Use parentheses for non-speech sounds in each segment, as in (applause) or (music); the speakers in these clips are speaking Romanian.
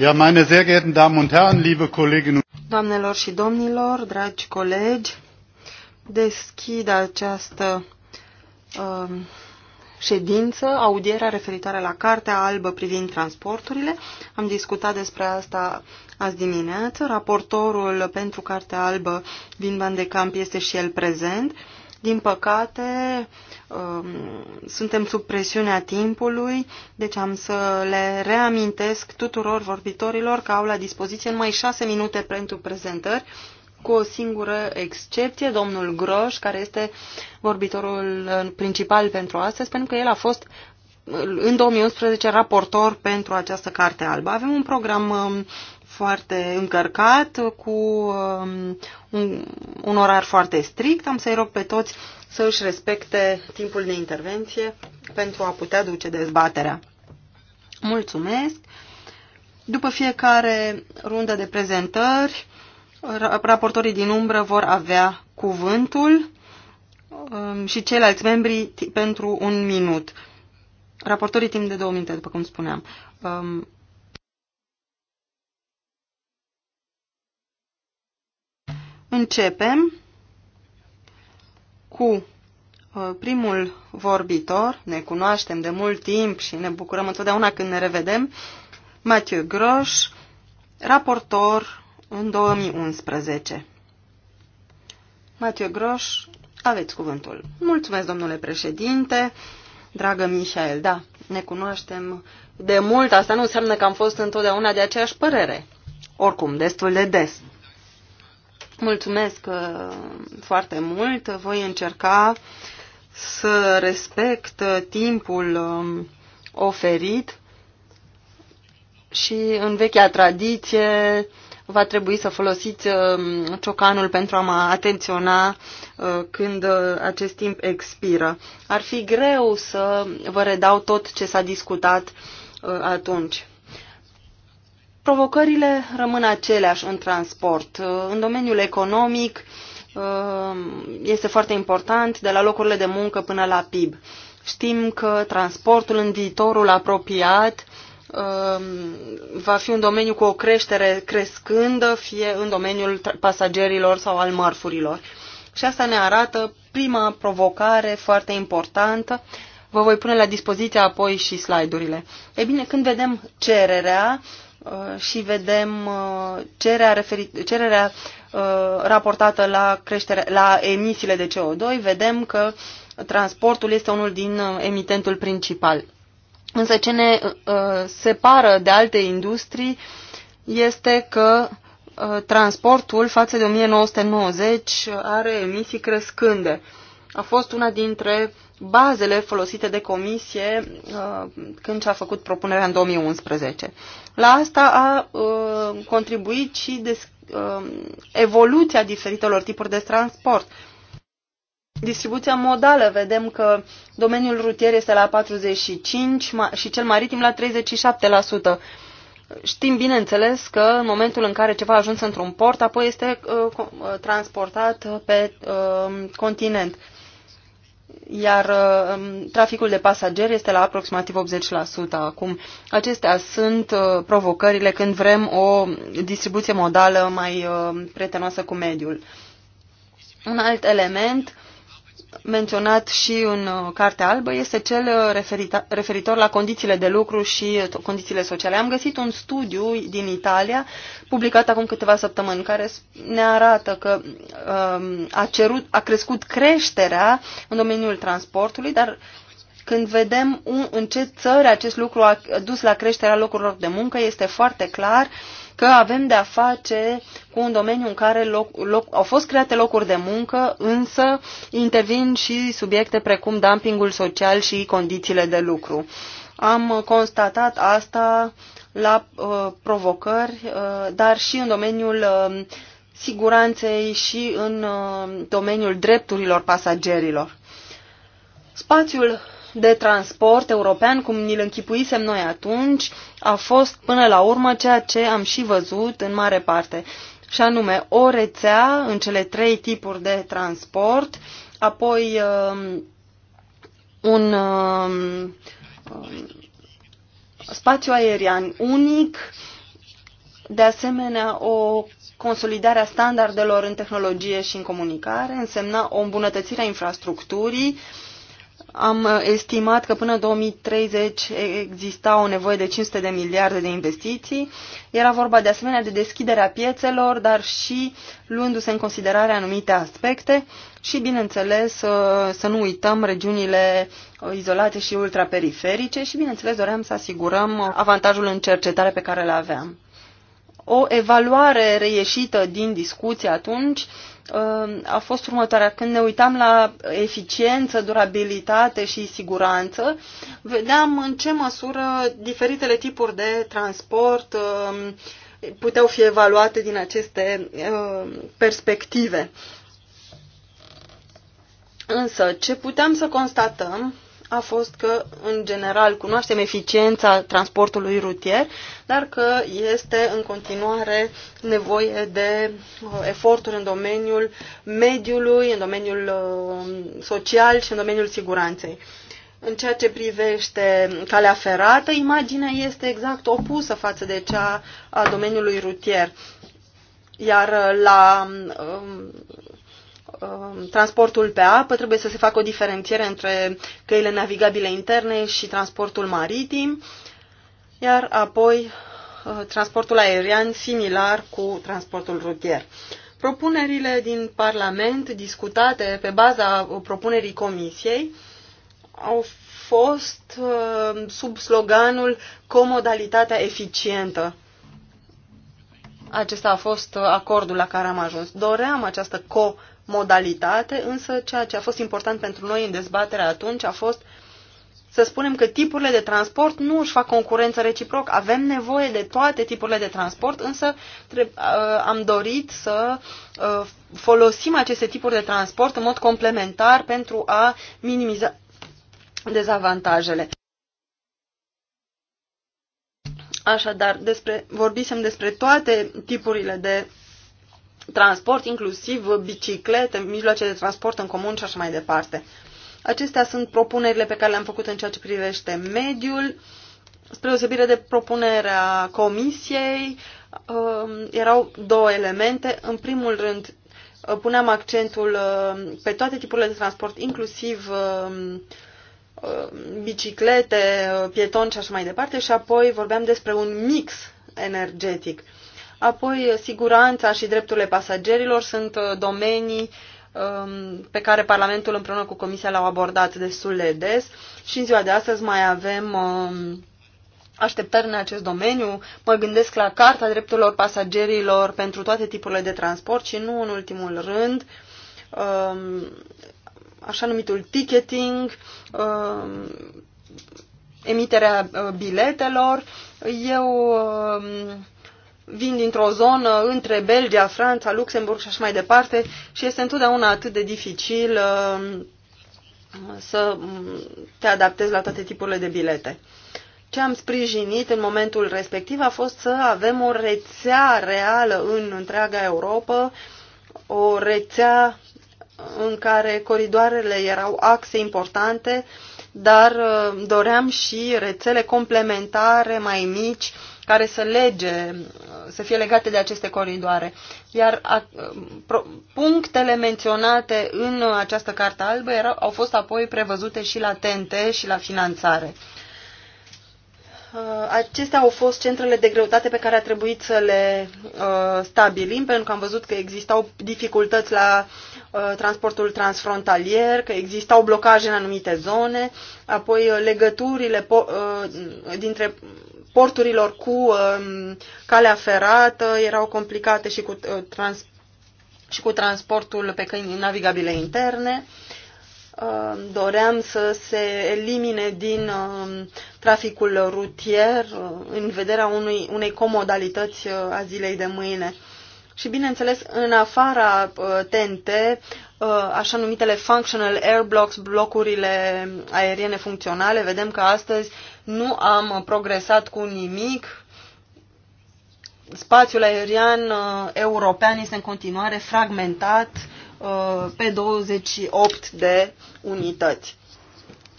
Ja, meine sehr geehrten Damen und Herren, liebe Kolleginnen Doamnelor și domnilor, dragi colegi, deschid această uh, ședință, audierea referitoare la Cartea Albă privind transporturile. Am discutat despre asta azi dimineață. Raportorul pentru Cartea Albă, Vin Van de Camp, este și el prezent. Uh, din păcate, um, suntem sub presiunea timpului, deci am să le reamintesc tuturor vorbitorilor că au la dispoziție numai șase minute pentru prezentări, cu o singură excepție, domnul Groș, care este vorbitorul principal pentru astăzi, pentru că el a fost uh, în 2011 raportor pentru această carte albă. Avem un program um, foarte încărcat, cu um, un, un orar foarte strict. Am să-i rog pe toți să își respecte timpul de intervenție pentru a putea duce dezbaterea. Mulțumesc! După fiecare rundă de prezentări, raportorii din umbră vor avea cuvântul um, și ceilalți membri pentru un minut. Raportorii timp de două minute, după cum spuneam. Um, Începem cu uh, primul vorbitor. Ne cunoaștem de mult timp și ne bucurăm întotdeauna când ne revedem. Mathieu Groș, raportor în 2011. Mathieu Groș, aveți cuvântul. Mulțumesc, domnule președinte. Dragă Michael, da, ne cunoaștem de mult. Asta nu înseamnă că am fost întotdeauna de aceeași părere. Oricum, destul de des. Mulțumesc uh, foarte mult. Voi încerca să respect uh, timpul um, oferit și în vechea tradiție va trebui să folosiți um, ciocanul pentru a mă atenționa uh, când acest timp expiră. Ar fi greu să vă redau tot ce s-a discutat atunci. Provocările rămân aceleași în transport. Uh, în domeniul economic uh, este foarte important de la locurile de muncă până la PIB. Știm că transportul în viitorul apropiat um, va fi un domeniu cu o creștere crescândă, fie în domeniul pasagerilor sau al mărfurilor. Și asta ne arată prima provocare foarte importantă. Vă voi pune la dispoziție apoi și slide-urile. Ei bine, când vedem cererea, Uh, și vedem uh, cererea, referit, cererea uh, raportată la, creștere, la emisiile de CO2, vedem că transportul este unul din emitentul principal. Însă ce ne separă de alte industrii este că transportul față de 1990 are emisii crescânde. A fost una dintre bazele folosite de comisie uh, când și-a făcut propunerea în 2011. La asta a uh, contribuit și des, uh, evoluția diferitelor tipuri de transport. Distribuția modală, vedem că domeniul rutier este la 45% și cel maritim la 37%. Știm, bineînțeles, că în momentul în care ceva a ajuns într-un port, apoi este uh, transportat pe uh, continent. Uh, iar um, traficul de pasageri este la aproximativ 80% acum. Acestea sunt uh, provocările când vrem o distribuție modală mai uh, prietenoasă cu mediul. Un alt element menționat și în uh, Cartea Albă este cel uh, referitor la condițiile de lucru și uh, condițiile sociale. Am găsit un studiu din Italia, publicat acum câteva săptămâni, care ne arată că um, a, cerut, a crescut creșterea în domeniul transportului, dar când vedem un, în ce țări acest lucru a dus la creșterea locurilor de muncă, este foarte clar uh, că avem de-a face cu un domeniu în care loc, loc, au fost create locuri de muncă, însă intervin și subiecte precum dumpingul social și condițiile de lucru. Am constatat asta la uh, provocări, uh, dar și în domeniul uh, siguranței și în uh, domeniul drepturilor pasagerilor. Spațiul de transport european, cum ni-l închipuisem noi atunci, a fost până la urmă ceea ce am și văzut în mare parte, și anume o rețea în cele trei tipuri de transport, apoi um, un um, um spațiu aerian unic, de asemenea o consolidarea standardelor în tehnologie și în comunicare, însemna o îmbunătățire a infrastructurii, uh, am uh, estimat că până 2030 exista o nevoie de 500 de miliarde de investiții. Era vorba de asemenea de deschiderea piețelor, dar și luându-se în considerare anumite aspecte și, bineînțeles, uh, să nu uităm regiunile uh, izolate și ultraperiferice și, bineînțeles, doream să asigurăm avantajul în cercetare pe care le aveam. O evaluare reieșită din discuție atunci Ehm, a fost următoarea. Când ne uitam la eficiență, durabilitate și siguranță, vedeam în ce măsură diferitele tipuri de transport ehm, puteau fi evaluate din aceste ehm, perspective. Însă, ce puteam să constatăm a fost că, în general, cunoaștem eficiența transportului rutier, dar că este în continuare nevoie de uh, eforturi în domeniul mediului, în domeniul uh, social și în domeniul siguranței. În ceea ce privește calea ferată, imaginea este exact opusă față de cea a domeniului rutier. Iar uh, la um, Um, transportul pe apă, trebuie să se facă o diferențiere între căile navigabile interne și transportul maritim, iar apoi uh, transportul aerian similar cu transportul rutier. Propunerile din Parlament discutate pe baza propunerii Comisiei au fost uh, sub sloganul Comodalitatea eficientă. Acesta a fost uh, acordul la care am ajuns. Doream această co modalitate, însă ceea ce a fost important pentru noi în dezbaterea atunci a fost să spunem că tipurile de transport nu își fac concurență reciproc. Avem nevoie de toate tipurile de transport, însă am dorit să folosim aceste tipuri de transport în mod complementar pentru a minimiza dezavantajele. Așadar, despre, vorbisem despre toate tipurile de transport, inclusiv biciclete, mijloace de transport în comun și așa mai departe. Acestea sunt propunerile pe care le-am făcut în ceea ce privește mediul. Spre osebire de propunerea comisiei, um, erau două elemente. În primul rând, uh, puneam accentul uh, pe toate tipurile de transport, inclusiv um, uh, biciclete, pietoni și așa mai departe, și apoi vorbeam despre un mix energetic. Apoi, siguranța și drepturile pasagerilor sunt uh, domenii um, pe care Parlamentul împreună cu Comisia l-au abordat destul de des și în ziua de astăzi mai avem um, așteptări în acest domeniu. Mă gândesc la Carta Drepturilor Pasagerilor pentru toate tipurile de transport și nu în ultimul rând um, așa numitul ticketing, emiterea uh, biletelor. Eu vin dintr-o zonă între Belgia, Franța, Luxemburg și așa mai departe și este întotdeauna atât de dificil uh, să mm, te adaptezi la toate tipurile de bilete. Ce am sprijinit în momentul respectiv a fost să avem o rețea reală în întreaga Europa, o rețea în care coridoarele erau axe importante, dar uh, doream și rețele complementare mai mici care să lege, să fie legate de aceste coridoare. Iar a, pro, punctele menționate în această carte albă erau, au fost apoi prevăzute și la tente și la finanțare. Uh, acestea au fost centrele de greutate pe care a trebuit să le uh, stabilim, pentru că am văzut că existau dificultăți la uh, transportul transfrontalier, că existau blocaje în anumite zone, apoi uh, legăturile po- uh, dintre porturilor cu um, calea ferată erau complicate și cu, uh, trans, și cu transportul pe căi navigabile interne. Um, doream să se elimine din um, traficul rutier uh, în vederea unui, unei comodalități uh, a zilei de mâine și, bineînțeles, în afara TNT, așa numitele functional air blocks, blocurile aeriene funcționale, vedem că astăzi nu am progresat cu nimic. Spațiul aerian uh, european este în continuare fragmentat uh, pe 28 de unități.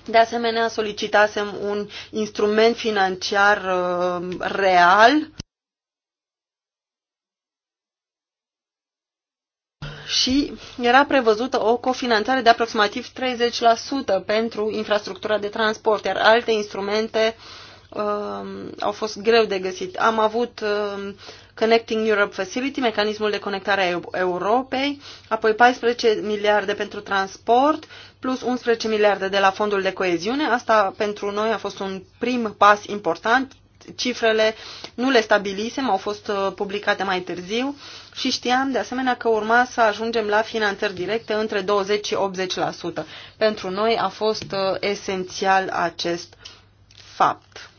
De asemenea, solicitasem un instrument financiar uh, real și era prevăzută o cofinanțare de aproximativ 30% pentru infrastructura de transport, iar alte instrumente uh, au fost greu de găsit. Am avut uh, Connecting Europe Facility, mecanismul de conectare a Europei, apoi 14 miliarde pentru transport, plus 11 miliarde de la fondul de coeziune. Asta pentru noi a fost un prim pas important. Cifrele nu le stabilisem, au fost uh, publicate mai târziu și știam de asemenea că urma să ajungem la finanțări directe între 20 și 80%. Pentru noi a fost uh, esențial acest fapt.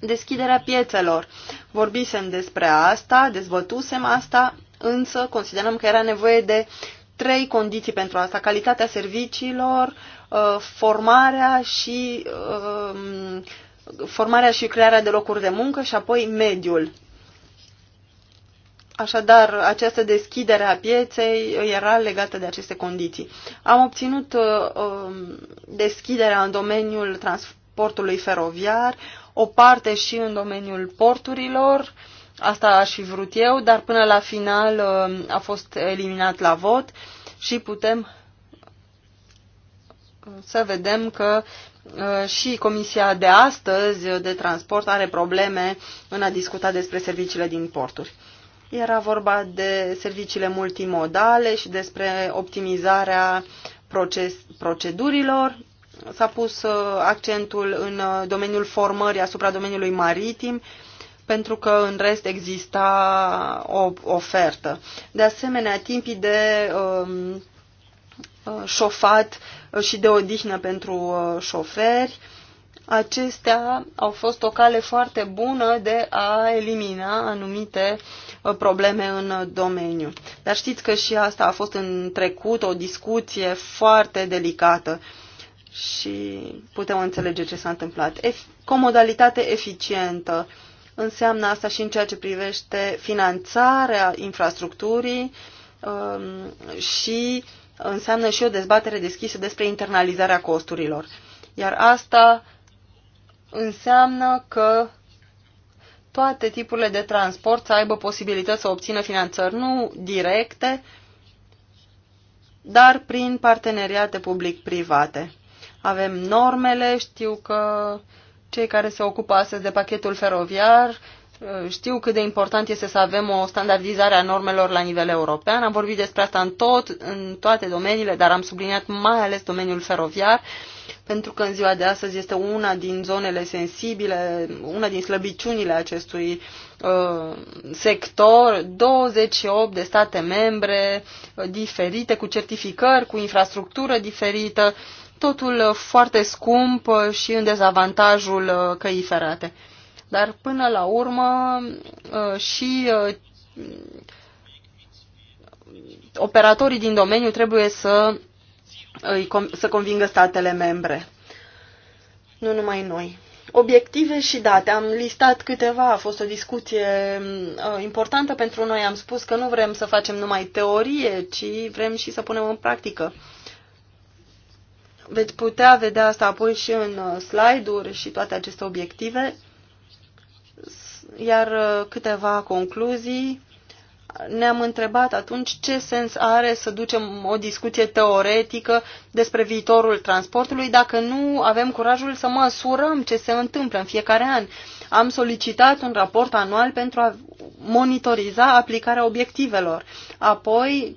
Deschiderea piețelor. Vorbisem despre asta, dezbătusem asta, însă considerăm că era nevoie de trei condiții pentru asta. Calitatea serviciilor, uh, formarea și um, formarea și crearea de locuri de muncă și apoi mediul. Așadar, această deschidere a pieței era legată de aceste condiții. Am obținut uh, um, deschiderea în domeniul transportului feroviar, o parte și în domeniul porturilor, asta aș fi vrut eu, dar până la final uh, a fost eliminat la vot și putem uh, să vedem că și comisia de astăzi de transport are probleme în a discuta despre serviciile din porturi. Era vorba de serviciile multimodale și despre optimizarea proces, procedurilor. S-a pus uh, accentul în uh, domeniul formării asupra domeniului maritim, pentru că în rest exista o ofertă. De asemenea, timpii de um, uh, șofat și de odihnă pentru șoferi, acestea au fost o cale foarte bună de a elimina anumite uh, probleme în domeniu. Dar știți că și asta a fost în trecut o discuție foarte delicată și putem înțelege ce s-a întâmplat. Comodalitate eficientă înseamnă asta și în ceea ce privește finanțarea infrastructurii um, și înseamnă și o dezbatere deschisă despre internalizarea costurilor. Iar asta înseamnă că toate tipurile de transport să aibă posibilități să obțină finanțări, nu directe, dar prin parteneriate public-private. Avem normele, știu că cei care se ocupă astăzi de pachetul feroviar știu cât de important este să avem o standardizare a normelor la nivel european. Am vorbit despre asta în, tot, în toate domeniile, dar am subliniat mai ales domeniul feroviar. Uh, pentru că în ziua de astăzi este una din zonele sensibile, una din slăbiciunile acestui uh, sector, 28 de state membre uh, diferite, cu certificări, cu infrastructură diferită, totul uh, foarte scump uh, și în dezavantajul uh, căii ferate. Dar până la urmă uh, și uh, operatorii din domeniu trebuie să să convingă statele membre. Nu numai noi. Obiective și date. Am listat câteva, a fost o discuție uh, importantă pentru noi. Am spus că nu vrem să facem numai teorie, ci vrem și să punem în practică. Veți putea vedea asta apoi și în uh, slide-uri și toate aceste obiective. Iar uh, câteva concluzii ne-am întrebat atunci ce sens are să ducem o discuție teoretică despre viitorul transportului dacă nu avem curajul să măsurăm ce se întâmplă în fiecare an. Am solicitat un raport anual pentru a monitoriza aplicarea obiectivelor. Apoi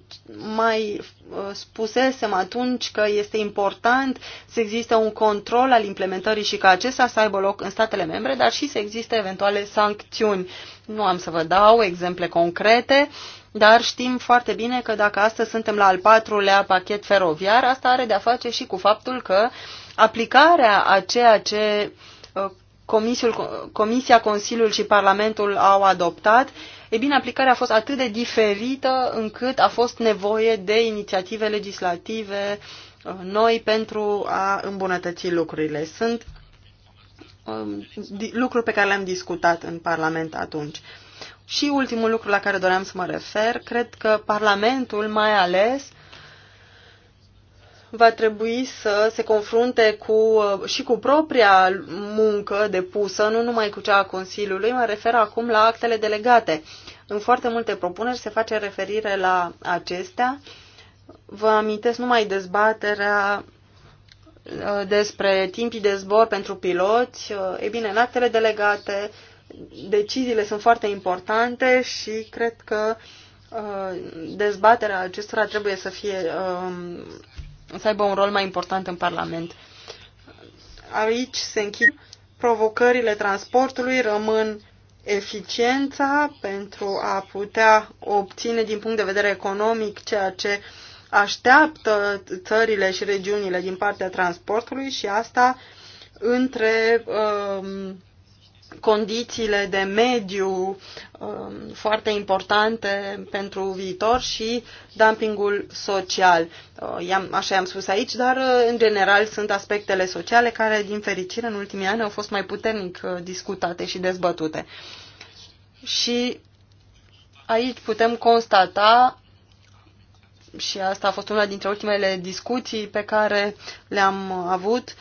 mai uh, spusesem atunci că este important să existe un control al implementării și ca acesta să aibă loc în statele membre, dar și să existe eventuale sancțiuni nu am să vă dau exemple concrete, dar știm foarte bine că dacă astăzi suntem la al patrulea pachet feroviar, asta are de-a face și cu faptul că aplicarea a ceea ce uh, Comisiul, Comisia, Consiliul și Parlamentul au adoptat, e bine, aplicarea a fost atât de diferită încât a fost nevoie de inițiative legislative uh, noi pentru a îmbunătăți lucrurile. Sunt Um, lucruri pe care le-am discutat în Parlament atunci. Și ultimul lucru la care doream să mă refer, cred că Parlamentul mai ales va trebui să se confrunte cu, uh, și cu propria muncă depusă, nu numai cu cea a Consiliului, mă refer acum la actele delegate. În foarte multe propuneri se face referire la acestea. Vă amintesc numai dezbaterea Uh, despre timpii de zbor pentru piloți. Uh, e bine, în actele delegate deciziile sunt foarte importante și cred că uh, dezbaterea acestora trebuie să fie um, să aibă un rol mai important în Parlament. Aici se închid provocările transportului, rămân eficiența pentru a putea obține din punct de vedere economic ceea ce uh, așteaptă țările și regiunile din partea transportului și asta între um, condițiile de mediu um, foarte importante pentru viitor și dumpingul social. Uh, am așa i-am spus aici, dar uh, în general sunt aspectele sociale care, din fericire, în ultimii ani au fost mai puternic uh, discutate și dezbătute. Și aici putem constata și asta a fost una dintre ultimele discuții pe care le-am avut,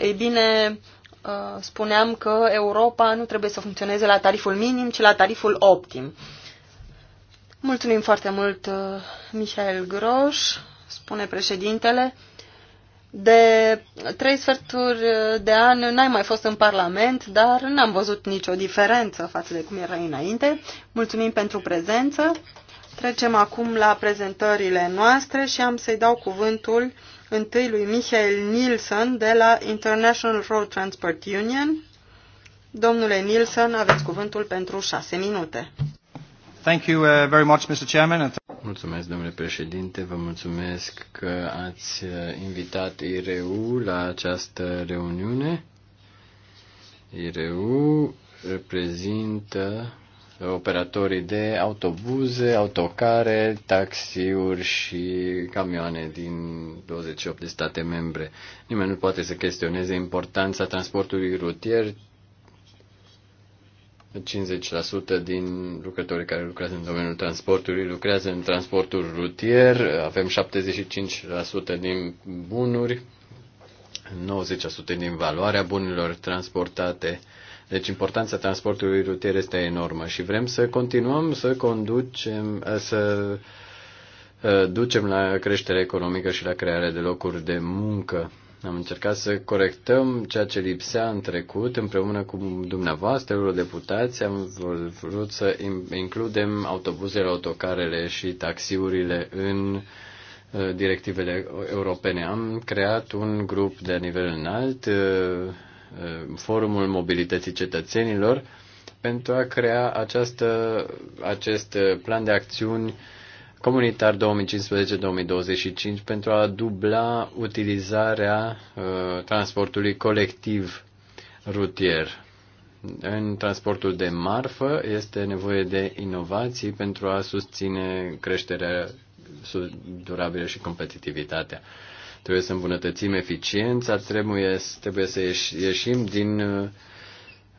ei bine, uh, spuneam că Europa nu trebuie să funcționeze la tariful minim, ci la tariful optim. Mulțumim foarte mult, uh, Michael Groș, spune președintele. De trei sferturi de an n-ai mai fost în Parlament, dar n-am văzut nicio diferență față de cum era înainte. Mulțumim pentru prezență. Trecem acum la prezentările noastre și am să-i dau cuvântul întâi lui Michael Nielsen de la International Road Transport Union. Domnule Nielsen, aveți cuvântul pentru șase minute. Thank you uh, very much, Mr. Chairman. Mulțumesc, domnule președinte, vă mulțumesc că ați uh, invitat IRU la această reuniune. IRU reprezintă operatorii de autobuze, autocare, taxiuri și camioane din 28 de state membre. Nimeni nu poate să chestioneze importanța transportului rutier. 50% din lucrătorii care lucrează în domeniul transportului lucrează în transportul rutier, avem 75% din bunuri, 90% din valoarea bunurilor transportate deci importanța transportului rutier este enormă și vrem să continuăm să conducem, să uh, ducem la creștere economică și la crearea de locuri de muncă. Am încercat să corectăm ceea ce lipsea în trecut împreună cu dumneavoastră, eurodeputați. Am vrut să includem autobuzele, autocarele și taxiurile în uh, directivele europene. Am creat un grup de nivel înalt uh, Uh, Forumul Mobilității Cetățenilor pentru a crea această, acest plan de acțiuni comunitar 2015-2025 pentru a dubla utilizarea uh, transportului colectiv rutier. În transportul de marfă este nevoie de inovații pentru a susține creșterea durabilă și competitivitatea trebuie să îmbunătățim eficiența, trebuie, trebuie să ieșim din uh,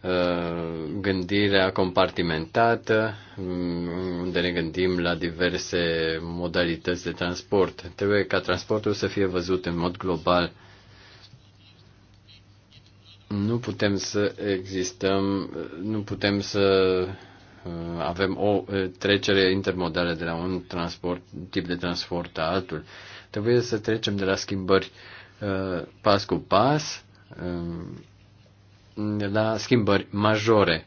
uh, gândirea compartimentată, mm, unde ne gândim la diverse modalități de transport. Trebuie ca transportul să fie văzut în mod global. Nu putem să existăm, nu putem să uh, avem o trecere intermodală de la un transport, tip de transport la altul. Trebuie să trecem de la schimbări uh, pas cu pas um, la schimbări majore.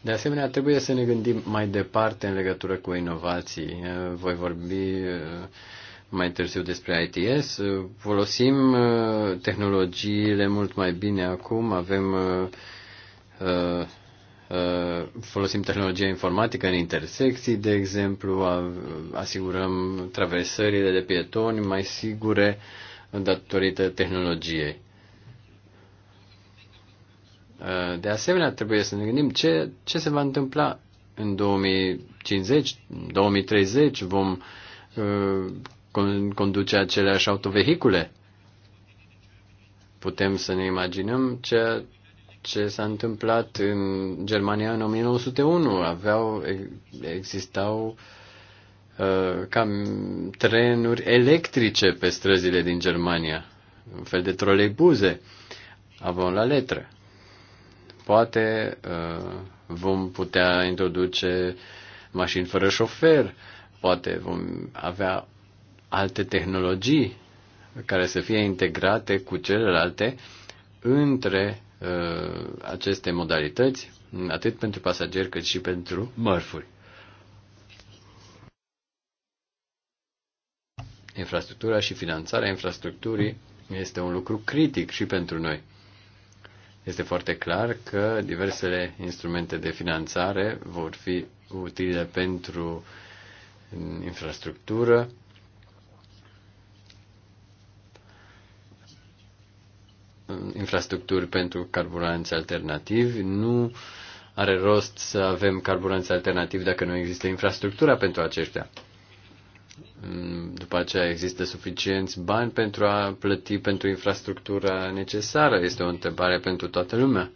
De asemenea, trebuie să ne gândim mai departe în legătură cu inovații. Uh, voi vorbi uh, mai târziu despre ITS. Folosim tehnologiile mult mai bine acum, avem Uh, folosim tehnologia informatică în intersecții, de exemplu, asigurăm traversările de pietoni mai sigure datorită tehnologiei. Uh, de asemenea, trebuie să ne gândim ce, ce se va întâmpla în 2050, 2030 vom uh, conduce aceleași autovehicule. Putem să ne imaginăm ce, ce s-a întâmplat în Germania în 1901. Aveau, existau uh, cam trenuri electrice pe străzile din Germania, un fel de troleibuze, aveau la letră. Poate uh, vom putea introduce mașini fără șofer, poate vom avea alte tehnologii care să fie integrate cu celelalte între Uh, aceste modalități, atât pentru pasageri cât și pentru mărfuri. Infrastructura și finanțarea infrastructurii este un lucru critic și pentru noi. Este foarte clar că diversele instrumente de finanțare vor fi utile pentru infrastructură, infrastructuri pentru carburanți alternativi. Nu are rost să avem carburanți alternativi dacă nu există infrastructura pentru aceștia. După aceea există suficienți bani pentru a plăti pentru infrastructura necesară? Este o întrebare pentru toată lumea.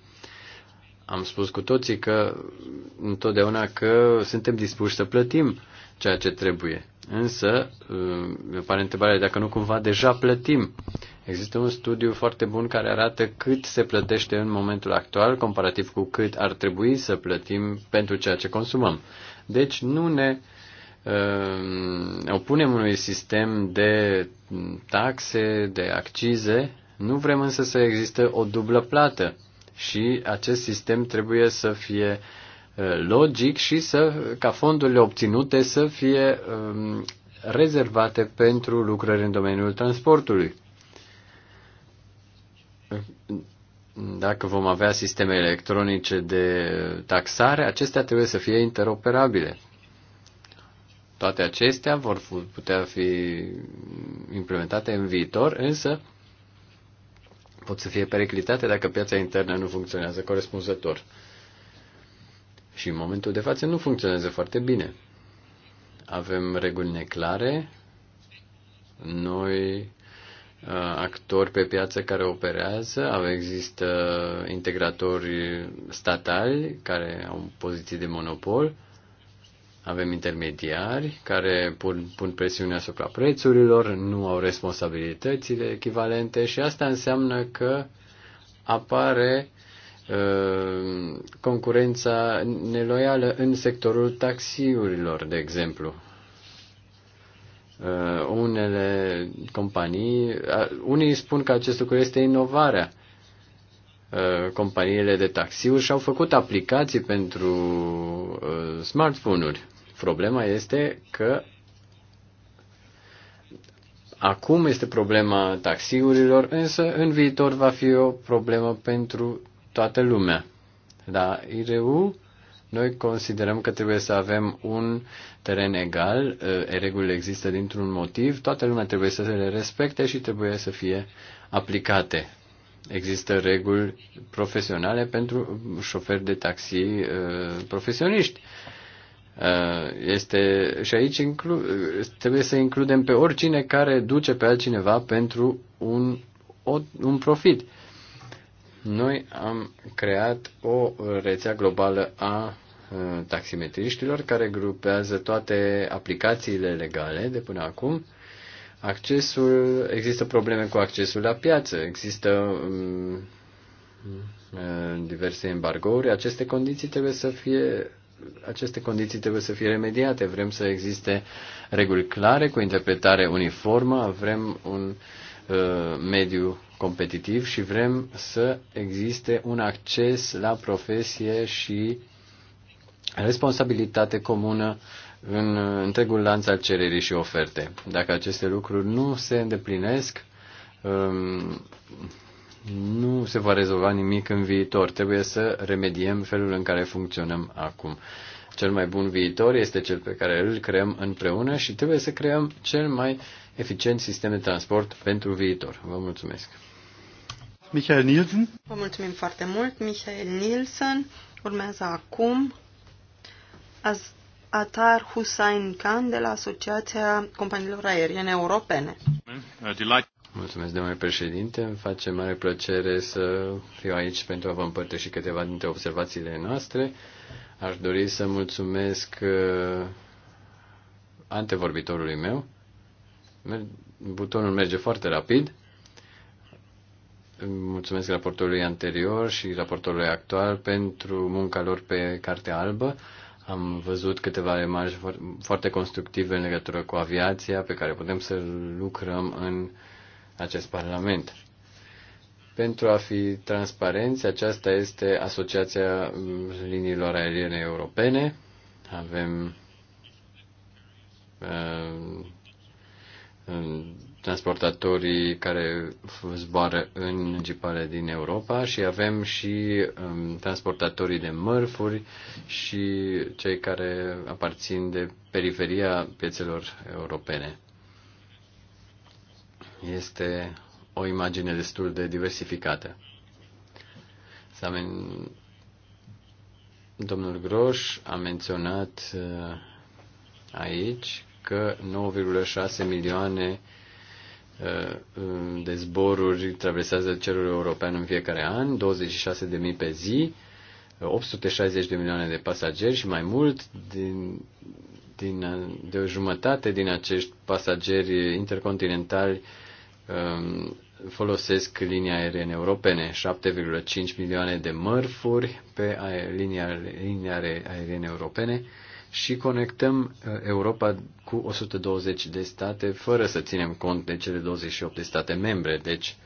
Am spus cu toții că întotdeauna că suntem dispuși să plătim ceea ce trebuie. Însă, uh, mi pare întrebarea dacă nu cumva deja plătim. Există un studiu foarte bun care arată cât se plătește în momentul actual comparativ cu cât ar trebui să plătim pentru ceea ce consumăm. Deci nu ne uh, opunem unui sistem de taxe, de accize, nu vrem însă să existe o dublă plată și acest sistem trebuie să fie uh, logic și să, ca fondurile obținute să fie um, rezervate pentru lucrări în domeniul transportului. Dacă vom avea sisteme electronice de taxare, acestea trebuie să fie interoperabile. Toate acestea vor putea fi implementate în viitor, însă pot să fie periclitate dacă piața internă nu funcționează corespunzător și în momentul de față nu funcționează foarte bine. Avem reguli neclare, noi uh, actori pe piață care operează, există integratori statali care au poziții de monopol, avem intermediari care pun, pun presiune asupra prețurilor, nu au responsabilitățile echivalente și asta înseamnă că apare Uh, concurența neloială în sectorul taxiurilor, de exemplu. Uh, unele companii, uh, unii spun că acest lucru este inovarea. Companiile de taxiuri și-au făcut aplicații pentru smartphone-uri. Problema este că acum este problema taxiurilor, însă în viitor va fi o problemă pentru toată lumea. La IRU noi considerăm că trebuie să avem un teren egal, ă, regulile există dintr-un motiv, toată lumea trebuie să le respecte și trebuie să fie aplicate. Există reguli profesionale pentru șoferi de taxi ă, profesioniști. Ă, este, și aici inclu, trebuie să includem pe oricine care duce pe altcineva pentru un, o, un profit. Noi am creat o rețea globală a uh, taximetriștilor care grupează toate aplicațiile legale de până acum. Accesul, există probleme cu accesul la piață, există um, uh, diverse embargouri, aceste condiții trebuie să fie aceste condiții trebuie să fie remediate. Vrem să existe reguli clare cu interpretare uniformă, vrem un uh, mediu competitiv și vrem să existe un acces la profesie și responsabilitate comună în întregul lanț al cererii și oferte. Dacă aceste lucruri nu se îndeplinesc, um, nu se va rezolva nimic în viitor. Trebuie să remediem felul în care funcționăm acum. Cel mai bun viitor este cel pe care îl creăm împreună și trebuie să creăm cel mai uh, eficient sistem de transport pentru viitor. Vă mulțumesc! Michael Nielsen. Vă mulțumim foarte mult, Michael Nielsen. Urmează acum az Atar Hussein Khan de la Asociația Companiilor Aeriene Europene. Mulțumesc, domnule președinte. Îmi face mare plăcere să fiu aici pentru a vă împărtăși câteva dintre observațiile noastre. Aș dori să mulțumesc uh, antevorbitorului meu Butonul merge foarte rapid. Mulțumesc raportorului anterior și raportorului actual pentru munca lor pe Cartea Albă. Am văzut câteva remarci foarte constructive în legătură cu aviația pe care putem să lucrăm în acest Parlament. Pentru a fi transparenți, aceasta este Asociația Liniilor Aeriene Europene. Avem uh, transportatorii care zboară în începare din Europa și avem și um, transportatorii de mărfuri și cei care aparțin de periferia piețelor europene. Este o imagine destul de diversificată. Domnul Groș a menționat uh, aici că 9,6 milioane uh, um, de zboruri traversează cerul european în fiecare an, 26 de mii pe zi, 860 de milioane de pasageri și mai mult din, din, de o jumătate din acești pasageri intercontinentali um, folosesc linia aeriene europene, 7,5 milioane de mărfuri pe linia, linia aeriene europene, și conectăm uh, Europa cu 120 de state fără să ținem cont de cele 28 de state membre. Deci,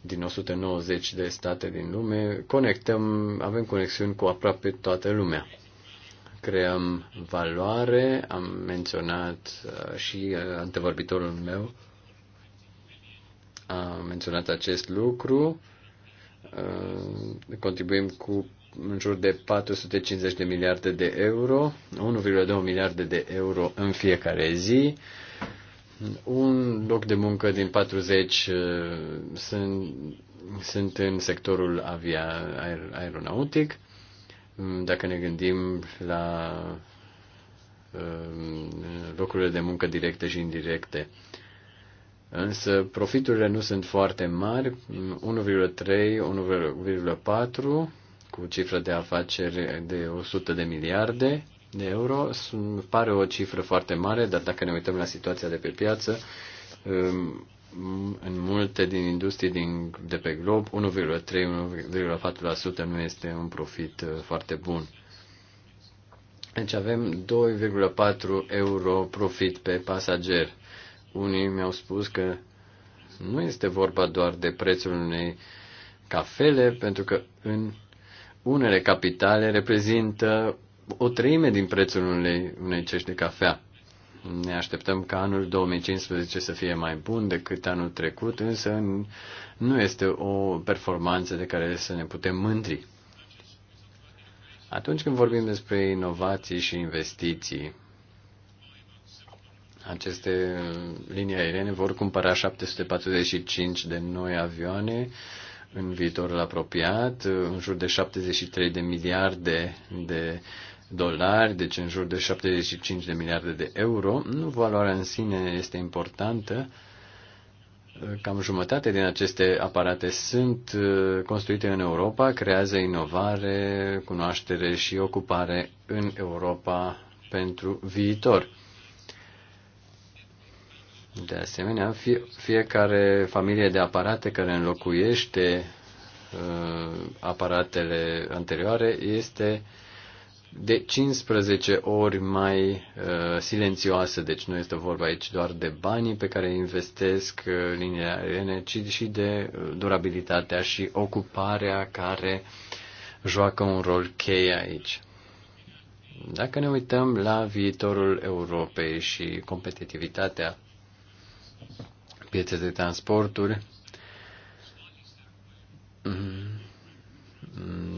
din 190 de state din lume, conectăm, avem conexiuni cu aproape toată lumea. Creăm valoare, am menționat uh, și uh, antevorbitorul meu a menționat acest lucru, contribuim cu în jur de 450 de miliarde de euro, 1,2 miliarde de euro în fiecare zi. Un loc de muncă din 40 uh, sunt, sunt în sectorul avia aer, aeronautic. Mm, dacă ne gândim la um, locurile de muncă directe și indirecte. Însă profiturile nu sunt foarte mari, 1,3, 1,4 cu cifră de afaceri de 100 de miliarde de euro. sunt pare o cifră foarte mare, dar dacă ne uităm la situația de pe piață, um, în multe din industrii din, de pe glob, 1,3-1,4% nu este un profit uh, foarte bun. Deci avem 2,4 euro profit pe pasager. Unii mi-au spus că nu este vorba doar de prețul unei cafele, pentru că în unele capitale reprezintă o treime din prețul unei, unei cești de cafea. Ne așteptăm ca anul 2015 să fie mai bun decât anul trecut, însă nu este o performanță de care să ne putem mândri. Atunci când vorbim despre inovații și investiții, aceste linii aeriene vor cumpăra 745 de noi avioane, în viitorul apropiat, în jur de 73 de miliarde de dolari, deci în jur de 75 de miliarde de euro. Nu valoarea în sine este importantă. Cam jumătate din aceste aparate sunt uh, construite în Europa, creează inovare, cunoaștere și ocupare în Europa pentru viitor. De asemenea, fie, fiecare familie de aparate care înlocuiește uh, aparatele anterioare este de 15 ori mai uh, silențioasă. Deci nu este vorba aici doar de banii pe care investesc uh, linia aeriene, ci și de uh, durabilitatea și ocuparea care joacă un rol cheie aici. Dacă ne uităm la viitorul Europei și competitivitatea piețe de transporturi.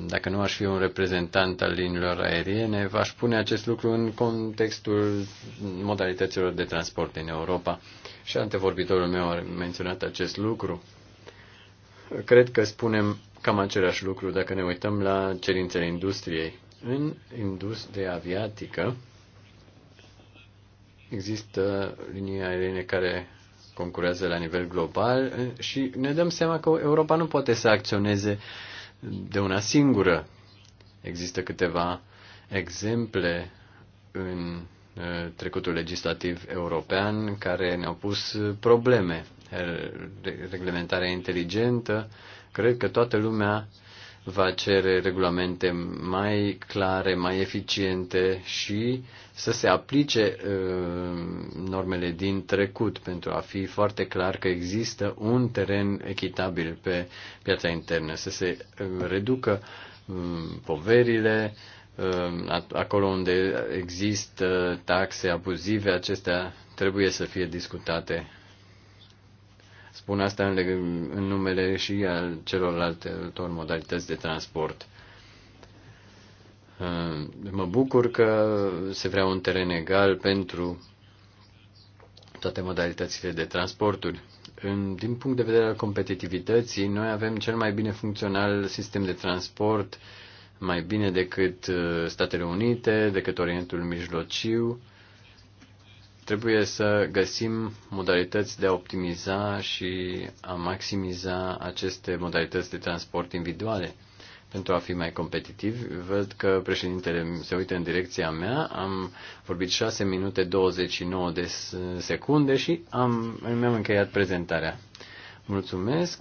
Dacă nu aș fi un reprezentant al liniilor aeriene, v-aș pune acest lucru în contextul modalităților de transport din Europa. Și antevorbitorul meu a menționat acest lucru. Cred că spunem cam același lucru dacă ne uităm la cerințele industriei. În industria aviatică există linii aeriene care concurează la nivel global eh, și ne dăm seama că Europa nu poate să acționeze de una singură. Există câteva exemple în eh, trecutul legislativ european care ne-au pus probleme. Eh, reglementarea inteligentă, cred că toată lumea va cere regulamente mai clare, mai eficiente și să se aplice uh, normele din trecut pentru a fi foarte clar că există un teren echitabil pe piața internă, să se uh, reducă um, poverile, uh, acolo unde există taxe abuzive, acestea trebuie să fie discutate Spun asta în, în numele și al celorlalte modalități de transport. Uh, mă bucur că se vrea un teren egal pentru toate modalitățile de transporturi. În, din punct de vedere al competitivității, noi avem cel mai bine funcțional sistem de transport, mai bine decât uh, Statele Unite, decât Orientul Mijlociu Trebuie să găsim modalități de a optimiza și a maximiza aceste modalități de transport individuale pentru a fi mai competitiv. Văd că președintele se uită în direcția mea. Am vorbit 6 minute 29 de secunde și am, mi-am încheiat prezentarea. Mulțumesc.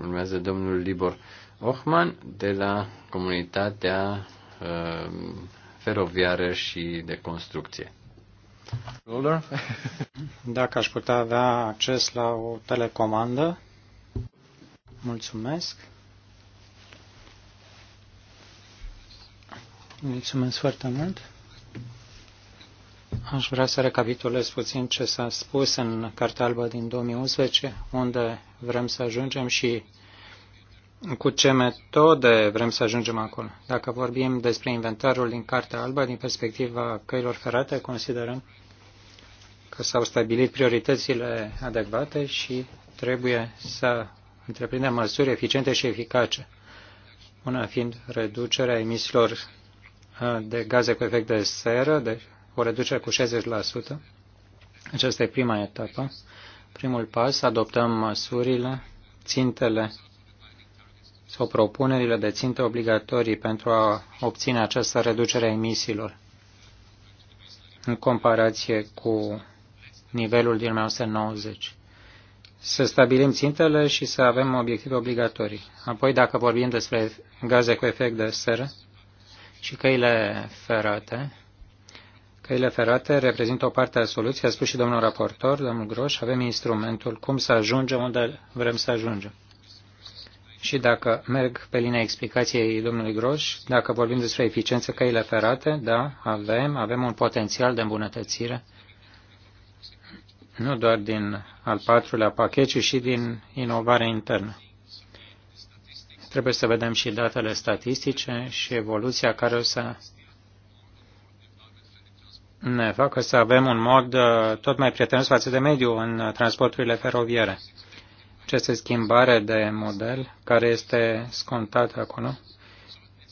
Urmează domnul Libor Ochman de la comunitatea uh, feroviară și de construcție. Dacă aș putea avea acces la o telecomandă. Mulțumesc. Mulțumesc foarte mult. Aș vrea să recapitulez puțin ce s-a spus în Cartea Albă din 2011, unde vrem să ajungem și cu ce metode vrem să ajungem acolo. Dacă vorbim despre inventarul din Cartea Albă, din perspectiva căilor ferate, considerăm că s-au stabilit prioritățile adecvate și trebuie să întreprindem măsuri eficiente și eficace. Una fiind reducerea emisiilor de gaze cu efect de seră, deci o reducere cu 60%. Aceasta e prima etapă. Primul pas, adoptăm măsurile, țintele sau propunerile de ținte obligatorii pentru a obține această reducere a emisiilor în comparație cu nivelul din 1990. Să stabilim țintele și să avem obiective obligatorii. Apoi, dacă vorbim despre gaze cu efect de seră și căile ferate, căile ferate reprezintă o parte a soluției, a spus și domnul raportor, domnul Groș, avem instrumentul cum să ajungem unde vrem să ajungem. Și dacă merg pe linia explicației domnului Groș, dacă vorbim despre eficiență căile ferate, da, avem, avem un potențial de îmbunătățire nu doar din al patrulea pachet, ci și din inovarea internă. Trebuie să vedem și datele statistice și evoluția care o să ne facă să avem un mod uh, tot mai prietenos față de mediu în uh, transporturile feroviare. Această schimbare de model care este scontată acolo,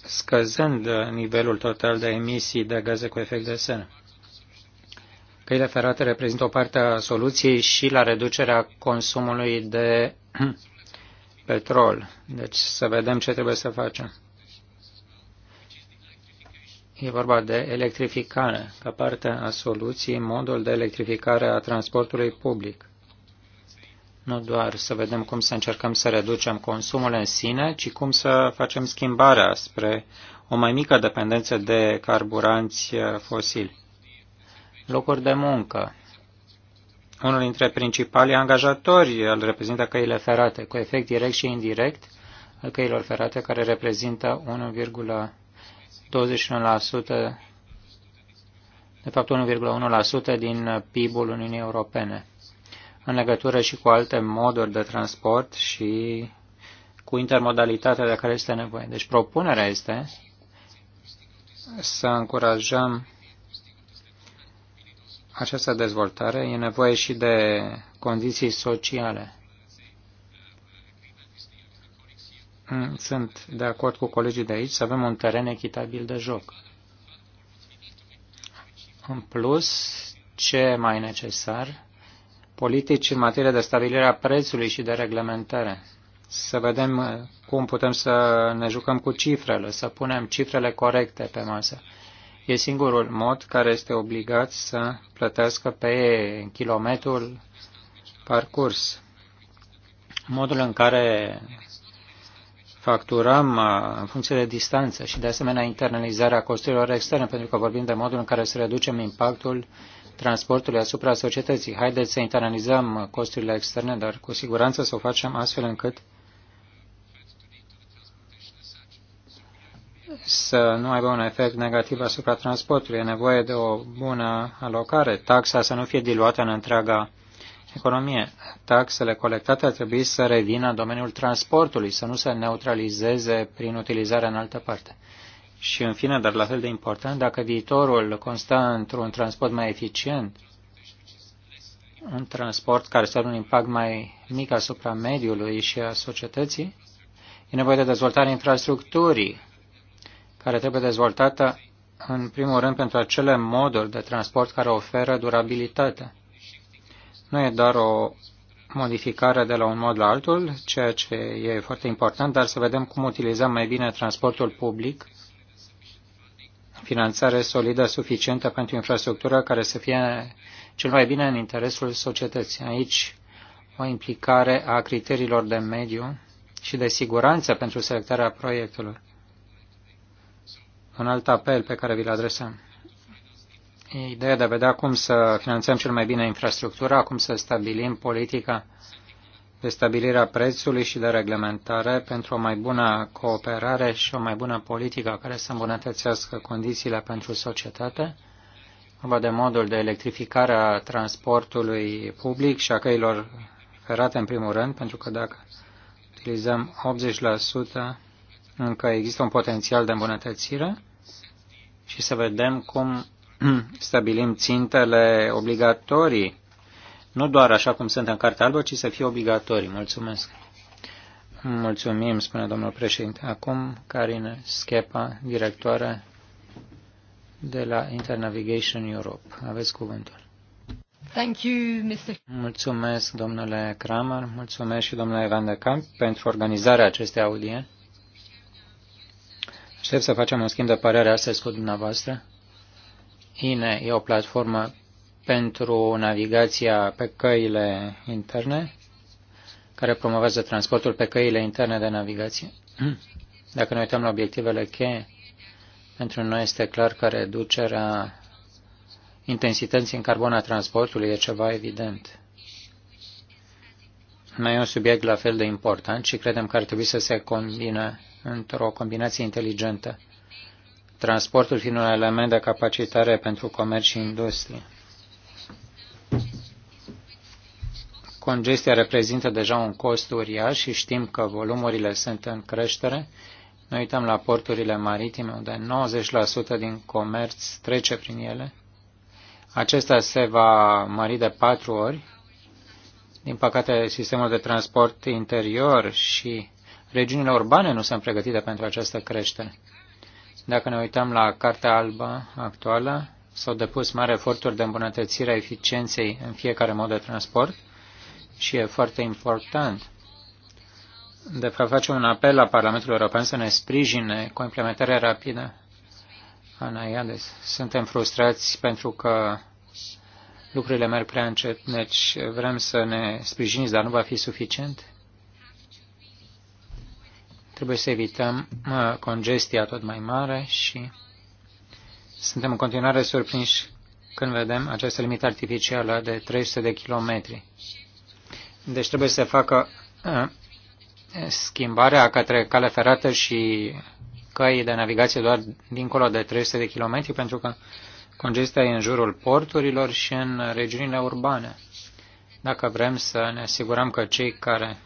scăzând uh, nivelul total de emisii de gaze cu efect de seră. Căile ferate reprezintă o parte a soluției și la reducerea consumului de (clears throat) petrol. Deci să vedem ce trebuie să facem. E vorba de electrificare, ca parte a soluției, modul de electrificare a transportului public. Nu doar să vedem cum să încercăm să reducem consumul în sine, ci cum să facem schimbarea spre o mai mică dependență de carburanți eh, fosili locuri de muncă. Unul dintre principalii angajatori îl reprezintă căile ferate, cu efect direct și indirect al căilor ferate, care reprezintă 1,21%, de fapt 1,1% din PIB-ul Uniunii Europene, în legătură și cu alte moduri de transport și cu intermodalitatea de care este nevoie. Deci propunerea este să încurajăm această dezvoltare e nevoie și de condiții sociale. Mm, sunt de acord cu colegii de aici să avem un teren echitabil de joc. În plus, ce mai necesar? Politici în materie de stabilire a prețului și de reglementare. Să vedem uh, cum putem să ne jucăm cu cifrele, să punem cifrele corecte pe masă E singurul mod care este obligat să plătească pe kilometrul parcurs. Modul în care facturăm uh, în funcție de distanță și de asemenea internalizarea costurilor externe, pentru că vorbim de modul în care să reducem impactul transportului asupra societății. Haideți să internalizăm costurile externe, dar cu siguranță să o facem astfel încât să nu aibă un efect negativ asupra transportului. E nevoie de o bună alocare. Taxa să nu fie diluată în întreaga economie. Taxele colectate ar trebui să revină în domeniul transportului, să nu se neutralizeze prin utilizarea în altă parte. Și în fine, dar la fel de important, dacă viitorul constă într-un transport mai eficient, un transport care să are un impact mai mic asupra mediului și a societății, e nevoie de dezvoltarea infrastructurii, care trebuie dezvoltată în primul rând pentru acele moduri de transport care oferă durabilitate. Nu e doar o modificare de la un mod la altul, ceea ce e foarte important, dar să vedem cum utilizăm mai bine transportul public, finanțare solidă suficientă pentru infrastructură care să fie cel mai bine în interesul societății. Aici o implicare a criteriilor de mediu și de siguranță pentru selectarea proiectelor un alt apel pe care vi-l adresăm. E ideea de a vedea cum să finanțăm cel mai bine infrastructura, cum să stabilim politica de stabilire a prețului și de reglementare pentru o mai bună cooperare și o mai bună politică care să îmbunătățească condițiile pentru societate. Vorba de modul de electrificare a transportului public și a căilor ferate în primul rând, pentru că dacă utilizăm 80%, încă există un potențial de îmbunătățire și să vedem cum (clears throat) stabilim țintele obligatorii, nu doar așa cum sunt în Cartea Albă, ci să fie obligatorii. Mulțumesc! Mulțumim, spune domnul președinte. Acum, Karine Schepa, directoare de la Internavigation Europe. Aveți cuvântul. Thank you, Mr. Mulțumesc, domnule Kramer, mulțumesc și domnule Van de Camp pentru organizarea acestei audiențe Aștept să facem un schimb de părere astăzi cu dumneavoastră. INE e o platformă pentru navigația pe căile interne, care promovează transportul pe căile interne de navigație. (clears throat) Dacă ne uităm la obiectivele cheie, pentru noi este clar că reducerea intensității în carbon a transportului e ceva evident mai e un subiect la fel de important și credem că ar trebui să se combine într-o combinație inteligentă. Transportul fiind un element de capacitare pentru comerț și industrie. Congestia reprezintă deja un cost uriaș și știm că volumurile sunt în creștere. Noi uităm la porturile maritime, unde 90% din comerț trece prin ele. Acesta se va mări de patru ori din păcate, sistemul de transport interior și regiunile urbane nu sunt pregătite pentru această creștere. Dacă ne uităm la Cartea Albă actuală, s-au depus mari eforturi de îmbunătățire a eficienței în fiecare mod de transport și e foarte important. De fapt, facem un apel la Parlamentul European să ne sprijine cu implementare rapidă. Anaiades, suntem frustrați pentru că lucrurile merg prea încet, deci vrem să ne sprijiniți, dar nu va fi suficient. Trebuie să evităm congestia tot mai mare și suntem în continuare surprinși când vedem această limită artificială de 300 de kilometri. Deci trebuie să facă schimbarea către cale ferată și căi de navigație doar dincolo de 300 de kilometri, pentru că Congestia e în jurul porturilor și în regiunile urbane. Dacă vrem să ne asigurăm că cei care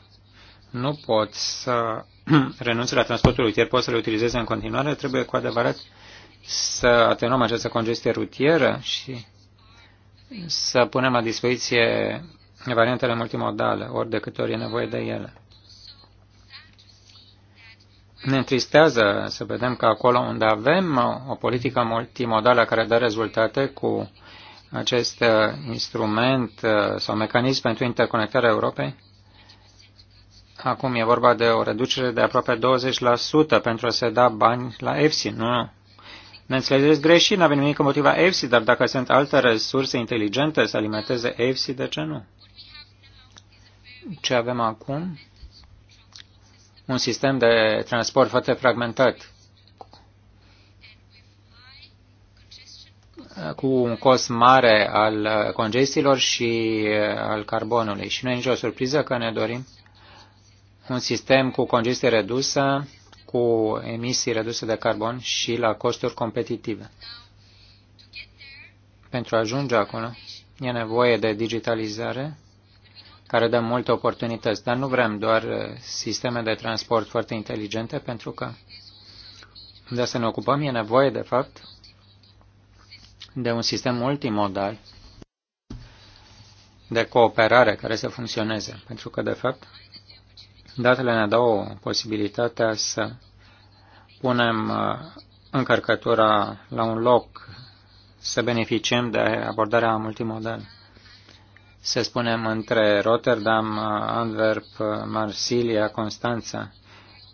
nu pot să (clears throat) renunțe la transportul rutier pot să le utilizeze în continuare, trebuie cu adevărat să atenuăm această congestie rutieră și să punem la dispoziție variantele multimodale, ori de câte ori e nevoie de ele. Ne întristează să vedem că acolo unde avem o politică multimodală care dă rezultate cu acest uh, instrument uh, sau mecanism pentru interconectarea Europei, acum e vorba de o reducere de aproape 20% pentru a se da bani la EFSI. Nu, ne înțelegeți greșit, nu avem nimic motiva EFSI, dar dacă sunt alte resurse inteligente să alimenteze EFSI, de ce nu? Ce avem acum un sistem de transport foarte fragmentat, cu un cost mare al congestiilor și al carbonului. Și nu e nicio surpriză că ne dorim un sistem cu congestie redusă, cu emisii reduse de carbon și la costuri competitive. Pentru a ajunge acolo, e nevoie de digitalizare care dă multe oportunități, dar nu vrem doar uh, sisteme de transport foarte inteligente, pentru că de să ne ocupăm e nevoie, de fapt, de un sistem multimodal de cooperare care să funcționeze, pentru că, de fapt, datele ne dau posibilitatea să punem uh, încărcătura la un loc, să beneficiem de abordarea multimodală să spunem, între Rotterdam, Antwerp, Marsilia, Constanța,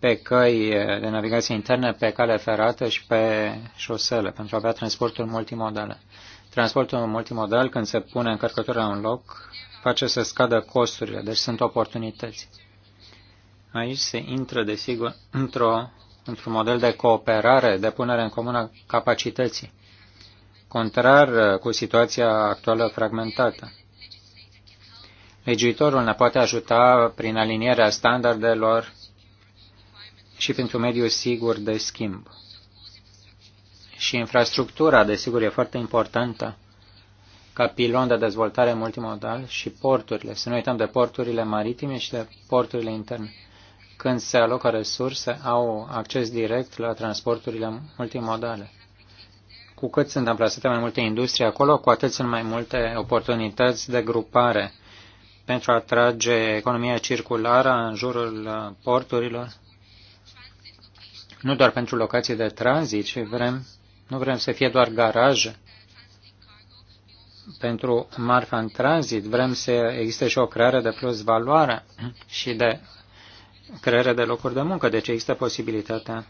pe căi de navigație internă, pe cale ferată și pe șosele, pentru a avea transportul multimodal. Transportul multimodal, când se pune încărcătura în loc, face să scadă costurile, deci sunt oportunități. Aici se intră, desigur, într-o, într-un model de cooperare, de punere în comună capacității, contrar cu situația actuală fragmentată. Legiuitorul ne poate ajuta prin alinierea standardelor și pentru mediul sigur de schimb. Și infrastructura, desigur, e foarte importantă ca pilon de dezvoltare multimodal și porturile. Să nu uităm de porturile maritime și de porturile interne. Când se alocă resurse, au acces direct la transporturile multimodale. Cu cât sunt amplasate mai multe industrie acolo, cu atât sunt mai multe oportunități de grupare pentru a atrage economia circulară în jurul porturilor, nu doar pentru locații de tranzit, ci vrem, nu vrem să fie doar garaje pentru marfa în tranzit, vrem să existe și o creare de plus valoare și de creare de locuri de muncă, deci există posibilitatea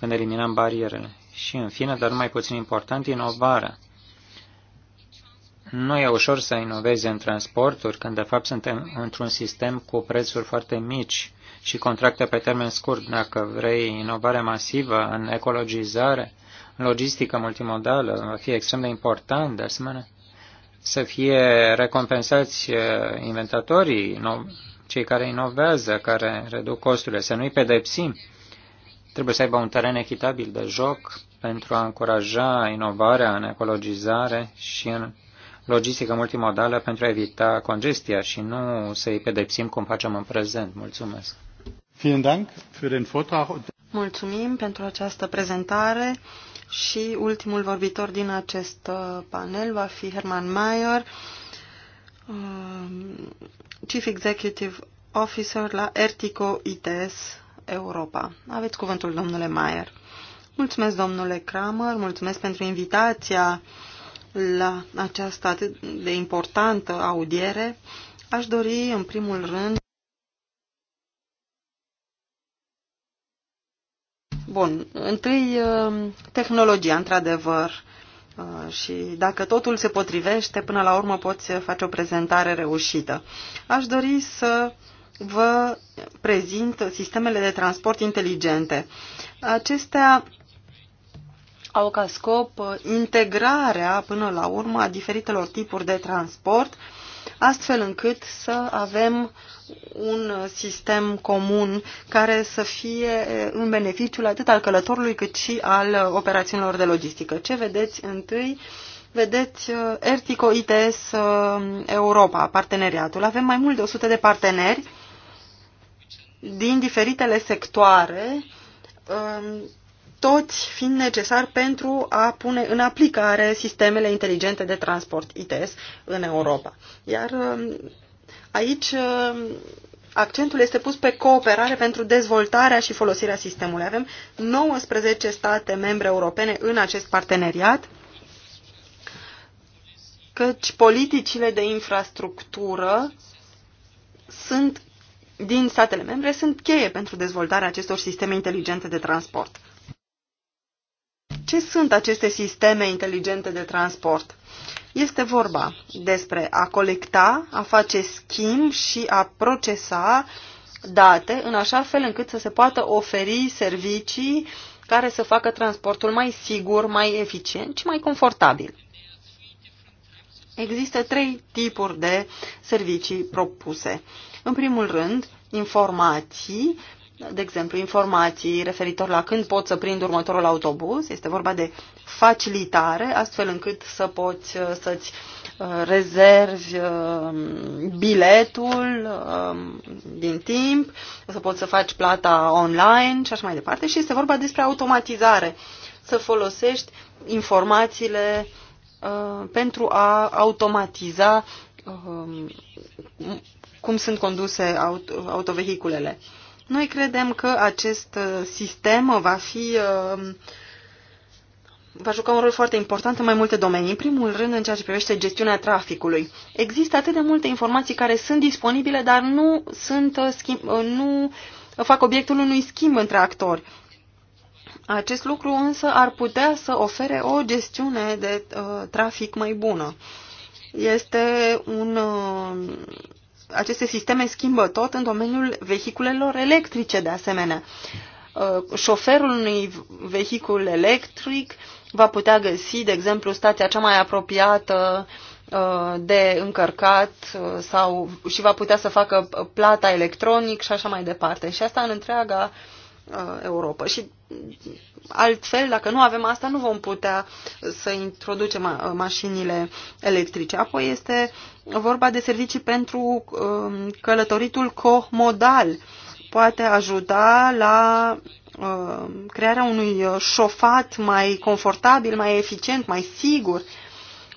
când eliminăm barierele. Și în fine, dar nu mai puțin important, inovarea. Nu e ușor să inovezi în transporturi când de fapt suntem într-un sistem cu prețuri foarte mici și contracte pe termen scurt. Dacă vrei inovare masivă în ecologizare, logistică multimodală, va fi extrem de important de asemenea să fie recompensați uh, inventatorii, cei care inovează, care reduc costurile, să nu-i pedepsim. Trebuie să aibă un teren echitabil de joc pentru a încuraja inovarea în ecologizare și în logistică multimodală pentru a evita congestia și nu să îi pedepsim cum facem în prezent. Mulțumesc! Mulțumim pentru această prezentare și ultimul vorbitor din acest uh, panel va fi Herman Mayer, uh, Chief Executive Officer la Ertico ITS Europa. Aveți cuvântul, domnule Mayer. Mulțumesc, domnule Kramer, mulțumesc pentru invitația la această atât de importantă audiere, aș dori în primul rând Bun, întâi uh, tehnologia, într-adevăr, uh, și dacă totul se potrivește, până la urmă poți face o prezentare reușită. Aș dori să vă prezint sistemele de transport inteligente. Acestea au ca scop uh, integrarea până la urmă a diferitelor tipuri de transport, astfel încât să avem un sistem comun care să fie uh, în beneficiul atât al călătorului cât și al uh, operațiunilor de logistică. Ce vedeți întâi? Vedeți Ertico ITS Europa, parteneriatul. Avem mai mult de 100 de parteneri din diferitele sectoare um, toți fiind necesari pentru a pune în aplicare sistemele inteligente de transport ITS în Europa. Iar um, aici um, accentul este pus pe cooperare pentru dezvoltarea și folosirea sistemului. Avem 19 state membre europene în acest parteneriat, căci politicile de infrastructură sunt din statele membre sunt cheie pentru dezvoltarea acestor sisteme inteligente de transport. Ce sunt aceste sisteme inteligente de transport? Este vorba despre a colecta, a face schimb și a procesa date în așa fel încât să se poată oferi servicii care să facă transportul mai sigur, mai eficient și mai confortabil. Există trei tipuri de servicii propuse. În primul rând, informații de exemplu, informații referitor la când poți să prind următorul autobuz. Este vorba de facilitare, astfel încât să poți uh, să-ți uh, rezervi uh, biletul um, din timp, să poți să faci plata online și așa mai departe. Și este vorba despre automatizare, să folosești informațiile pentru a automatiza um, cum sunt conduse autovehiculele. Noi credem că acest uh, sistem uh, va fi uh, va juca un rol foarte important în mai multe domenii. În primul rând, în ceea ce privește gestiunea traficului. Există atât de multe informații care sunt disponibile, dar nu, sunt, nu fac obiectul unui schimb între actori. Acest lucru însă ar putea să ofere o gestiune de uh, trafic mai bună. Este un uh, aceste sisteme schimbă tot în domeniul vehiculelor electrice de asemenea. Uh, șoferul unui vehicul electric va putea găsi, de exemplu, stația cea mai apropiată uh, de încărcat uh, sau și va putea să facă plata electronic și așa mai departe. Și asta în întreaga Europa. Și altfel, dacă nu avem asta, nu vom putea să introducem ma mașinile electrice. Apoi este vorba de servicii pentru um, călătoritul comodal. Poate ajuta la um, crearea unui șofat mai confortabil, mai eficient, mai sigur.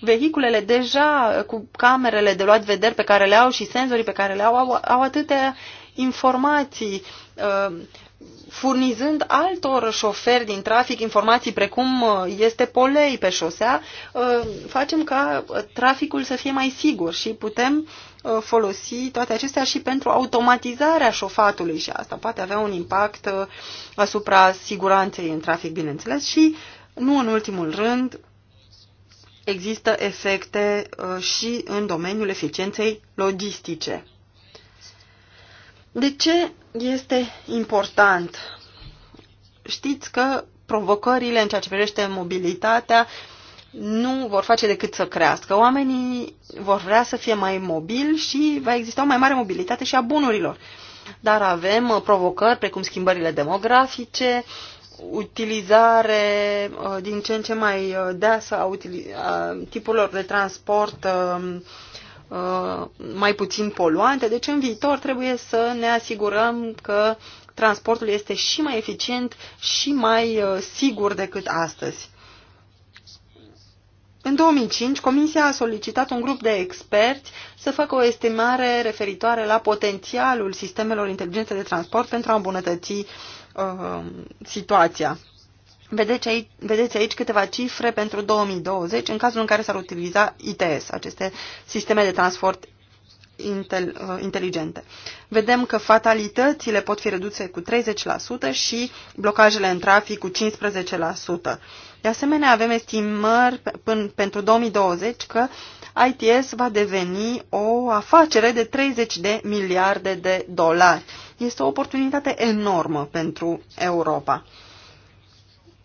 Vehiculele deja cu camerele de luat vederi pe care le au și senzorii pe care le au, au, au atâtea informații, uh, furnizând altor șoferi din trafic informații precum uh, este polei pe șosea, uh, facem ca traficul să fie mai sigur și putem folosi toate acestea și pentru automatizarea șofatului și asta poate avea un impact asupra siguranței în trafic, bineînțeles, și nu în ultimul rând, există efecte și în domeniul eficienței logistice. De ce este important? Știți că provocările în ceea ce privește mobilitatea nu vor face decât să crească. Oamenii vor vrea să fie mai mobili și va exista o mai mare mobilitate și a bunurilor. Dar avem provocări precum schimbările demografice, utilizare uh, din ce în ce mai uh, deasă a, a tipurilor de transport um, Uh, mai puțin poluante, deci în viitor trebuie să ne asigurăm că transportul este și mai eficient și mai uh, sigur decât astăzi. În 2005, Comisia a solicitat un grup de experți să facă o estimare referitoare la potențialul sistemelor inteligente de transport pentru a îmbunătăți uh, situația. Vedeți aici, vedeți aici câteva cifre pentru 2020 în cazul în care s-ar utiliza ITS, aceste sisteme de transport intel, uh, inteligente. Vedem că fatalitățile pot fi reduse cu 30% și blocajele în trafic cu 15%. De asemenea, avem estimări până pentru 2020 că ITS va deveni o afacere de 30 de miliarde de dolari. Este o oportunitate enormă pentru Europa.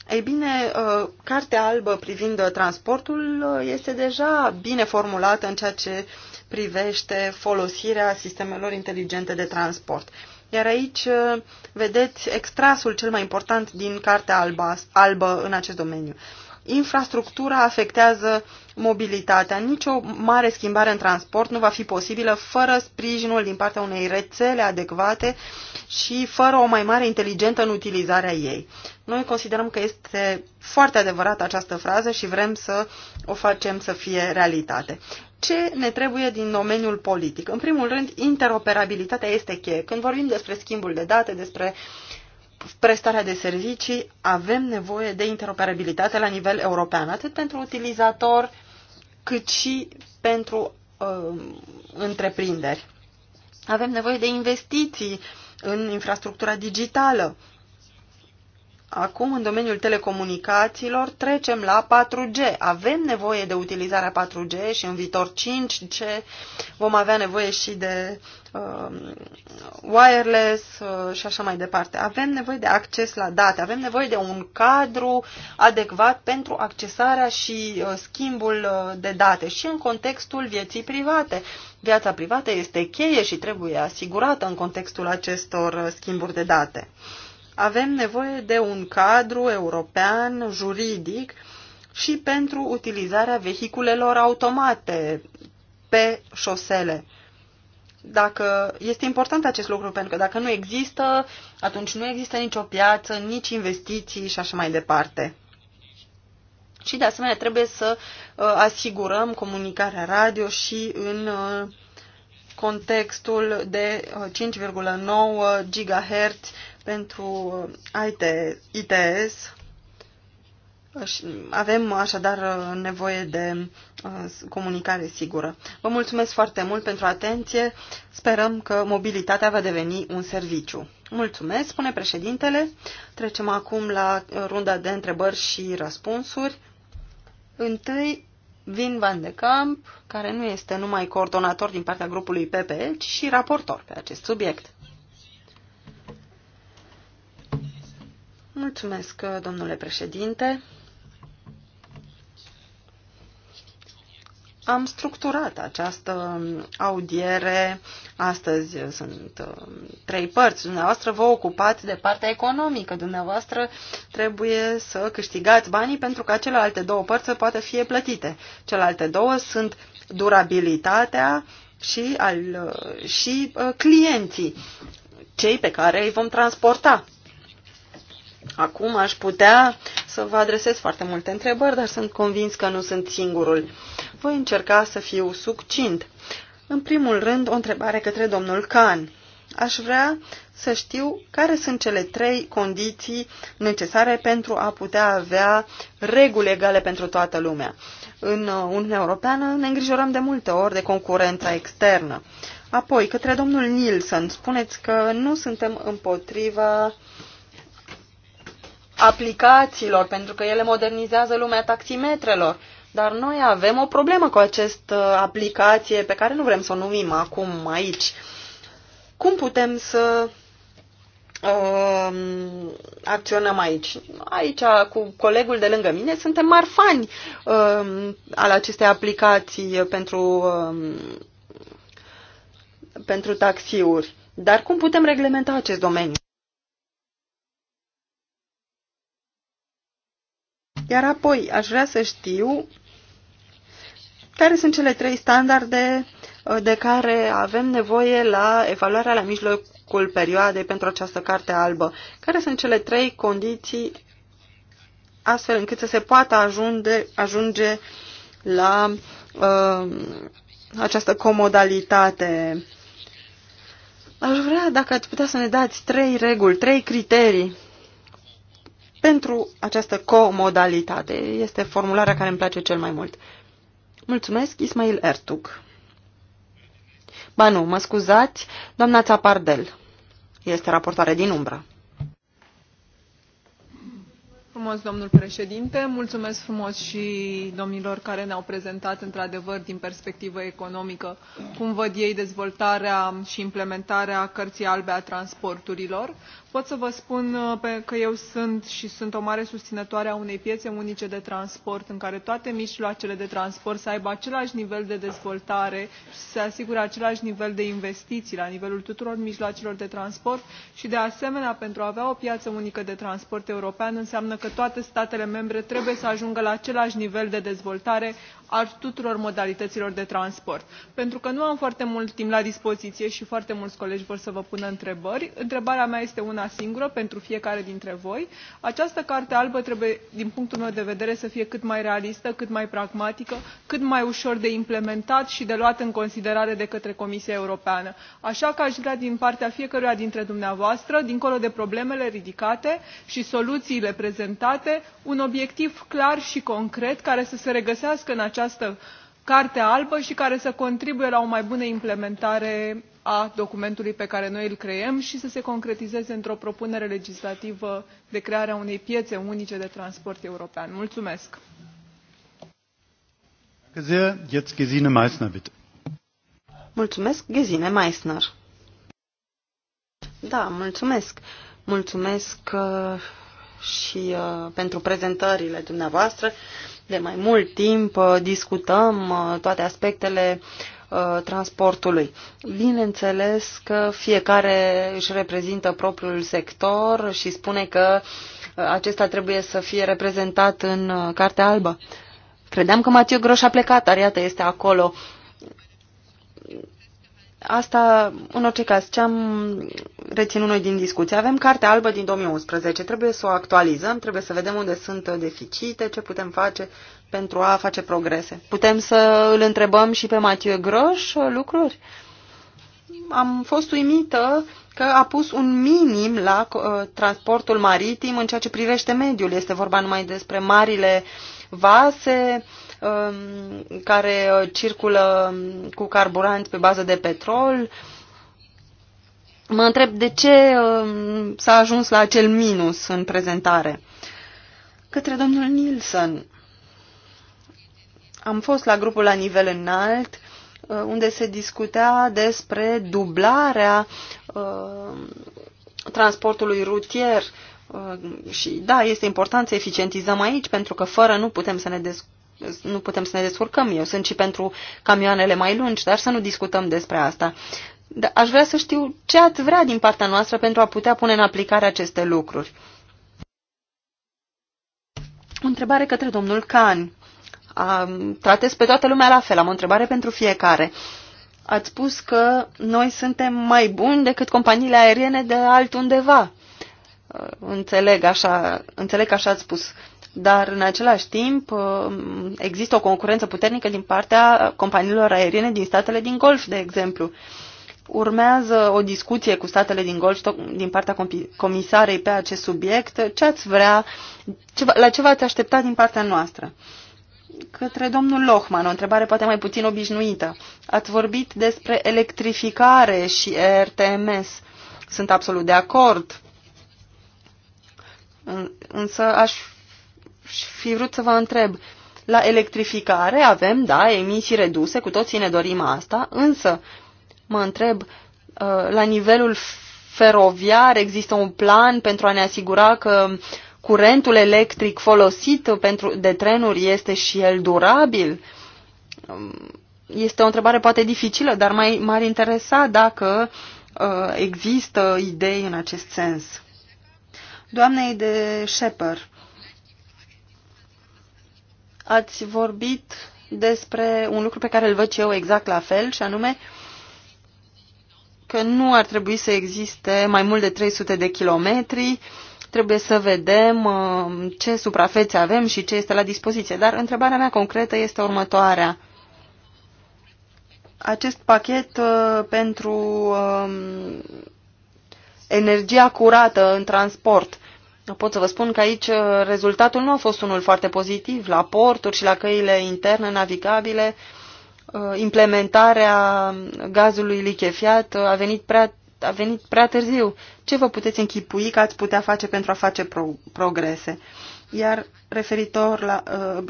Ei bine, uh, cartea albă privind transportul uh, este deja bine formulată în ceea ce privește folosirea sistemelor inteligente de transport. Iar aici uh, vedeți extrasul cel mai important din cartea albă, albă în acest domeniu. Infrastructura afectează mobilitatea. Nici o mare schimbare în transport nu va fi posibilă fără sprijinul din partea unei rețele adecvate și fără o mai mare inteligentă în utilizarea ei. Noi considerăm că este foarte adevărată această frază și vrem să o facem să fie realitate. Ce ne trebuie din domeniul politic? În primul rând, interoperabilitatea este cheie. Când vorbim despre schimbul de date, despre prestarea de servicii, avem nevoie de interoperabilitate la nivel european, atât pentru utilizator, cât și pentru uh, întreprinderi. Avem nevoie de investiții în infrastructura digitală. Acum, în domeniul telecomunicațiilor, trecem la 4G. Avem nevoie de utilizarea 4G și în viitor 5G vom avea nevoie și de uh, wireless uh, și așa mai departe. Avem nevoie de acces la date, avem nevoie de un cadru adecvat pentru accesarea și uh, schimbul uh, de date și în contextul vieții private. Viața privată este cheie și trebuie asigurată în contextul acestor uh, schimburi de date. Avem nevoie de un cadru european juridic și pentru utilizarea vehiculelor automate pe șosele. Dacă este important acest lucru, pentru că dacă nu există, atunci nu există nicio piață, nici investiții și așa mai departe. Și de asemenea trebuie să uh, asigurăm comunicarea radio și în uh, contextul de 5,9 uh, GHz pentru ITS. Avem așadar uh, nevoie de uh, comunicare sigură. Vă mulțumesc foarte mult pentru atenție. Sperăm că mobilitatea va deveni un serviciu. Mulțumesc, spune președintele. Trecem acum la uh, runda de întrebări și răspunsuri. Întâi, Vin Van de Camp, care nu este numai coordonator din partea grupului PPL, ci și raportor pe acest subiect. Mulțumesc, domnule președinte. Am structurat această audiere. Astăzi sunt uh, trei părți. Dumneavoastră vă ocupați de partea economică. Dumneavoastră trebuie să câștigați banii pentru ca celelalte două părți să poată fi plătite. Celelalte două sunt durabilitatea și, al, uh, și uh, clienții, cei pe care îi vom transporta. Acum aș putea să vă adresez foarte multe întrebări, dar sunt convins că nu sunt singurul. Voi încerca să fiu succint. În primul rând, o întrebare către domnul Can. Aș vrea să știu care sunt cele trei condiții necesare pentru a putea avea reguli egale pentru toată lumea. În Uniunea Europeană ne îngrijorăm de multe ori de concurența externă. Apoi, către domnul Nielsen, spuneți că nu suntem împotriva uh, aplicațiilor, pentru că ele modernizează lumea taximetrelor. Dar noi avem o problemă cu această uh, aplicație pe care nu vrem să o numim acum aici. Cum putem să uh, acționăm aici? Aici, cu colegul de lângă mine, suntem mari fani uh, al acestei aplicații pentru, uh, pentru taxiuri. Dar cum putem reglementa acest domeniu? Iar apoi aș vrea să știu care sunt cele trei standarde uh, de care avem nevoie la evaluarea la mijlocul perioadei pentru această carte albă. Care sunt cele trei condiții astfel încât să se poată ajunge, ajunge la uh, această comodalitate. Aș vrea, dacă ați putea să ne dați trei reguli, trei criterii pentru această comodalitate. Este formularea care îmi place cel mai mult. Mulțumesc, Ismail Ertug. Ba nu, mă scuzați, doamna Țapardel. Este raportare din umbră. Frumos, domnul președinte. Mulțumesc frumos și domnilor care ne-au prezentat, într-adevăr, din perspectivă economică, cum văd ei dezvoltarea și implementarea cărții albe a transporturilor pot să vă spun uh, că eu sunt și sunt o mare susținătoare a unei piețe unice de transport în care toate mijloacele de transport să aibă același nivel de dezvoltare și să se asigure același nivel de investiții la nivelul tuturor mijloacelor de transport și de asemenea pentru a avea o piață unică de transport european înseamnă că toate statele membre trebuie să ajungă la același nivel de dezvoltare al tuturor modalităților de transport. pentru că nu am foarte mult timp la dispoziție și foarte mulți colegi vor să vă pună întrebări întrebarea mea este una singură pentru fiecare dintre voi această carte albă trebuie din punctul meu de vedere să fie cât mai realistă cât mai pragmatică cât mai ușor de implementat și de luat în considerare de către comisia europeană. așa că aș vrea din partea fiecăruia dintre dumneavoastră dincolo de problemele ridicate și soluțiile prezentate un obiectiv clar și concret care să se regăsească în această această carte albă și care să contribuie la o mai bună implementare a documentului pe care noi îl creăm și să se concretizeze într o propunere legislativă de creare a unei piețe unice de transport european. Mulțumesc! Mulțumesc, Gesine Meissner. Da, mulțumesc. Mulțumesc uh, și uh, pentru prezentările dumneavoastră. Uh, de mai mult timp uh, discutăm uh, toate aspectele uh, transportului. Bineînțeles că fiecare își reprezintă propriul sector și spune că acesta trebuie să fie reprezentat în Cartea Albă. Credeam că Matiu Groș a plecat, dar iată, este acolo. Asta, în orice caz, ce am reținut noi din discuție? Avem cartea albă din 2011, trebuie să o actualizăm, trebuie să vedem unde sunt deficite, ce putem face pentru a face progrese. Putem să îl întrebăm și pe Mathieu Groș lucruri? Am fost uimită că a pus un minim la uh, transportul maritim în ceea ce privește mediul. Este vorba numai despre marile vase, uh, Um, care uh, circulă cu carburant pe bază de petrol. Mă întreb de ce um, s-a ajuns la acel minus în prezentare. Către domnul Nilsson. Am fost la grupul la nivel înalt uh, unde se discutea despre dublarea uh, transportului rutier și da, este important să eficientizăm aici pentru că fără nu putem să ne descurcăm nu putem să ne descurcăm. Eu sunt și pentru camioanele mai lungi, dar să nu discutăm despre asta. Dar aș vrea să știu ce ați vrea din partea noastră pentru a putea pune în aplicare aceste lucruri. O întrebare către domnul Can. A, tratez pe toată lumea la fel, am o întrebare pentru fiecare. Ați spus că noi suntem mai buni decât companiile aeriene de altundeva. Înțeleg, așa, înțeleg că așa ați spus dar în același timp uh, există o concurență puternică din partea companiilor aeriene din statele din Golf, de exemplu. Urmează o discuție cu statele din Golf din partea comisarei pe acest subiect. Ce ați vrea, la ce v-ați aștepta din partea noastră? Către domnul Lohman, o întrebare poate mai puțin obișnuită. Ați vorbit despre electrificare și RTMS. Sunt absolut de acord. Însă aș fi vrut să vă întreb. La electrificare avem, da, emisii reduse, cu toții ne dorim asta, însă mă întreb, uh, la nivelul feroviar există un plan pentru a ne asigura că curentul electric folosit pentru, de trenuri este și el durabil? Um, este o întrebare poate dificilă, dar mai, m-ar interesa dacă uh, există idei în acest sens. Doamnei de Shepard, ați vorbit despre un lucru pe care îl văd și eu exact la fel, și anume că nu ar trebui să existe mai mult de 300 de kilometri, trebuie să vedem uh, ce suprafețe avem și ce este la dispoziție. Dar întrebarea mea concretă este următoarea. Acest pachet uh, pentru um, energia curată în transport, Pot să vă spun că aici uh, rezultatul nu a fost unul foarte pozitiv. La porturi și la căile interne navigabile, uh, implementarea gazului lichefiat uh, a venit prea, a venit prea târziu. Ce vă puteți închipui că ați putea face pentru a face pro, progrese? Iar referitor la,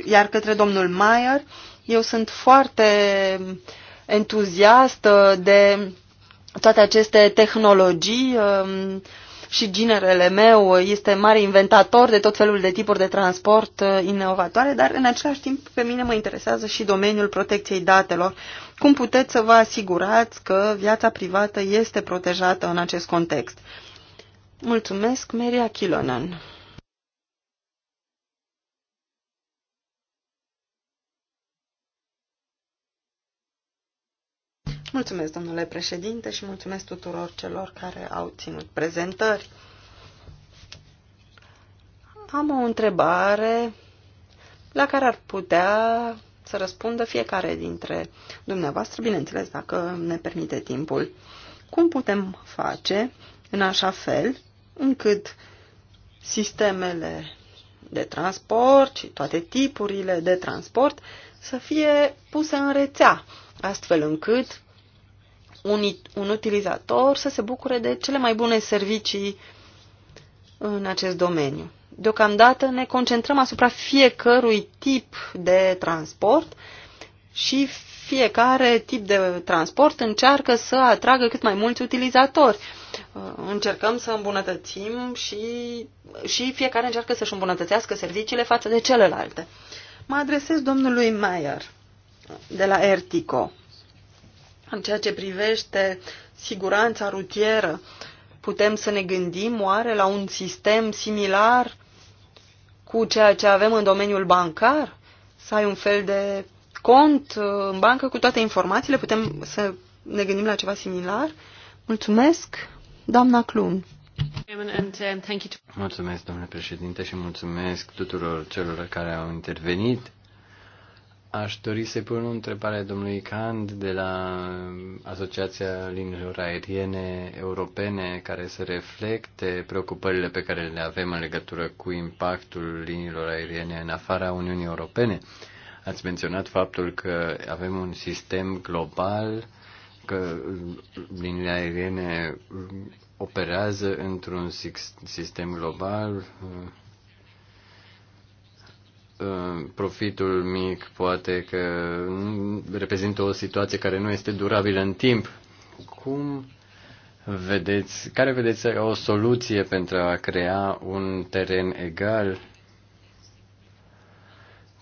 iar către domnul Mayer, eu sunt foarte entuziastă de toate aceste tehnologii um, și ginerele meu este mare inventator de tot felul de tipuri de transport uh, inovatoare, dar în același timp pe mine mă interesează și domeniul protecției datelor. Cum puteți să vă asigurați că viața privată este protejată în acest context? Mulțumesc, Maria Kilonen. Mulțumesc, domnule președinte, și mulțumesc tuturor celor care au ținut prezentări. Am o întrebare la care ar putea să răspundă fiecare dintre dumneavoastră, bineînțeles, dacă ne permite timpul. Cum putem face în așa fel încât sistemele de transport și toate tipurile de transport să fie puse în rețea, astfel încât un, un utilizator să se bucure de cele mai bune servicii în acest domeniu. Deocamdată ne concentrăm asupra fiecărui tip de transport și fiecare tip de transport încearcă să atragă cât mai mulți utilizatori. Uh, încercăm să îmbunătățim și, și fiecare încearcă să-și îmbunătățească serviciile față de celelalte. Mă adresez domnului Mayer de la Ertico. În ceea ce privește siguranța rutieră, putem să ne gândim oare la un sistem similar cu ceea ce avem în domeniul bancar? Să ai un fel de cont uh, în bancă cu toate informațiile? Putem să ne gândim la ceva similar? Mulțumesc, doamna Clun. Uh, mulțumesc, domnule președinte, și mulțumesc tuturor celor care au intervenit Aș dori să pun o întrebare domnului Cand de la Asociația Linilor Aeriene Europene care să reflecte preocupările pe care le avem în legătură cu impactul liniilor aeriene în afara Uniunii Europene. Ați menționat faptul că avem un sistem global, că liniile aeriene operează într-un sistem global, Uh, profitul mic poate că reprezintă o situație care nu este durabilă în timp. Cum vedeți, care vedeți o soluție pentru a crea un teren egal?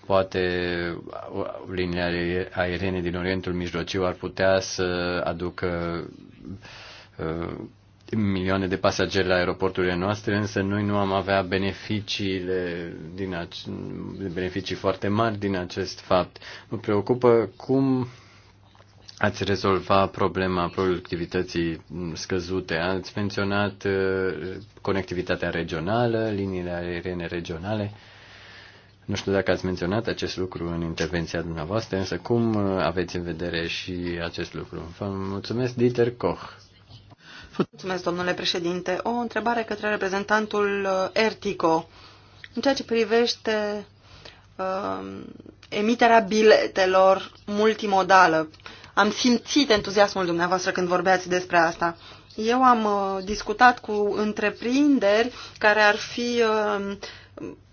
Poate linia aeriene din Orientul Mijlociu ar putea să aducă uh, milioane de pasageri la aeroporturile noastre, însă noi nu am avea beneficiile din ace- beneficii foarte mari din acest fapt. Mă preocupă cum ați rezolva problema productivității scăzute. Ați menționat uh, conectivitatea regională, liniile aeriene regionale. Nu știu dacă ați menționat acest lucru în intervenția dumneavoastră, însă cum uh, aveți în vedere și acest lucru? Vă mulțumesc, Dieter Koch. Mulțumesc, domnule președinte. O întrebare către reprezentantul uh, Ertico. În ceea ce privește uh, emiterea biletelor multimodală, am simțit entuziasmul dumneavoastră când vorbeați despre asta. Eu am uh, discutat cu întreprinderi care ar fi uh,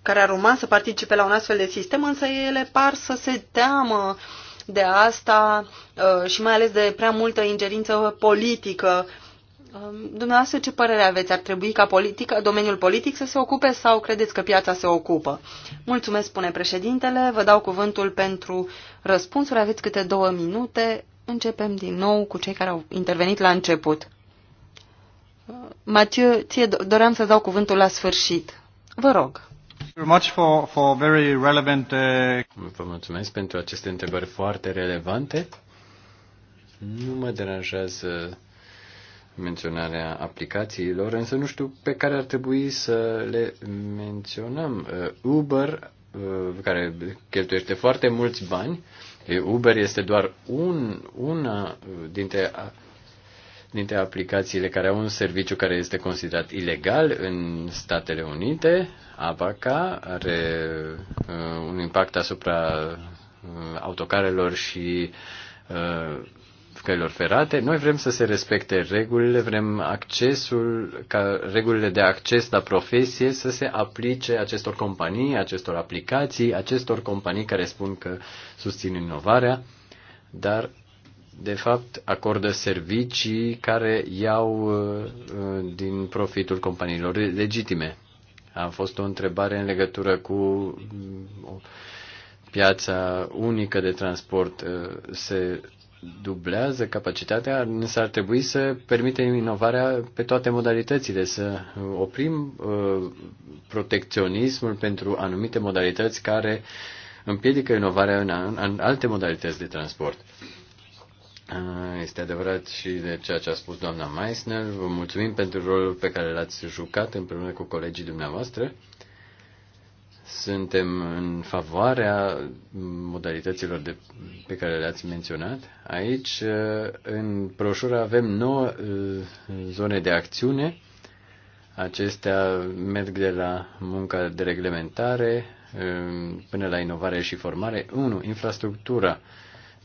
care ar urma să participe la un astfel de sistem, însă ele par să se teamă de asta uh, și mai ales de prea multă ingerință politică Um, dumneavoastră, ce părere aveți? Ar trebui ca politica, domeniul politic să se ocupe sau credeți că piața se ocupă? Mulțumesc, spune președintele. Vă dau cuvântul pentru răspunsuri. Aveți câte două minute. Începem din nou cu cei care au intervenit la început. Uh, Mathieu, ție doream să dau cuvântul la sfârșit. Vă rog. Uh, Vă mulțumesc pentru aceste întrebări foarte relevante. Nu mă deranjează menționarea aplicațiilor, însă nu știu pe care ar trebui să le menționăm. Uh, Uber, uh, care cheltuiește foarte mulți bani, Uber este doar un, una dintre, dintre aplicațiile care au un serviciu care este considerat ilegal în Statele Unite. Avaca are uh, un impact asupra autocarelor și căilor ferate. Noi vrem să se respecte regulile, vrem accesul, ca regulile de acces la profesie să se aplice acestor companii, acestor aplicații, acestor companii care spun că susțin inovarea, dar de fapt acordă servicii care iau uh, din profitul companiilor legitime. A fost o întrebare în legătură cu uh, piața unică de transport uh, se dublează capacitatea, însă ar trebui să permitem inovarea pe toate modalitățile, să oprim uh, protecționismul pentru anumite modalități care împiedică inovarea în, în alte modalități de transport. Uh, este adevărat și de ceea ce a spus doamna Meissner. Vă mulțumim pentru rolul pe care l-ați jucat împreună cu colegii dumneavoastră. Suntem în favoarea modalităților de, pe care le-ați menționat. Aici, în proșură, avem nouă uh, zone de acțiune. Acestea merg de la munca de reglementare uh, până la inovare și formare. 1. Infrastructura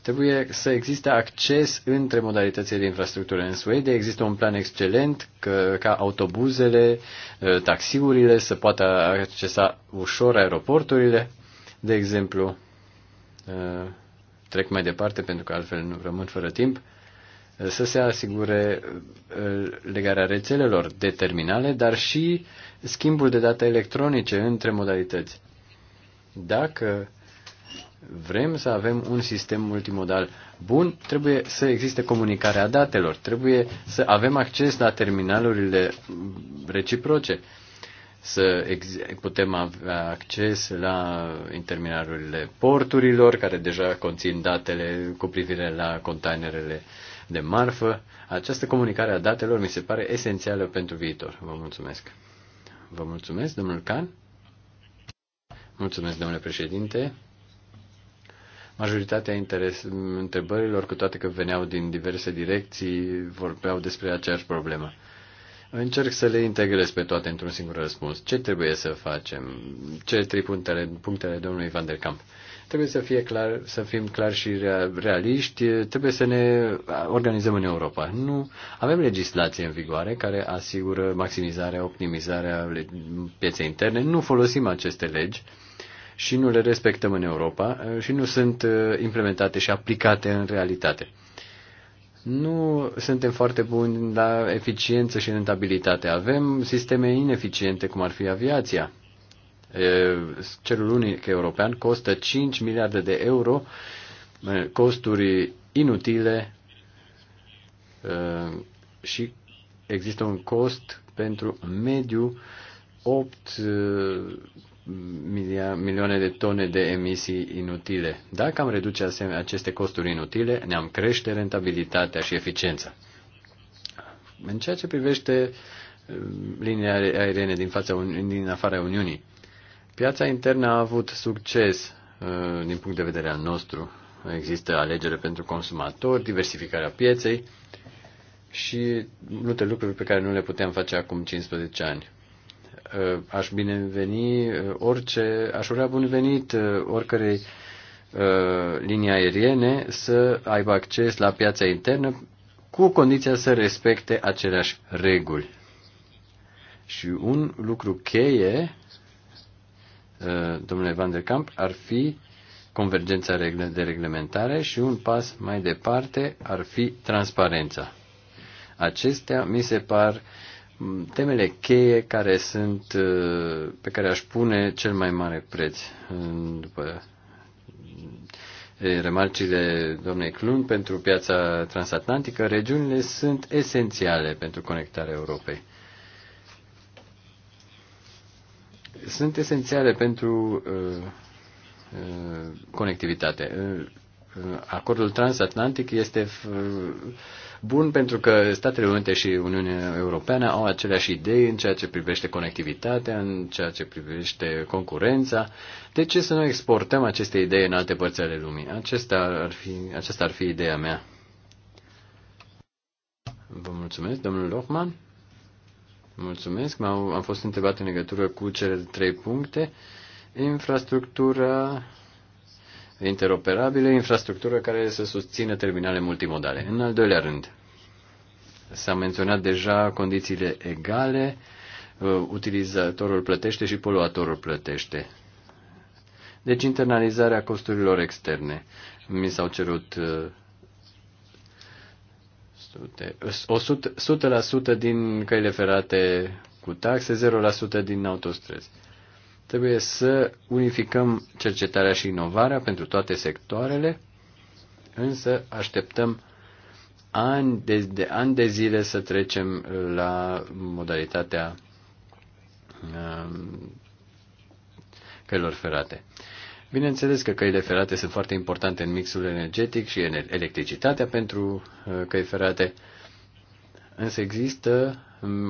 Trebuie să existe acces între modalitățile de infrastructură. În Suedia există un plan excelent că, ca autobuzele, ă, taxiurile să poată accesa ușor aeroporturile. De exemplu, ă, trec mai departe pentru că altfel nu rămân fără timp, ă, să se asigure legarea rețelelor de terminale, dar și schimbul de date electronice între modalități. Dacă uh, vrem să avem un sistem multimodal bun, trebuie să existe comunicarea datelor, trebuie să avem acces la terminalurile reciproce, să putem avea acces la terminalurile porturilor, care deja conțin datele cu privire la containerele de marfă. Această comunicare a datelor mi se pare esențială pentru viitor. Vă mulțumesc. Vă mulțumesc, domnul Can. Mulțumesc, domnule președinte. Majoritatea interes, întrebărilor, cu toate că veneau din diverse direcții, vorbeau despre aceeași problemă. Încerc să le integrez pe toate într-un singur răspuns. Ce trebuie să facem? Ce trei punctele, punctele domnului Van der Kamp? Trebuie să, fie clar, să fim clari și realiști, trebuie să ne organizăm în Europa. Nu avem legislație în vigoare care asigură maximizarea, optimizarea pieței interne, nu folosim aceste legi și nu le respectăm în Europa uh, și nu sunt uh, implementate și aplicate în realitate. Nu suntem foarte buni la eficiență și rentabilitate. Avem sisteme ineficiente, cum ar fi aviația. Uh, Cerul unic european costă 5 miliarde de euro, costuri inutile și există un cost pentru mediu 8 milioane de tone de emisii inutile. Dacă am reduce aceste costuri inutile, ne-am crește rentabilitatea și eficiența. În ceea ce privește uh, linia aeriene din, fața, din afara Uniunii, piața internă a avut succes uh, din punct de vedere al nostru. Există alegere pentru consumatori, diversificarea pieței și multe lucruri pe care nu le puteam face acum 15 ani. Eh, aș bineveni eh, orice, aș urea bun venit eh, oricărei linii aeriene să aibă acces la piața internă cu condiția să respecte aceleași reguli. Și un lucru cheie, domnule Van der Camp, ar fi convergența de reglementare și un pas mai departe ar fi transparența. Acestea mi se par uh, temele cheie care sunt, uh, pe care aș pune cel mai mare preț după remarcile doamnei Clun pentru piața transatlantică, regiunile sunt esențiale pentru conectarea Europei. Sunt esențiale pentru uh, uh, conectivitate. Uh, uh acordul transatlantic este uh, bun pentru că Statele Unite și Uniunea Europeană au aceleași idei în ceea ce privește conectivitatea, în ceea ce privește concurența. De ce să nu exportăm aceste idei în alte părți ale lumii? Acesta ar fi, aceasta ar fi ideea mea. Vă mulțumesc, domnul Lohman. Mulțumesc. M-au, am fost întrebat în legătură cu cele trei puncte. Infrastructura, interoperabile, infrastructură care să susțină terminale multimodale. În al doilea rând, s-a menționat deja condițiile egale, uh, utilizatorul plătește și poluatorul plătește. Deci internalizarea costurilor externe. Mi s-au cerut 100% uh, din căile ferate cu taxe, 0% din autostrăzi. Trebuie să unificăm cercetarea și inovarea pentru toate sectoarele, însă așteptăm ani de, de, ani de zile să trecem la modalitatea um, căilor ferate. Bineînțeles că căile ferate sunt foarte importante în mixul energetic și în electricitatea pentru uh, căi ferate, însă există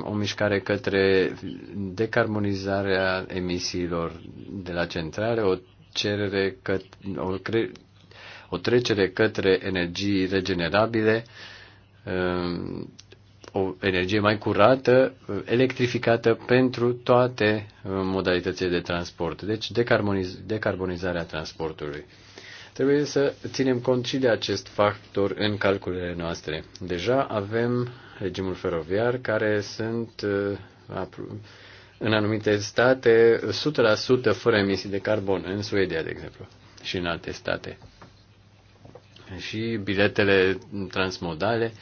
o mișcare către decarbonizarea emisiilor de la centrale, o cerere căt- o, cre, o trecere către energii regenerabile, um, o energie mai curată, electrificată pentru toate uh, modalitățile de transport. Deci decarboniz, decarbonizarea transportului. Trebuie să ținem cont și de acest factor în calculele noastre. Deja avem regimul feroviar, care sunt uh, în anumite state 100% fără emisii de carbon, în Suedia, de exemplu, și în alte state. Și biletele transmodale,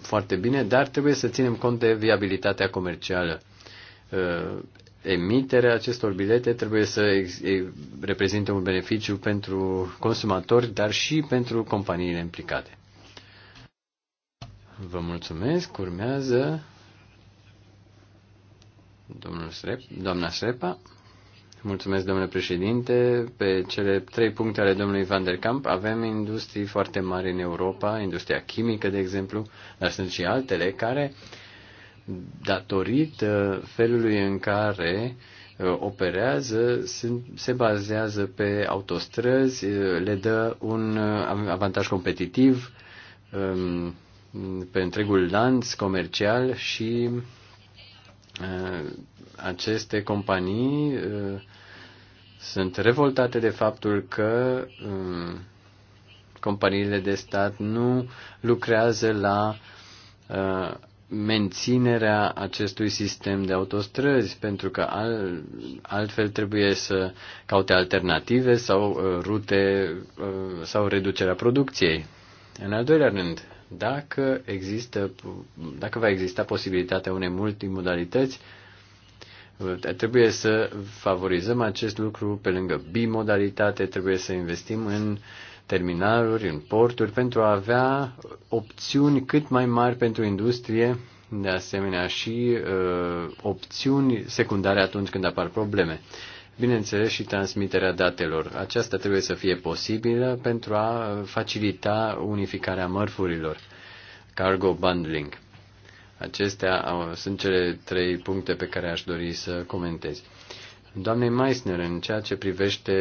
foarte bine, dar trebuie să ținem cont de viabilitatea comercială. Uh, emiterea acestor bilete trebuie să reprezinte un beneficiu pentru consumatori, dar și pentru companiile implicate. Vă mulțumesc. Urmează domnul Srep, doamna Srepa. Mulțumesc, domnule președinte. Pe cele trei puncte ale domnului Van der Kamp avem industrii foarte mari în Europa, industria chimică, de exemplu, dar sunt și altele care, datorită felului în care uh, operează, se bazează pe autostrăzi, uh, le dă un uh, avantaj competitiv, um, pe întregul lanț comercial și uh, aceste companii uh, sunt revoltate de faptul că uh, companiile de stat nu lucrează la menținerea acestui sistem de autostrăzi, pentru că altfel trebuie să caute alternative sau rute sau reducerea producției. În al doilea rând, dacă, există, dacă va exista posibilitatea unei multimodalități, trebuie să favorizăm acest lucru pe lângă bimodalitate, trebuie să investim în terminaluri, în porturi, pentru a avea opțiuni cât mai mari pentru industrie, de asemenea și uh, opțiuni secundare atunci când apar probleme. Uh, bineînțeles și transmiterea datelor. Aceasta trebuie să fie posibilă pentru a facilita unificarea mărfurilor, cargo bundling. Acestea au, sunt cele trei puncte pe care aș dori să comentez. Doamnei Meissner, în ceea ce privește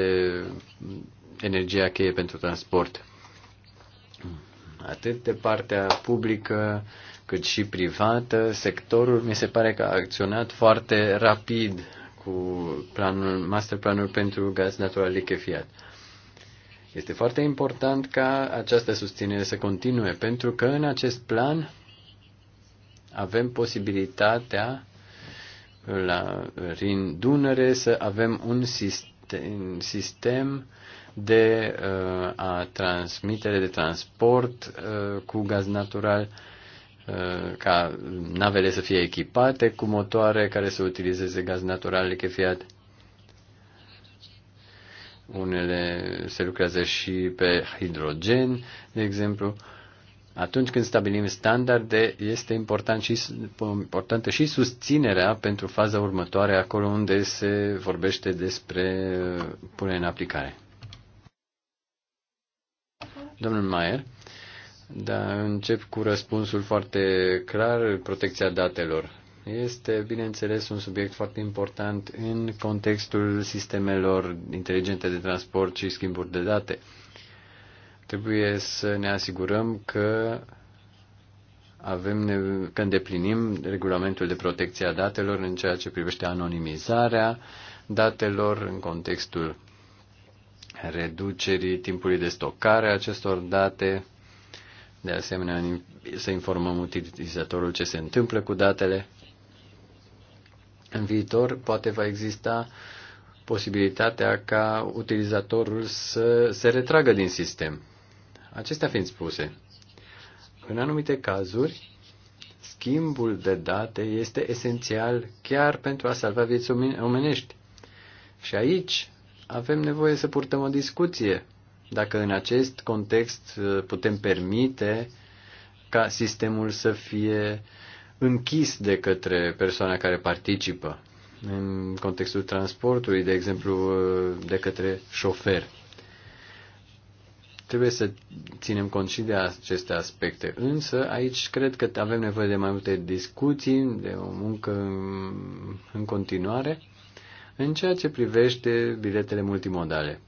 energia cheie pentru transport, atât de partea publică cât și privată, sectorul mi se pare că a acționat foarte rapid cu planul, master planul pentru gaz natural lichefiat. Este foarte important ca această susținere să continue, pentru că în acest plan avem posibilitatea la Rin Dunăre să avem un sistem, sistem de uh, a transmitere de transport uh, cu gaz natural uh, Uh, ca navele să fie echipate cu motoare care să utilizeze gaz natural lichefiat. Unele se lucrează și pe hidrogen, de exemplu. Atunci când stabilim standarde, este important și, importantă și susținerea pentru faza următoare, acolo unde se vorbește despre uh, punerea în aplicare. Domnul Maier. Da, încep cu răspunsul foarte clar, protecția datelor. Este, bineînțeles, un subiect foarte important în contextul sistemelor inteligente de transport și schimburi de date. Trebuie să ne asigurăm că avem, că îndeplinim regulamentul de protecție a datelor în ceea ce privește anonimizarea datelor în contextul reducerii timpului de stocare a acestor date, de asemenea, să informăm utilizatorul ce se întâmplă cu datele. În viitor, poate va exista posibilitatea ca utilizatorul să se retragă din sistem. Acestea fiind spuse, în anumite cazuri, schimbul de date este esențial chiar pentru a salva vieți omenești. Și aici avem nevoie să purtăm o discuție dacă în acest context uh, putem permite ca sistemul să fie închis de către persoana care participă în contextul transportului, de exemplu, uh, de către șofer. Trebuie să ținem cont și de aceste aspecte. Însă, aici cred că avem nevoie de mai multe discuții, de o muncă în continuare, în ceea ce privește biletele multimodale.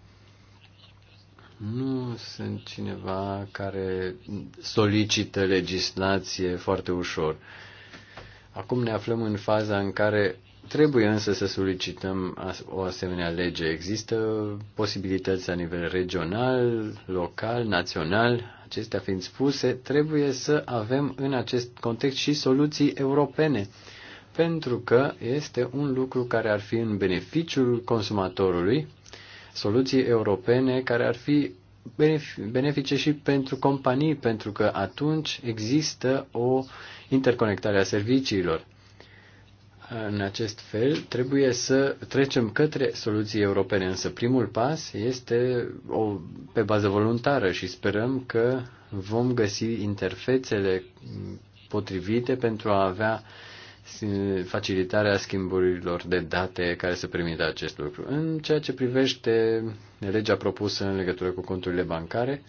Nu sunt cineva care solicită legislație foarte ușor. Acum ne aflăm în faza în care trebuie însă să solicităm o asemenea lege. Există posibilități la nivel regional, local, național. Acestea fiind spuse, trebuie să avem în acest context și soluții europene, pentru că este un lucru care ar fi în beneficiul consumatorului soluții europene care ar fi benefice și pentru companii, pentru că atunci există o interconectare a serviciilor. În acest fel, trebuie să trecem către soluții europene, însă primul pas este o, pe bază voluntară și sperăm că vom găsi interfețele potrivite pentru a avea uh, facilitarea schimburilor de date care să permită acest lucru. În ceea ce privește legea propusă în legătură cu conturile bancare,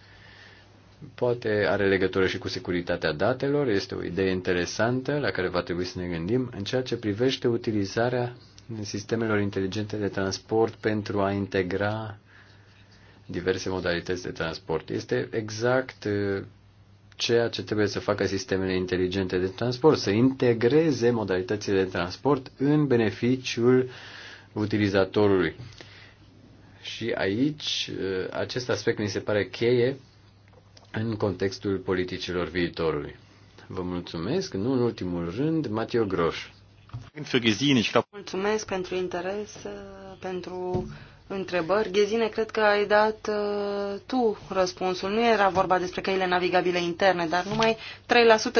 poate are legătură și cu securitatea datelor, este o idee interesantă la care va trebui să ne gândim în ceea ce privește utilizarea sistemelor inteligente de transport pentru a integra diverse modalități de transport. Este exact ceea ce trebuie să facă sistemele inteligente de transport, să integreze modalitățile de transport în beneficiul utilizatorului. Și aici uh, acest aspect mi se pare cheie în contextul politicilor viitorului. Vă mulțumesc, nu în ultimul rând, Matteo Groș. Mulțumesc pentru interes, uh, pentru întrebări. Ghezine, cred că ai dat uh, tu răspunsul. Nu era vorba despre căile navigabile interne, dar numai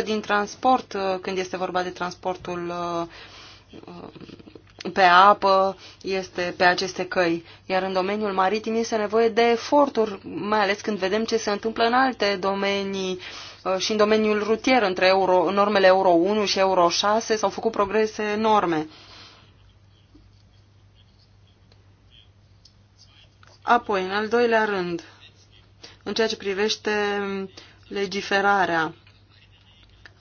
3% din transport, uh, când este vorba de transportul uh, uh, pe apă, este pe aceste căi. Iar în domeniul maritim este nevoie de eforturi, mai ales când vedem ce se întâmplă în alte domenii uh, și în domeniul rutier, între euro, normele Euro 1 și Euro 6 s-au făcut progrese enorme. Apoi, în al doilea rând, în ceea ce privește legiferarea,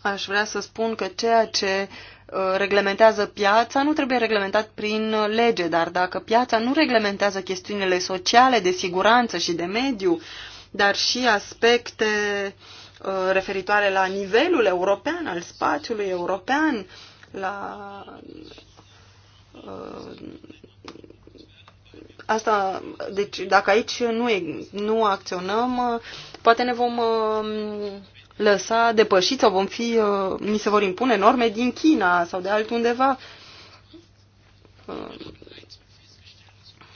aș vrea să spun că ceea ce uh, reglementează piața nu trebuie reglementat prin lege, dar dacă piața nu reglementează chestiunile sociale, de siguranță și de mediu, dar și aspecte uh, referitoare la nivelul european, al spațiului european, la uh, Asta, deci dacă aici nu, e, nu acționăm, poate ne vom um, lăsa depășiți sau vom fi, uh, ni se vor impune norme din China sau de altundeva. Uh,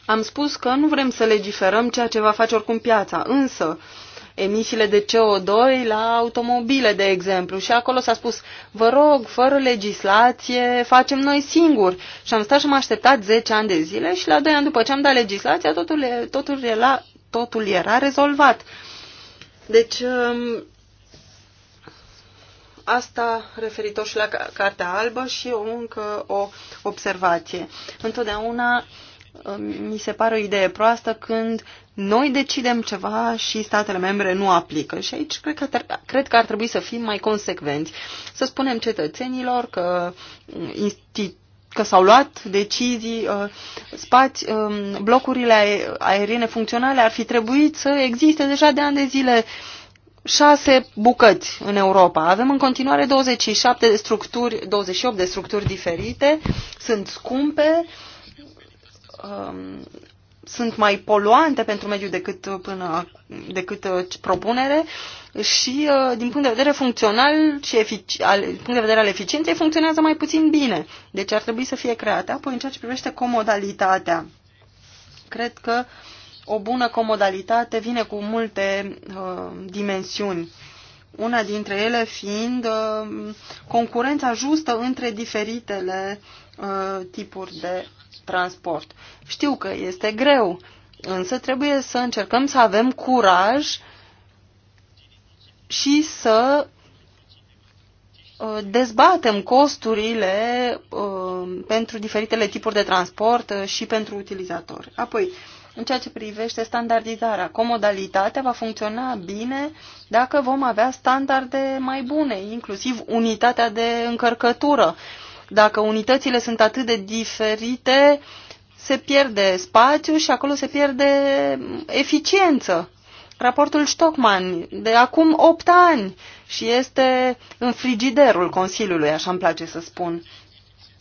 am spus că nu vrem să legiferăm ceea ce va face oricum piața, însă uh, emisiile de CO2 la automobile, de exemplu. Și acolo s-a spus, vă rog, fără legislație, facem noi singuri. Și am stat și am așteptat 10 ani de zile și la 2 ani după ce am dat legislația, totul, totul, era, totul era rezolvat. Deci, um, asta referitor și la Cartea Albă și o încă o observație. Întotdeauna mi se pare o idee proastă când noi decidem ceva și statele membre nu aplică. Și aici cred că, cred că ar trebui să fim mai consecvenți. Să spunem cetățenilor că, că s-au luat decizii, uh, spați, um, blocurile aeriene funcționale ar fi trebuit să existe deja de ani de zile șase bucăți în Europa. Avem în continuare 27 de structuri, 28 de structuri diferite, sunt scumpe, uh, Um, sunt mai poluante pentru mediu decât, până, decât uh, propunere și uh, din punct de vedere funcțional și al, din punct de vedere al eficienței funcționează mai puțin bine. Deci ar trebui să fie create. Apoi în ceea ce privește comodalitatea, cred că o bună comodalitate vine cu multe uh, dimensiuni. Una dintre ele fiind uh, concurența justă între diferitele uh, tipuri de transport. Știu că este greu, însă trebuie să încercăm să avem curaj și să uh, dezbatem costurile uh, pentru diferitele tipuri de transport uh, și pentru utilizatori. Apoi, în ceea ce privește standardizarea, comodalitatea va funcționa bine dacă vom avea standarde mai bune, inclusiv unitatea de încărcătură. Uh, dacă unitățile sunt atât de diferite, se pierde spațiu și acolo se pierde eficiență. Raportul Stockman de acum 8 ani și este în frigiderul Consiliului, așa îmi place să spun.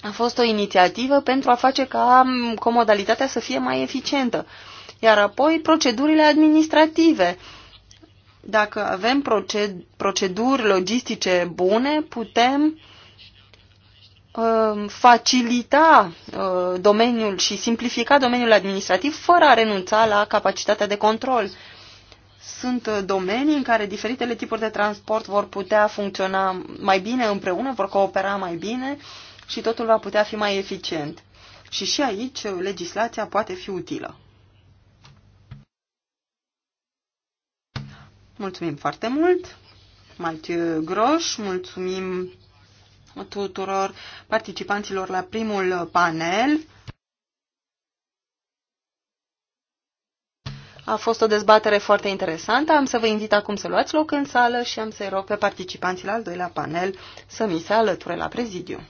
A fost o inițiativă pentru a face ca comodalitatea să fie mai eficientă. Iar apoi procedurile administrative. Dacă avem proceduri logistice bune, putem Um, facilita uh, domeniul și simplifica domeniul administrativ fără a renunța la capacitatea de control. Sunt uh, domenii în care diferitele tipuri de transport vor putea funcționa mai bine împreună, vor coopera mai bine și totul va putea fi mai eficient. Și și aici uh, legislația poate fi utilă. Mulțumim foarte mult, Mathieu Groș, mulțumim tuturor participanților la primul panel. A fost o dezbatere foarte interesantă. Am să vă invit acum să luați loc în sală și am să-i rog pe participanții la al doilea panel să mi se alăture la prezidiu.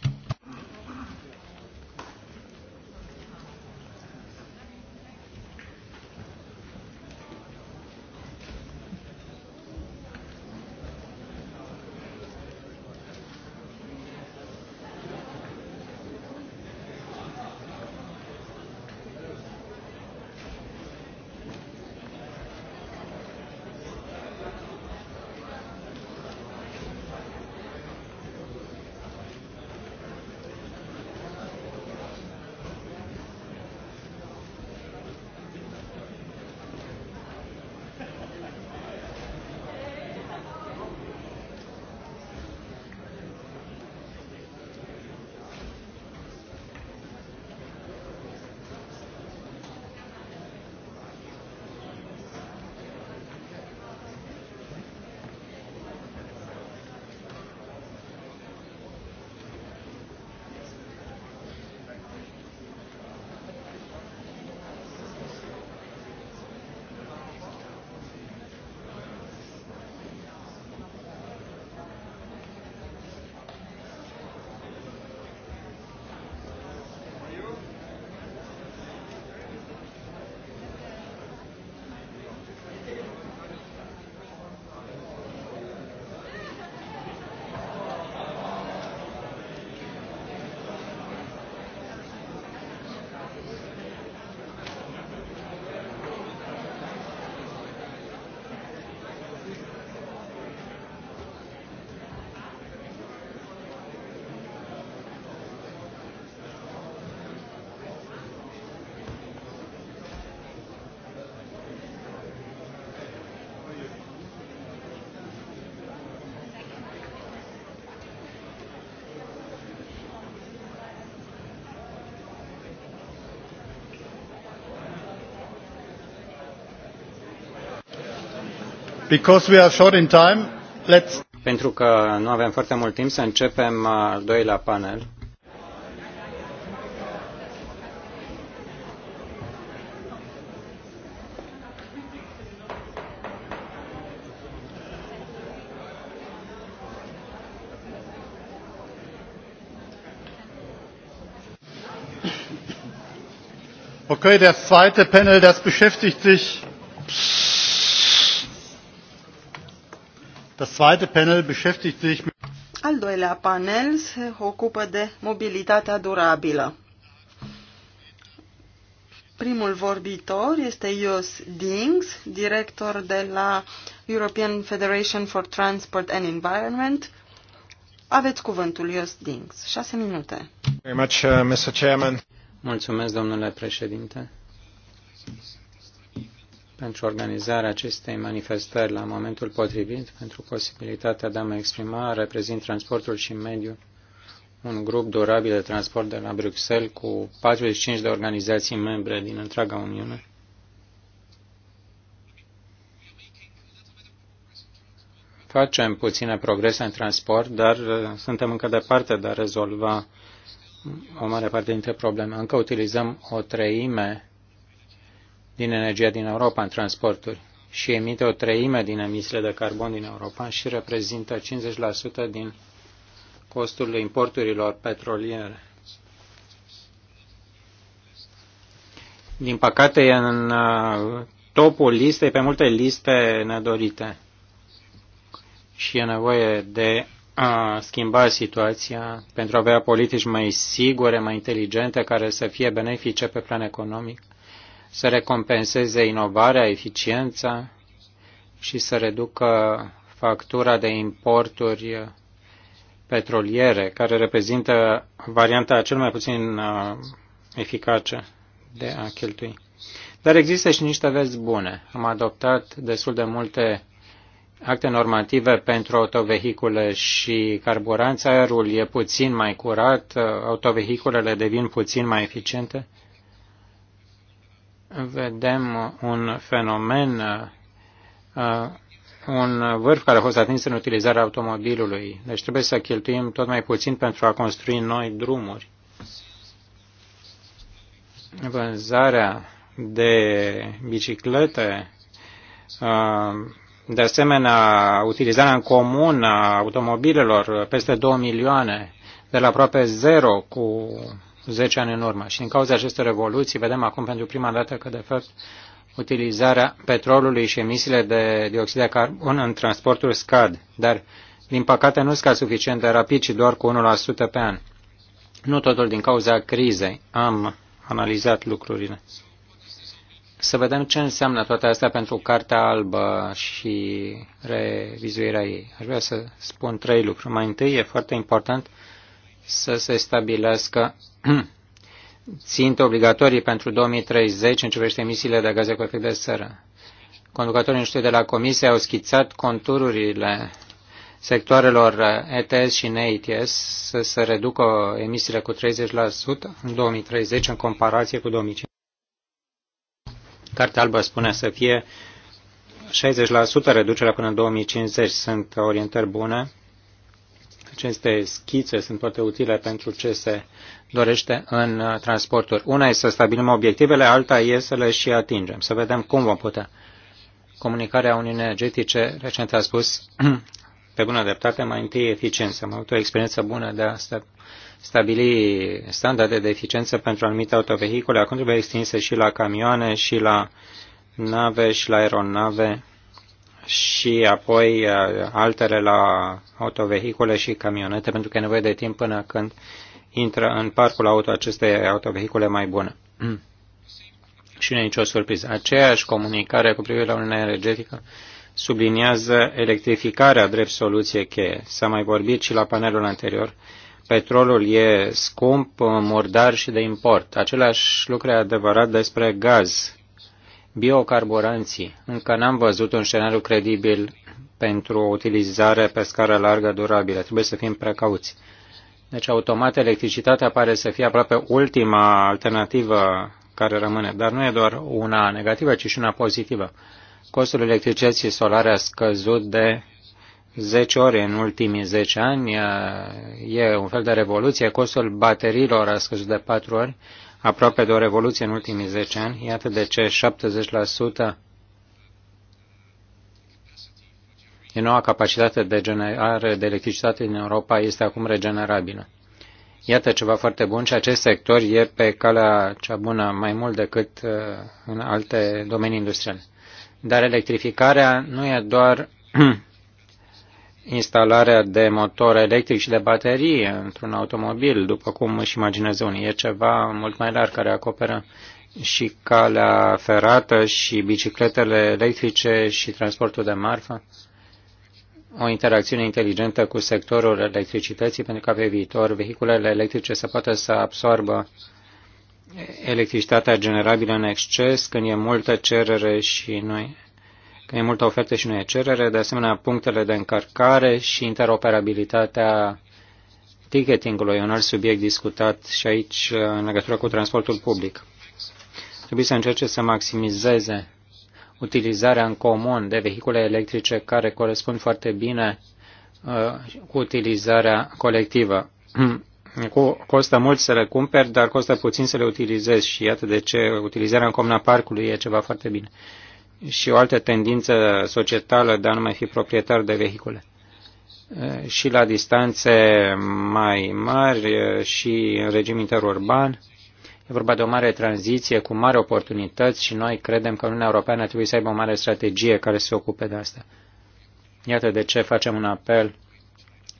Because we are short in time, let's... Pentru că nu avem foarte mult timp, să începem uh, al doilea panel. Okay, der zweite Panel, das beschäftigt sich Das zweite panel beschäftigt sich mit Al doilea panel se ocupă de mobilitatea durabilă. Primul vorbitor este Jos Dings, director de la European Federation for Transport and Environment. Aveți cuvântul, Jos Dings. Șase minute. much, uh, Mr. Mulțumesc, domnule președinte pentru organizarea acestei manifestări la momentul potrivit, pentru posibilitatea de a mă exprima, reprezint transportul și mediul, un grup durabil de transport de la Bruxelles cu 45 de organizații membre din întreaga Uniune. Facem puține progrese în transport, dar uh, suntem încă departe de a rezolva o mare parte dintre probleme. Încă utilizăm o treime din energia din Europa în transporturi și emite o treime din emisiile de carbon din Europa și reprezintă 50% din costul importurilor petroliere. Din păcate, e în uh, topul listei, pe multe liste nedorite. Și e nevoie de a schimba situația pentru a avea politici mai sigure, mai inteligente, care să fie benefice pe plan economic să recompenseze inovarea, eficiența și să reducă factura de importuri petroliere, care reprezintă varianta cel mai puțin uh, eficace de a cheltui. Dar există și niște vezi bune. Am adoptat destul de multe acte normative pentru autovehicule și carburanți. Aerul e puțin mai curat, uh, autovehiculele devin puțin mai eficiente vedem un fenomen, uh, un vârf care a fost atins în utilizarea automobilului. Deci trebuie să cheltuim tot mai puțin pentru a construi noi drumuri. Vânzarea de biciclete uh, de asemenea, utilizarea în comun a automobilelor, peste 2 milioane, de la aproape zero cu 10 ani în urmă. Și din cauza acestor revoluții vedem acum pentru prima dată că, de fapt, utilizarea petrolului și emisiile de dioxid de carbon în transportul scad, dar, din păcate, nu scad suficient de rapid, ci doar cu 1% pe an. Nu totul din cauza crizei. Am analizat lucrurile. Să vedem ce înseamnă toate astea pentru Cartea Albă și revizuirea ei. Aș vrea să spun trei lucruri. Mai întâi, e foarte important să se stabilească (clears throat) ținte obligatorii pentru 2030 în ce privește emisiile de gaze cu efect de seră. Conducătorii noștri de la Comisie au schițat contururile sectoarelor ETS și NETS să se reducă emisiile cu 30% în 2030 în comparație cu 2050. Cartea albă spune să fie 60% reducerea până în 2050. Sunt orientări bune aceste schițe sunt foarte utile pentru ce se dorește în transporturi. Una e să stabilim obiectivele, alta e să le și atingem, să vedem cum vom putea. Comunicarea Uniunii Energetice recent a spus, (clears throat) pe bună dreptate, mai întâi eficiență, avut o experiență bună de a stabili standarde de eficiență pentru anumite autovehicule. Acum trebuie extinse și la camioane, și la nave, și la aeronave și apoi uh, altele la autovehicule și camionete, pentru că e nevoie de timp până când intră în parcul auto aceste autovehicule mai bune. (clears throat) și nu e nicio surpriză. Aceeași comunicare cu privire la Uniunea Energetică subliniază electrificarea drept soluție cheie. S-a mai vorbit și la panelul anterior. Petrolul e scump, murdar și de import. Același lucru e adevărat despre gaz Biocarburanții. Încă n-am văzut un scenariu credibil pentru o utilizare pe scară largă durabilă. Trebuie să fim precauți. Deci automat electricitatea pare să fie aproape ultima alternativă care rămâne, dar nu e doar una negativă, ci și una pozitivă. Costul electricității solare a scăzut de 10 ori în ultimii 10 ani, e un fel de revoluție, costul bateriilor a scăzut de 4 ori, aproape de o revoluție în ultimii 10 ani. Iată de ce 70% din noua capacitate de generare de electricitate din Europa este acum regenerabilă. Iată ceva foarte bun și acest sector e pe calea cea bună mai mult decât uh, în alte domenii industriale. Dar electrificarea nu e doar (clears throat) instalarea de motor electric și de baterie într-un automobil, după cum își imaginează unii. E ceva mult mai larg care acoperă și calea ferată și bicicletele electrice și transportul de marfă. O interacțiune inteligentă cu sectorul electricității pentru ca pe viitor vehiculele electrice să poată să absorbă electricitatea generabilă în exces când e multă cerere și nu că e multă ofertă și nu e cerere, de asemenea punctele de încărcare și interoperabilitatea ticketingului, un alt subiect discutat și aici în legătură cu transportul public. Trebuie să încerce să maximizeze utilizarea în comun de vehicule electrice care corespund foarte bine uh, cu utilizarea colectivă. (clears throat) Cu, costă mult să le cumperi, dar costă puțin să le utilizezi și iată de ce utilizarea în comuna parcului e ceva foarte bine și o altă tendință societală de a nu mai fi proprietar de vehicule. Și la distanțe mai mari și în regim interurban, E vorba de o mare tranziție cu mari oportunități și noi credem că Uniunea Europeană trebuie să aibă o mare strategie care să se ocupe de asta. Iată de ce facem un apel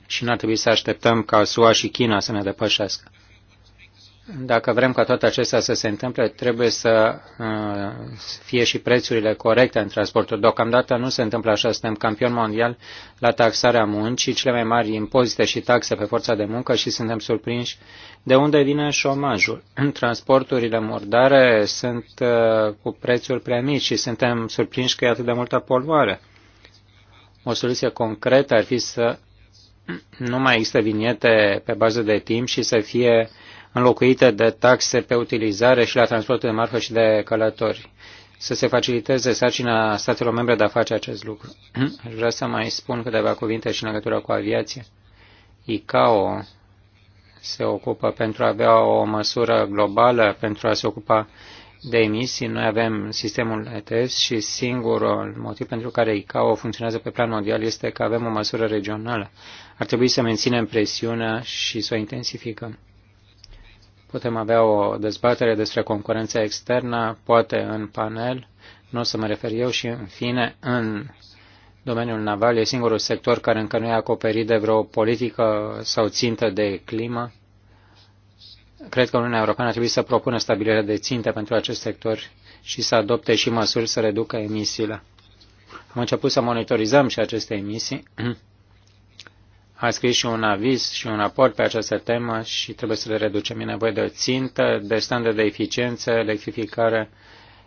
și nu ar trebui să așteptăm ca SUA și China să ne depășească. Dacă vrem ca toate acestea să se întâmple, trebuie să uh, fie și prețurile corecte în transportul. Deocamdată nu se întâmplă așa. Suntem campion mondial la taxarea muncii, cele mai mari impozite și taxe pe forța de muncă și suntem surprinși de unde vine șomajul. (clears throat) Transporturile murdare sunt uh, cu prețuri prea mici și suntem surprinși că e atât de multă poluare. O soluție concretă ar fi să (clears throat) nu mai există viniete pe bază de timp și să fie uh, înlocuită de taxe pe utilizare și la transportul de marfă și de călători. Să se faciliteze sarcina statelor membre de a face acest lucru. (clears throat) Aș vrea să mai spun câteva cuvinte și în legătură cu aviație. ICAO se ocupă pentru a avea o măsură globală, pentru a se ocupa de emisii. Noi avem sistemul ETS și singurul motiv pentru care ICAO funcționează pe plan mondial este că avem o măsură regională. Ar trebui să menținem presiunea și să o intensificăm. Putem avea o dezbatere despre concurența externă, poate în panel, nu o să mă refer eu și, în fine, în domeniul naval e singurul sector care încă nu e acoperit de vreo politică sau țintă de climă. Cred că Uniunea Europeană ar trebui să propună stabilirea de ținte pentru acest sector și să adopte și măsuri să reducă emisiile. Am început să monitorizăm și aceste emisii (clears throat) a scris și un aviz și un raport pe această temă și trebuie să le reducem. E nevoie de o țintă, de standard de eficiență, electrificare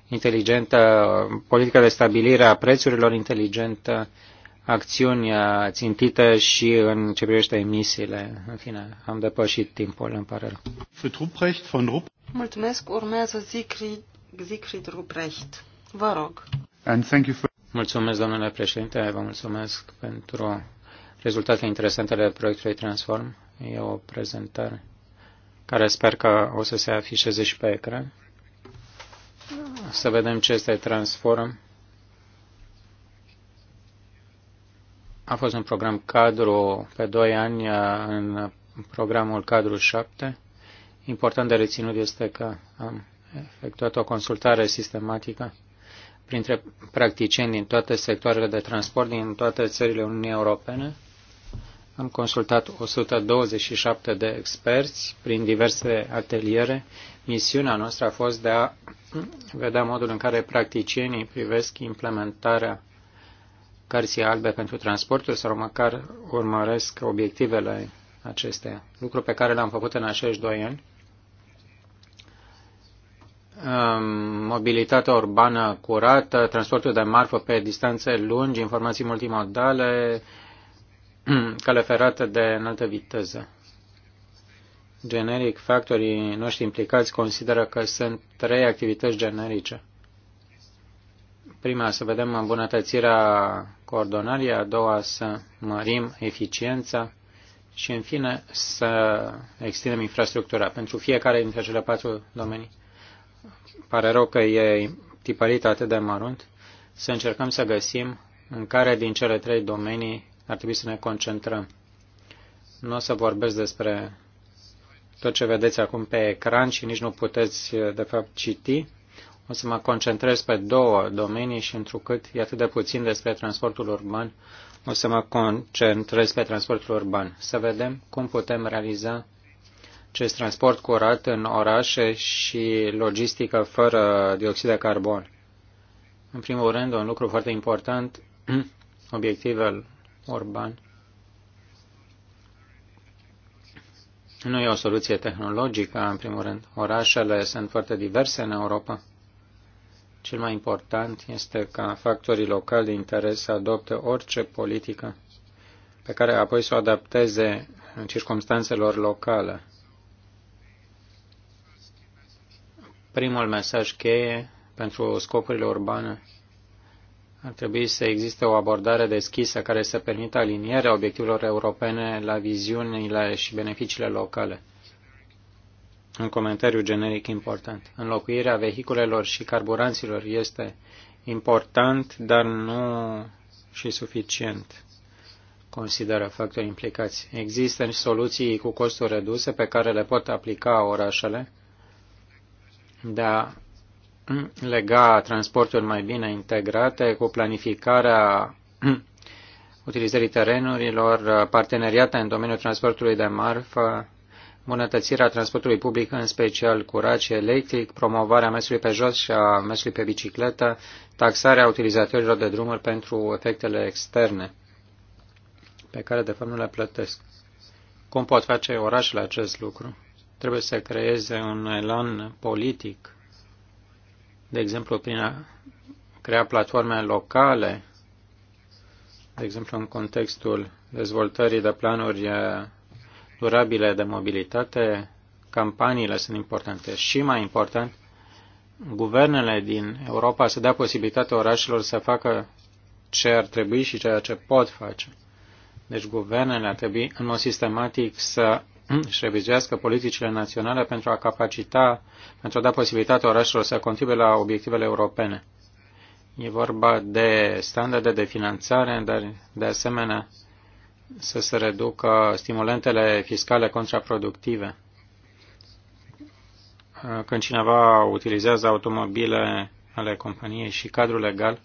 inteligentă, politică de stabilire a prețurilor inteligentă, acțiuni uh, țintite și în ce privește emisiile. În fine, am depășit timpul, îmi pare rău. Mulțumesc. Urmează Siegfried, Siegfried Ruprecht. Vă rog. And thank you for... Mulțumesc, domnule președinte, vă mulțumesc pentru rezultatele interesante ale proiectului Transform. E o prezentare care sper că o să se afișeze și pe ecran. Să vedem ce este Transform. A fost un program cadru pe 2 ani în programul cadru 7. Important de reținut este că am efectuat o consultare sistematică printre practicieni din toate sectoarele de transport din toate țările Uniunii Europene am consultat 127 de experți prin diverse ateliere. Misiunea noastră a fost de a vedea modul în care practicienii privesc implementarea cărții albe pentru transportul sau măcar urmăresc obiectivele acestea, lucru pe care l-am făcut în acești doi ani. Mobilitatea urbană curată, transportul de marfă pe distanțe lungi, informații multimodale, (clears throat) cale ferată de înaltă viteză. Generic, factorii noștri implicați consideră că sunt trei activități generice. Prima, să vedem îmbunătățirea coordonării, a doua, să mărim eficiența și, în fine, să extindem infrastructura pentru fiecare dintre cele patru domenii. Pare rău că e tipărit atât de mărunt. Să încercăm să găsim în care din cele trei domenii ar trebui să ne concentrăm. Nu o să vorbesc despre tot ce vedeți acum pe ecran și nici nu puteți, de fapt, citi. O să mă concentrez pe două domenii și întrucât e atât de puțin despre transportul urban, o să mă concentrez pe transportul urban. Să vedem cum putem realiza acest transport curat în orașe și logistică fără dioxid de carbon. În primul rând, un lucru foarte important, (clears throat) obiectivul Orban. Nu e o soluție tehnologică, în primul rând. Orașele sunt foarte diverse în Europa. Cel mai important este ca factorii locali de interes să adopte orice politică pe care apoi să o adapteze în circumstanțelor locale. Primul mesaj cheie pentru scopurile urbane ar trebui să existe o abordare deschisă care să permită alinierea obiectivelor europene la viziunile și beneficiile locale. Un comentariu generic important. Înlocuirea vehiculelor și carburanților este important, dar nu și suficient, consideră factorii implicați. Există și soluții cu costuri reduse pe care le pot aplica orașele dar lega transporturi mai bine integrate cu planificarea (clears throat) utilizării terenurilor, parteneriate în domeniul transportului de marfă, bunătățirea transportului public, în special curat și electric, promovarea mersului pe jos și a mersului pe bicicletă, taxarea utilizatorilor de drumuri pentru efectele externe, pe care de fapt nu le plătesc. Cum pot face orașele acest lucru? Trebuie să creeze un elan politic de exemplu, prin a crea platforme locale, de exemplu, în contextul dezvoltării de planuri eh, durabile de mobilitate, campaniile sunt importante și, mai important, guvernele din Europa să dea posibilitatea orașelor să facă ce ar trebui și ceea ce pot face. Deci guvernele ar trebui în mod sistematic să Mm, și revizuiască politicile naționale pentru a capacita, pentru a da posibilitatea orașelor să contribuie la obiectivele europene. E vorba de standarde de finanțare, dar de asemenea să se reducă stimulentele fiscale contraproductive. Când cineva utilizează automobile ale companiei și cadrul legal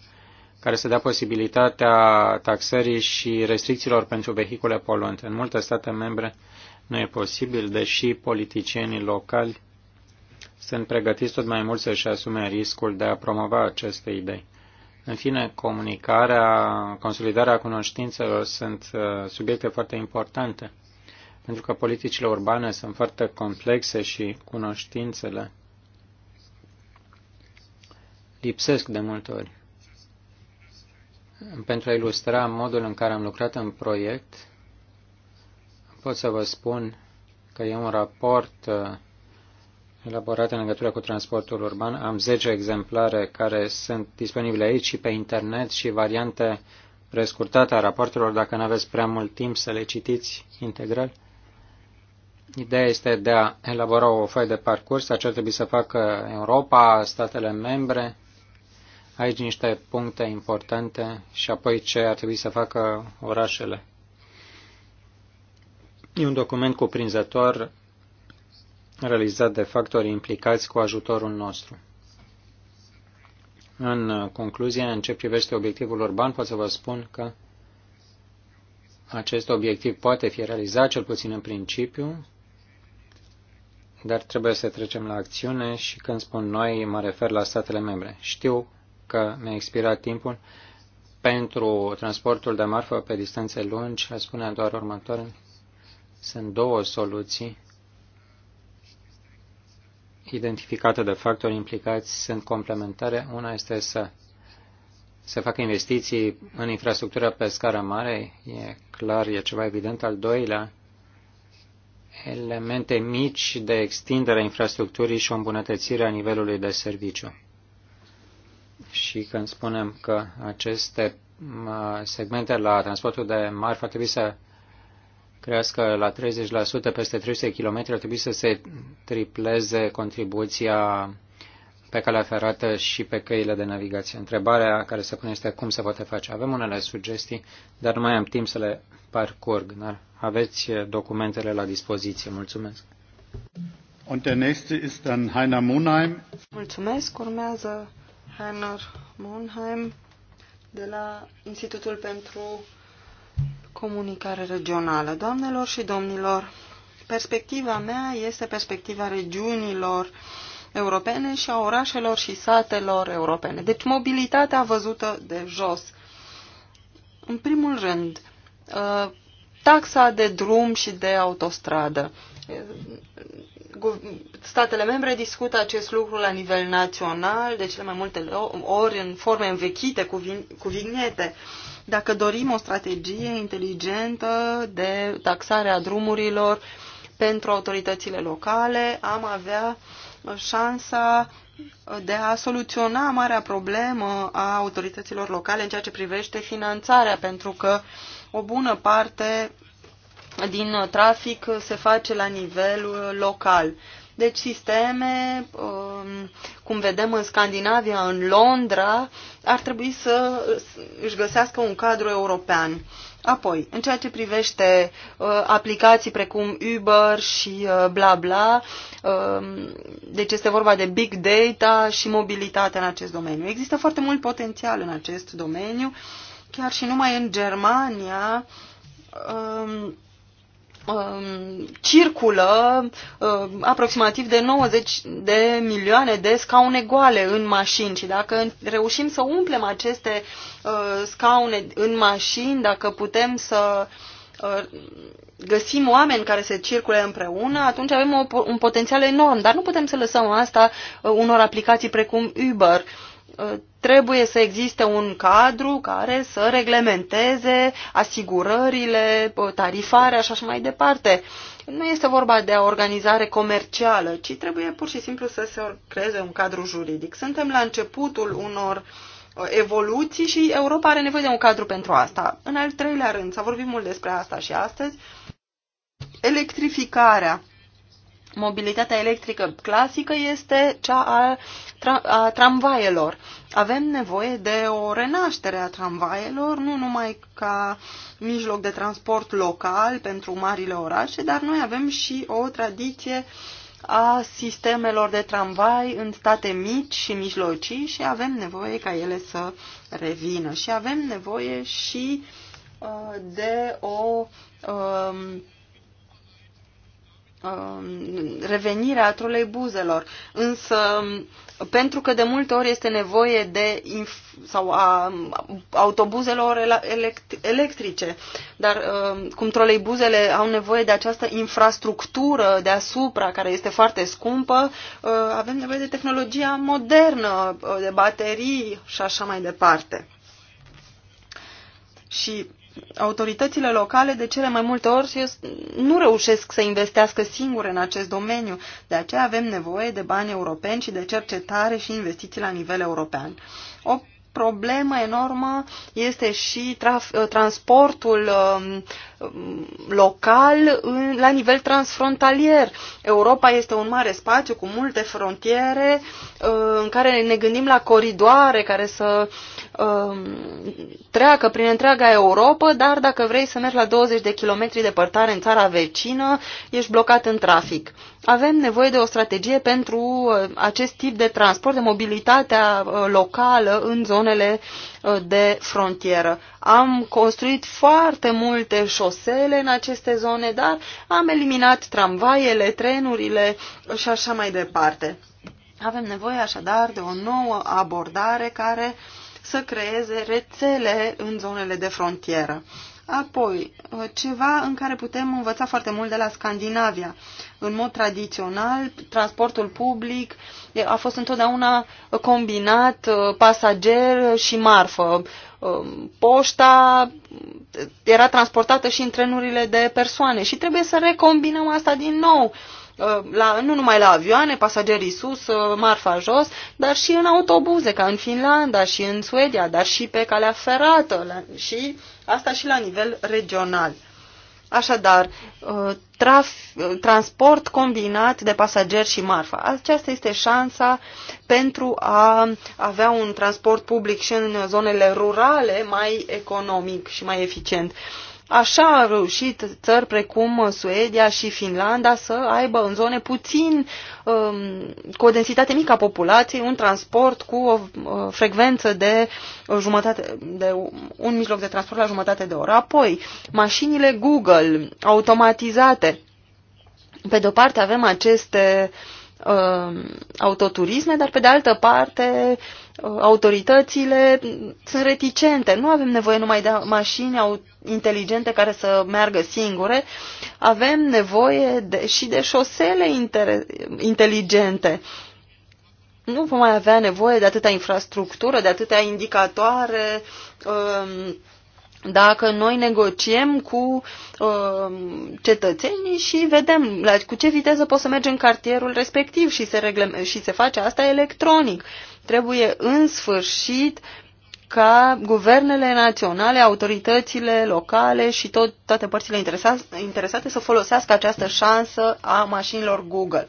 care să dea posibilitatea taxării și restricțiilor pentru vehicule poluante. În multe state membre nu e posibil, deși politicienii locali sunt pregătiți tot mai mult să-și asume riscul de a promova aceste idei. În fine, comunicarea, consolidarea cunoștințelor sunt uh, subiecte foarte importante, pentru că politicile urbane sunt foarte complexe și cunoștințele lipsesc de multe ori. Pentru a ilustra modul în care am lucrat în proiect, pot să vă spun că e un raport uh, elaborat în legătură cu transportul urban. Am 10 exemplare care sunt disponibile aici și pe internet și variante prescurtate a raportelor, dacă nu aveți prea mult timp să le citiți integral. Ideea este de a elabora o foaie de parcurs, Ce ar trebui să facă Europa, statele membre, aici niște puncte importante și apoi ce ar trebui să facă orașele. E un document cuprinzător realizat de factorii implicați cu ajutorul nostru. În concluzie, în ce privește obiectivul urban, pot să vă spun că acest obiectiv poate fi realizat, cel puțin în principiu, dar trebuie să trecem la acțiune și când spun noi, mă refer la statele membre. Știu că mi-a expirat timpul pentru transportul de marfă pe distanțe lungi, aș spune doar următoarele. Sunt două soluții identificate de factori implicați sunt complementare. Una este să se facă investiții în infrastructură pe scară mare, e clar, e ceva evident. Al doilea, elemente mici de extindere a infrastructurii și o îmbunătățire a nivelului de serviciu. Și când spunem că aceste uh, segmente la transportul de ar trebui să crească la 30% peste 300 km, ar trebui să se tripleze contribuția pe calea ferată și pe căile de navigație. Întrebarea care se pune este cum se poate face. Avem unele sugestii, dar nu mai am timp să le parcurg. Dar aveți documentele la dispoziție. Mulțumesc. Und der nächste ist dann Heiner Monheim. Mulțumesc. Urmează Heiner Monheim de la Institutul pentru Comunicare regională. Doamnelor și domnilor, perspectiva mea este perspectiva regiunilor europene și a orașelor și satelor europene. Deci mobilitatea văzută de jos. În primul rând, uh, taxa de drum și de autostradă. Statele membre discută acest lucru la nivel național, de cele mai multe ori în forme învechite cu, vin, cu vignete. Uh, dacă dorim o strategie inteligentă de taxare a drumurilor pentru autoritățile locale, am avea șansa de a soluționa marea problemă a autorităților locale în ceea ce privește finanțarea, pentru că o bună parte din trafic se face la nivel local. Deci sisteme, um, cum vedem în Scandinavia, în Londra, ar trebui să își găsească un cadru european. Apoi, în ceea ce privește uh, aplicații precum Uber și uh, bla bla, uh, deci este vorba de big data și mobilitate în acest domeniu. Există foarte mult potențial în acest domeniu, chiar și numai în Germania. Uh, Um, circulă um, aproximativ de 90 de milioane de scaune goale în mașini și dacă reușim să umplem aceste uh, scaune în mașini, dacă putem să uh, găsim oameni care se circule împreună, atunci avem o, un potențial enorm, dar nu putem să lăsăm asta uh, unor aplicații precum Uber. Uh, Ă, trebuie să existe un cadru care să reglementeze asigurările, ă, tarifarea și așa mai departe. Nu este vorba de o organizare comercială, ci trebuie pur și simplu să se creeze un cadru juridic. Suntem la începutul unor ă, evoluții și Europa are nevoie de un cadru pentru asta. În al treilea rând, s-a vorbit mult despre asta și astăzi, electrificarea mobilitatea electrică clasică este cea a, tra- a tramvaielor. Avem nevoie de o renaștere a tramvaielor, nu numai ca mijloc de transport local pentru marile orașe, dar noi avem și o tradiție a sistemelor de tramvai în state mici și mijlocii și avem nevoie ca ele să revină. Și avem nevoie și uh, de o uh, Um, revenirea troleibuzelor, însă pentru că de multe ori este nevoie de sau a autobuzelor electrice, dar um, cum troleibuzele au nevoie de această infrastructură deasupra care este foarte scumpă, uh, avem nevoie de tehnologia modernă, uh, de baterii și așa mai departe. Și autoritățile locale de cele mai multe ori nu reușesc să investească singure în acest domeniu. De aceea avem nevoie de bani europeni și de cercetare și investiții la nivel european. O problemă enormă este și traf, ă, transportul ă, local în, la nivel transfrontalier. Europa este un mare spațiu cu multe frontiere ă, în care ne gândim la coridoare care să uh, Um, treacă prin întreaga Europa, dar dacă vrei să mergi la 20 de kilometri departare în țara vecină, ești blocat în trafic. Avem nevoie de o strategie pentru uh, acest tip de transport, de mobilitatea uh, locală în zonele uh, de frontieră. Am construit foarte multe șosele în aceste zone, dar am eliminat tramvaiele, trenurile și așa mai departe. Avem nevoie așadar de o nouă abordare care uh, să creeze rețele în zonele de frontieră. Apoi, uh, ceva în care putem învăța foarte mult de la Scandinavia. În mod tradițional, transportul public a fost întotdeauna combinat uh, pasager și marfă. Uh, poșta era transportată și în trenurile de persoane și trebuie să recombinăm asta din nou Uh, la, nu numai la avioane, pasagerii sus, uh, marfa jos, dar și în autobuze, ca în Finlanda și în Suedia, dar și pe calea ferată la, și asta și la nivel regional. Așadar, uh, traf, transport combinat de pasageri și marfa. Aceasta este șansa pentru a avea un transport public și în zonele rurale mai economic și mai eficient. Uh, Așa au reușit țări precum Suedia și Finlanda să aibă în zone puțin, um, cu o densitate mică a populației, un transport cu o uh, frecvență de uh, jumătate, de un mijloc de transport la jumătate de oră. Apoi, mașinile Google automatizate. Pe de o parte avem aceste um, autoturisme, dar pe de altă parte uh, autoritățile sunt reticente. Nu avem nevoie numai de mașini inteligente care să meargă singure, avem nevoie de, și de șosele inter, inteligente. Nu vom mai avea nevoie de atâta infrastructură, de atâtea indicatoare. Um, dacă noi negociem cu um, cetățenii și vedem la, cu ce viteză poți să mergi în cartierul respectiv și se, și se face asta electronic. Uh, Trebuie în sfârșit ca guvernele naționale, autoritățile locale și tot, toate părțile interesate să folosească această șansă a mașinilor Google.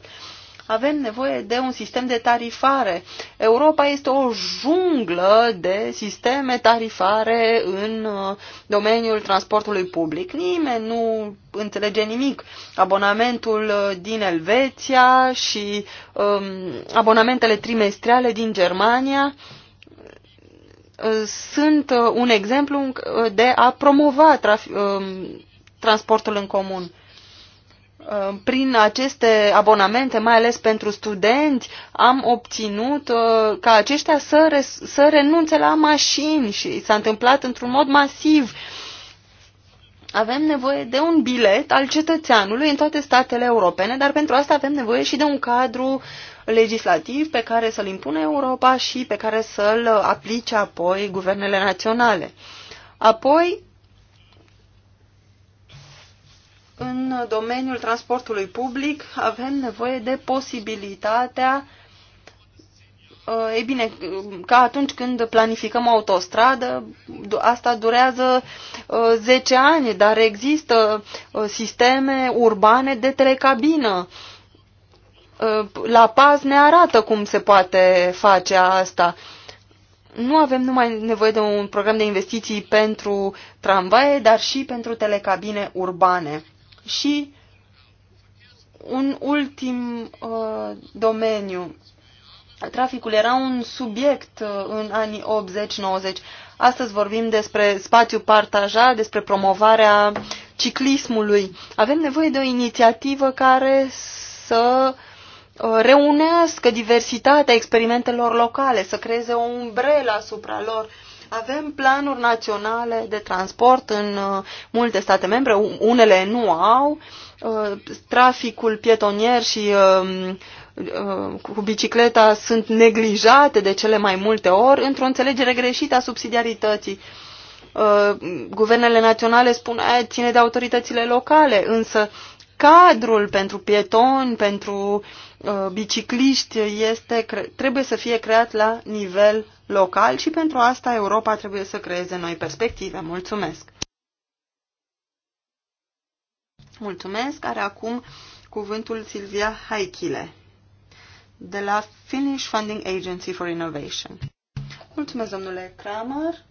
Avem nevoie de un sistem de tarifare. Europa este o junglă de sisteme tarifare în uh, domeniul transportului public. Nimeni nu înțelege nimic. Abonamentul uh, din Elveția și um, abonamentele trimestriale din Germania uh, sunt un exemplu de a promova traf- um, transportul în comun. Uh, prin aceste abonamente, mai ales pentru studenți, am obținut uh, ca aceștia să, re să renunțe la mașini și s-a întâmplat într-un mod masiv. Avem nevoie de un bilet al cetățeanului în toate statele europene, dar pentru asta avem nevoie și de un cadru legislativ pe care să-l impune Europa și pe care să-l aplice apoi guvernele naționale. Apoi, în domeniul transportului public avem nevoie de posibilitatea E eh, bine, ca atunci când planificăm autostradă, asta durează 10 eh, ani, dar există eh, sisteme urbane de telecabină. La Paz ne arată cum se poate face asta nu avem numai nevoie de un program de investiții pentru tramvaie, dar și pentru telecabine urbane. Și un ultim uh, domeniu. Traficul era un subiect uh, în anii 80-90. Astăzi vorbim despre spațiu partajat, despre promovarea ciclismului. Avem nevoie de o inițiativă care să uh, reunească diversitatea experimentelor locale, să creeze o umbrelă asupra lor avem planuri naționale de transport în uh, multe state membre, unele nu au. Uh, traficul pietonier și uh, cu bicicleta sunt neglijate de cele mai multe ori într-o înțelegere greșită a subsidiarității. Guvernele naționale spun, că ține de autoritățile locale, însă cadrul pentru pietoni, pentru bicicliști este, trebuie să fie creat la nivel local și pentru asta Europa trebuie să creeze noi perspective. Mulțumesc! Mulțumesc! Are acum cuvântul Silvia Haichile de la Finnish Funding Agency for Innovation. Mulțumesc, domnule Kramer.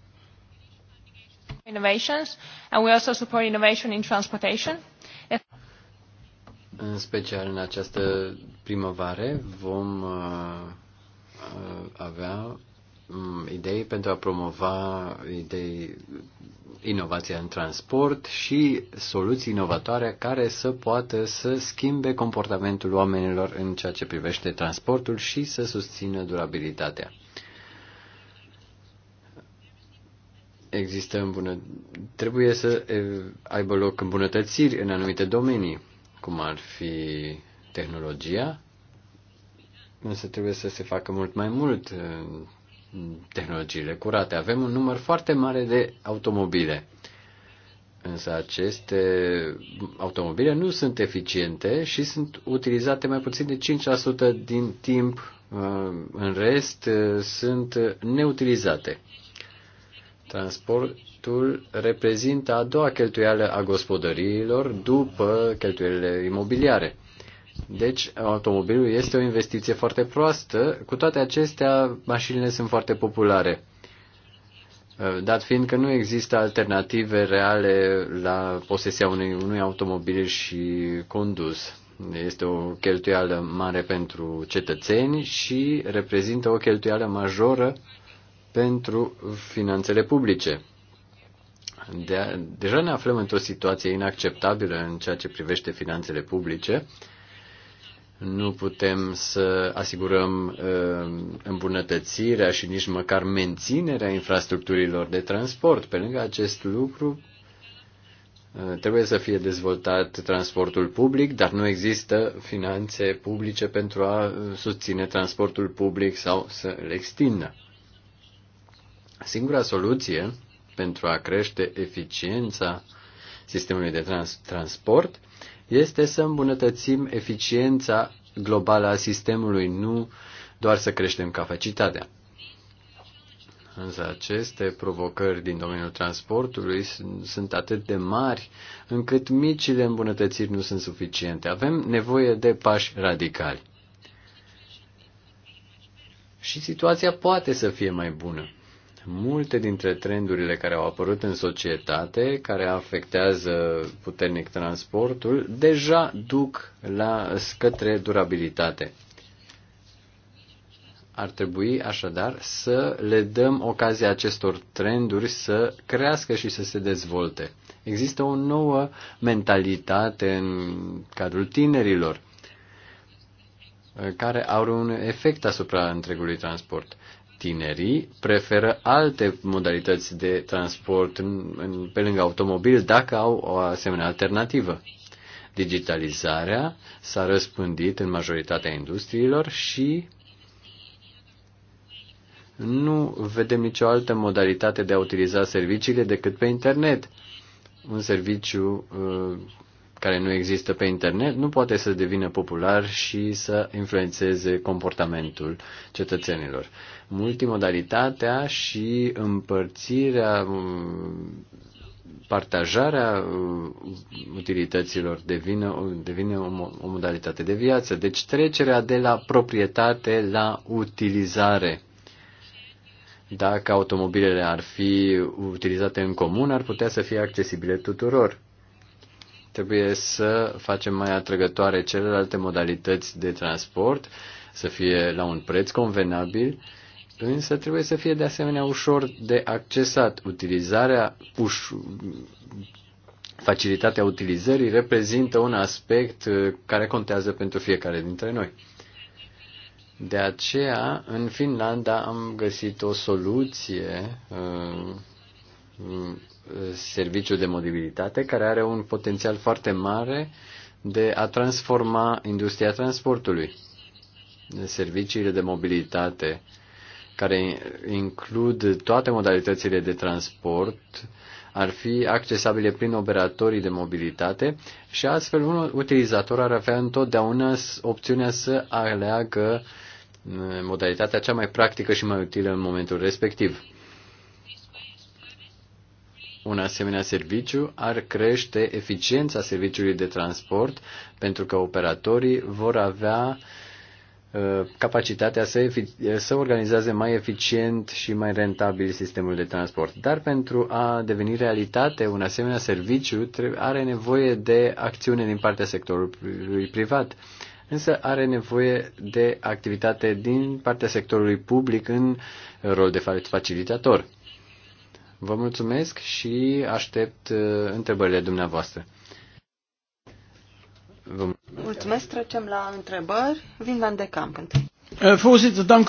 Innovations, and we also support innovation in transportation. În special în această primăvară vom uh, uh, avea Mm, idei pentru a promova idei inovația în transport și soluții inovatoare care să poată să schimbe comportamentul oamenilor în ceea ce privește transportul și să susțină durabilitatea. Există îmbună... Trebuie să aibă loc îmbunătățiri în anumite domenii, cum ar fi tehnologia, însă trebuie să se facă mult mai mult tehnologiile curate. Avem un număr foarte mare de automobile. Însă aceste automobile nu sunt eficiente și sunt utilizate mai puțin de 5% din timp. Uh, în rest, uh, sunt neutilizate. Transportul reprezintă a doua cheltuială a gospodăriilor după cheltuielile imobiliare. Deci, automobilul este o investiție foarte proastă. Cu toate acestea, mașinile sunt foarte populare. Uh, dat fiind că nu există alternative reale la posesia unui, unui automobil și condus. Este o cheltuială mare pentru cetățeni și reprezintă o cheltuială majoră pentru finanțele publice. De, deja ne aflăm într-o situație inacceptabilă în ceea ce privește finanțele publice. Uh, nu putem să asigurăm uh, îmbunătățirea și nici măcar menținerea infrastructurilor de transport. Pe lângă acest lucru, uh, trebuie să fie dezvoltat transportul public, dar nu există finanțe publice pentru a uh, susține transportul public sau să îl extindă. Singura soluție pentru a crește eficiența sistemului de trans- transport este să îmbunătățim eficiența globală a sistemului, nu doar să creștem capacitatea. Însă aceste provocări din domeniul transportului sunt atât de mari încât micile îmbunătățiri nu sunt suficiente. Avem nevoie de pași radicali. Și situația poate să fie mai bună multe dintre trendurile care au apărut în societate, care afectează puternic transportul, deja duc la către durabilitate. Ar trebui așadar să le dăm ocazia acestor trenduri să crească și să se dezvolte. Există o nouă mentalitate în cadrul tinerilor care au un efect asupra întregului transport tinerii preferă alte modalități de transport în, în, pe lângă automobil dacă au o asemenea alternativă. Digitalizarea s-a răspândit în majoritatea industriilor și nu vedem nicio altă modalitate de a utiliza serviciile decât pe internet. Un serviciu uh, care nu există pe internet nu poate să devină popular și să influențeze comportamentul cetățenilor. Multimodalitatea și împărțirea, partajarea uh, utilităților devine, devine o, o modalitate de viață. Deci trecerea de la proprietate la utilizare dacă automobilele ar fi utilizate în comun, ar putea să fie accesibile tuturor. Trebuie să facem mai atrăgătoare celelalte modalități de transport, să fie la un preț convenabil, însă trebuie să fie de asemenea ușor de accesat. Utilizarea uș- facilitatea utilizării reprezintă un aspect uh, care contează pentru fiecare dintre noi. De aceea, în Finlanda am găsit o soluție uh, serviciu de mobilitate care are un potențial foarte mare de a transforma industria transportului. Serviciile de mobilitate care includ toate modalitățile de transport ar fi accesabile prin operatorii de mobilitate și astfel un utilizator ar avea întotdeauna opțiunea să aleagă modalitatea cea mai practică și mai utilă în momentul respectiv un asemenea serviciu ar crește eficiența serviciului de transport pentru că operatorii vor avea uh, capacitatea să, să organizeze mai eficient și mai rentabil sistemul de transport. Dar pentru a deveni realitate un asemenea serviciu are nevoie de acțiune din partea sectorului privat, însă are nevoie de activitate din partea sectorului public în rol de facilitator. Vă mulțumesc și aștept uh, întrebările dumneavoastră. Vă mulțumesc. mulțumesc. Trecem la întrebări. Vin Van de Camp întâi. Eh, voorzitter, dank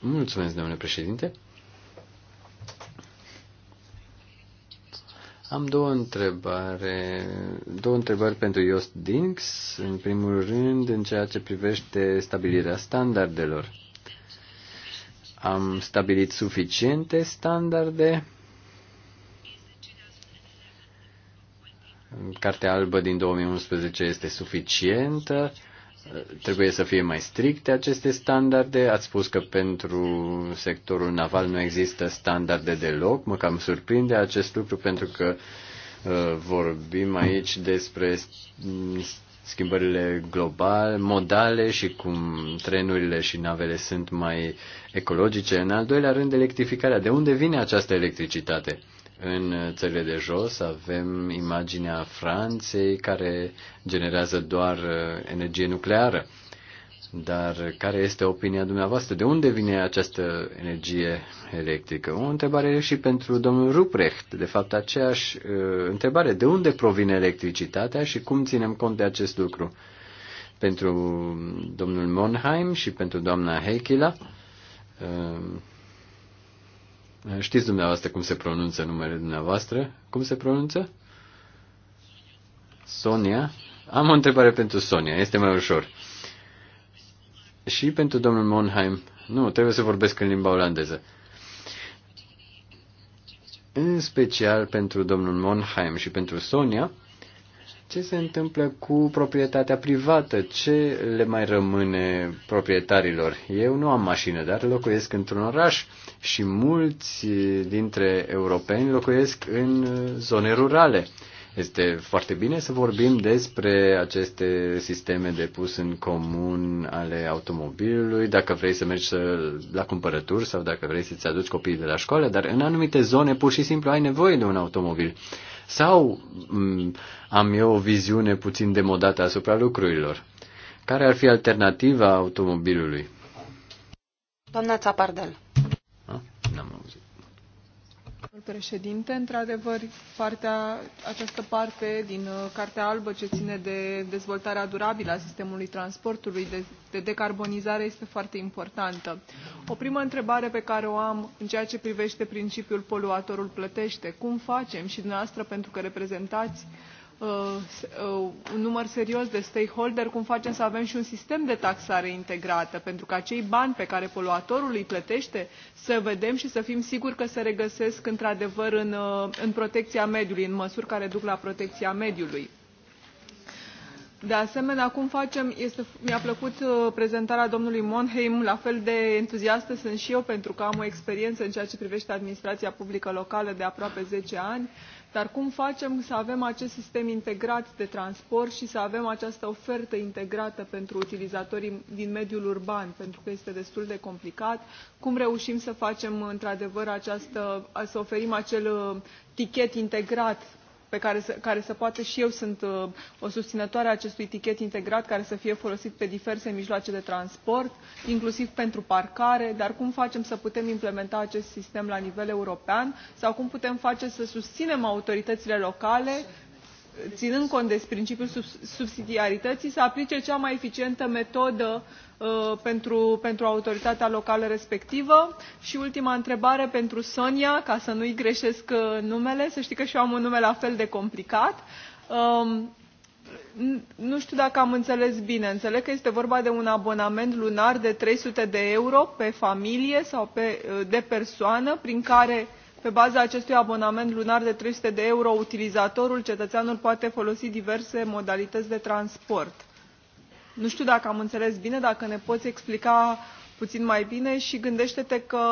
Mulțumesc, domnule președinte. Am două întrebare, două întrebări pentru Jost Dinks. În primul rând, în ceea ce privește stabilirea standardelor. Am stabilit suficiente standarde. Cartea albă din 2011 este suficientă. Trebuie să fie mai stricte aceste standarde. Ați spus că pentru sectorul naval nu există standarde deloc. Mă cam surprinde acest lucru pentru că uh, vorbim aici despre schimbările globale, modale și cum trenurile și navele sunt mai ecologice. În al doilea rând, electrificarea. De unde vine această electricitate? În țările de jos avem imaginea Franței care generează doar uh, energie nucleară. Dar care este opinia dumneavoastră? De unde vine această energie electrică? O întrebare și pentru domnul Ruprecht. De fapt, aceeași uh, întrebare. De unde provine electricitatea și cum ținem cont de acest lucru? Pentru domnul Monheim și pentru doamna Heikila. Uh, știți dumneavoastră cum se pronunță numele dumneavoastră? Cum se pronunță? Sonia? Am o întrebare pentru Sonia. Este mai ușor. Uh, și pentru domnul Monheim. Nu, trebuie să vorbesc în limba olandeză. În special pentru domnul Monheim și pentru Sonia, ce se întâmplă cu proprietatea privată? Ce le mai rămâne proprietarilor? Eu nu am mașină, dar locuiesc într-un oraș și mulți dintre europeni locuiesc în zone rurale este foarte bine să vorbim despre aceste sisteme de pus în comun ale automobilului, dacă vrei să mergi să, la cumpărături sau dacă vrei să-ți aduci copiii de la școală, dar în anumite zone pur și simplu ai nevoie de un automobil. Sau am eu o viziune puțin demodată asupra lucrurilor? Care ar fi alternativa automobilului? Doamna Țapardel președinte. Într-adevăr, partea, această parte din uh, Cartea Albă ce ține de dezvoltarea durabilă a sistemului transportului, de, de decarbonizare, este foarte importantă. O primă întrebare pe care o am în ceea ce privește principiul poluatorul plătește, cum facem și dumneavoastră, pentru că reprezentați uh, Uh, un număr serios de stakeholderi cum facem să avem și un sistem de taxare integrată, pentru că acei bani pe care poluatorul îi plătește să vedem și să fim siguri că se regăsesc într-adevăr în, uh, în protecția mediului, în măsuri care duc la protecția mediului. De asemenea, cum facem, este, mi-a plăcut uh, prezentarea domnului Monheim, la fel de entuziastă sunt și eu pentru că am o experiență în ceea ce privește administrația publică locală de aproape 10 ani dar cum facem să avem acest sistem integrat de transport și să avem această ofertă integrată pentru utilizatorii din mediul urban, pentru că este destul de complicat? Cum reușim să facem într-adevăr această, să oferim acel uh, tichet integrat pe care să, care să poată și eu sunt uh, o susținătoare a acestui tichet integrat care să fie folosit pe diverse mijloace de transport, inclusiv pentru parcare, dar cum facem să putem implementa acest sistem la nivel european sau cum putem face să susținem autoritățile locale ținând cont de principiul subsidiarității să aplice cea mai eficientă metodă uh, pentru, pentru autoritatea locală respectivă. Și ultima întrebare pentru Sonia, ca să nu-i greșesc uh, numele, să știi că și eu am un nume la fel de complicat. Um, nu știu dacă am înțeles bine. Înțeleg că este vorba de un abonament lunar de 300 de euro pe familie sau pe, uh, de persoană, prin care uh, pe baza acestui abonament lunar de trei sute de euro utilizatorul cetățeanul poate folosi diverse modalități de transport. nu știu dacă am înțeles bine dacă ne poți explica puțin mai bine și gândește te că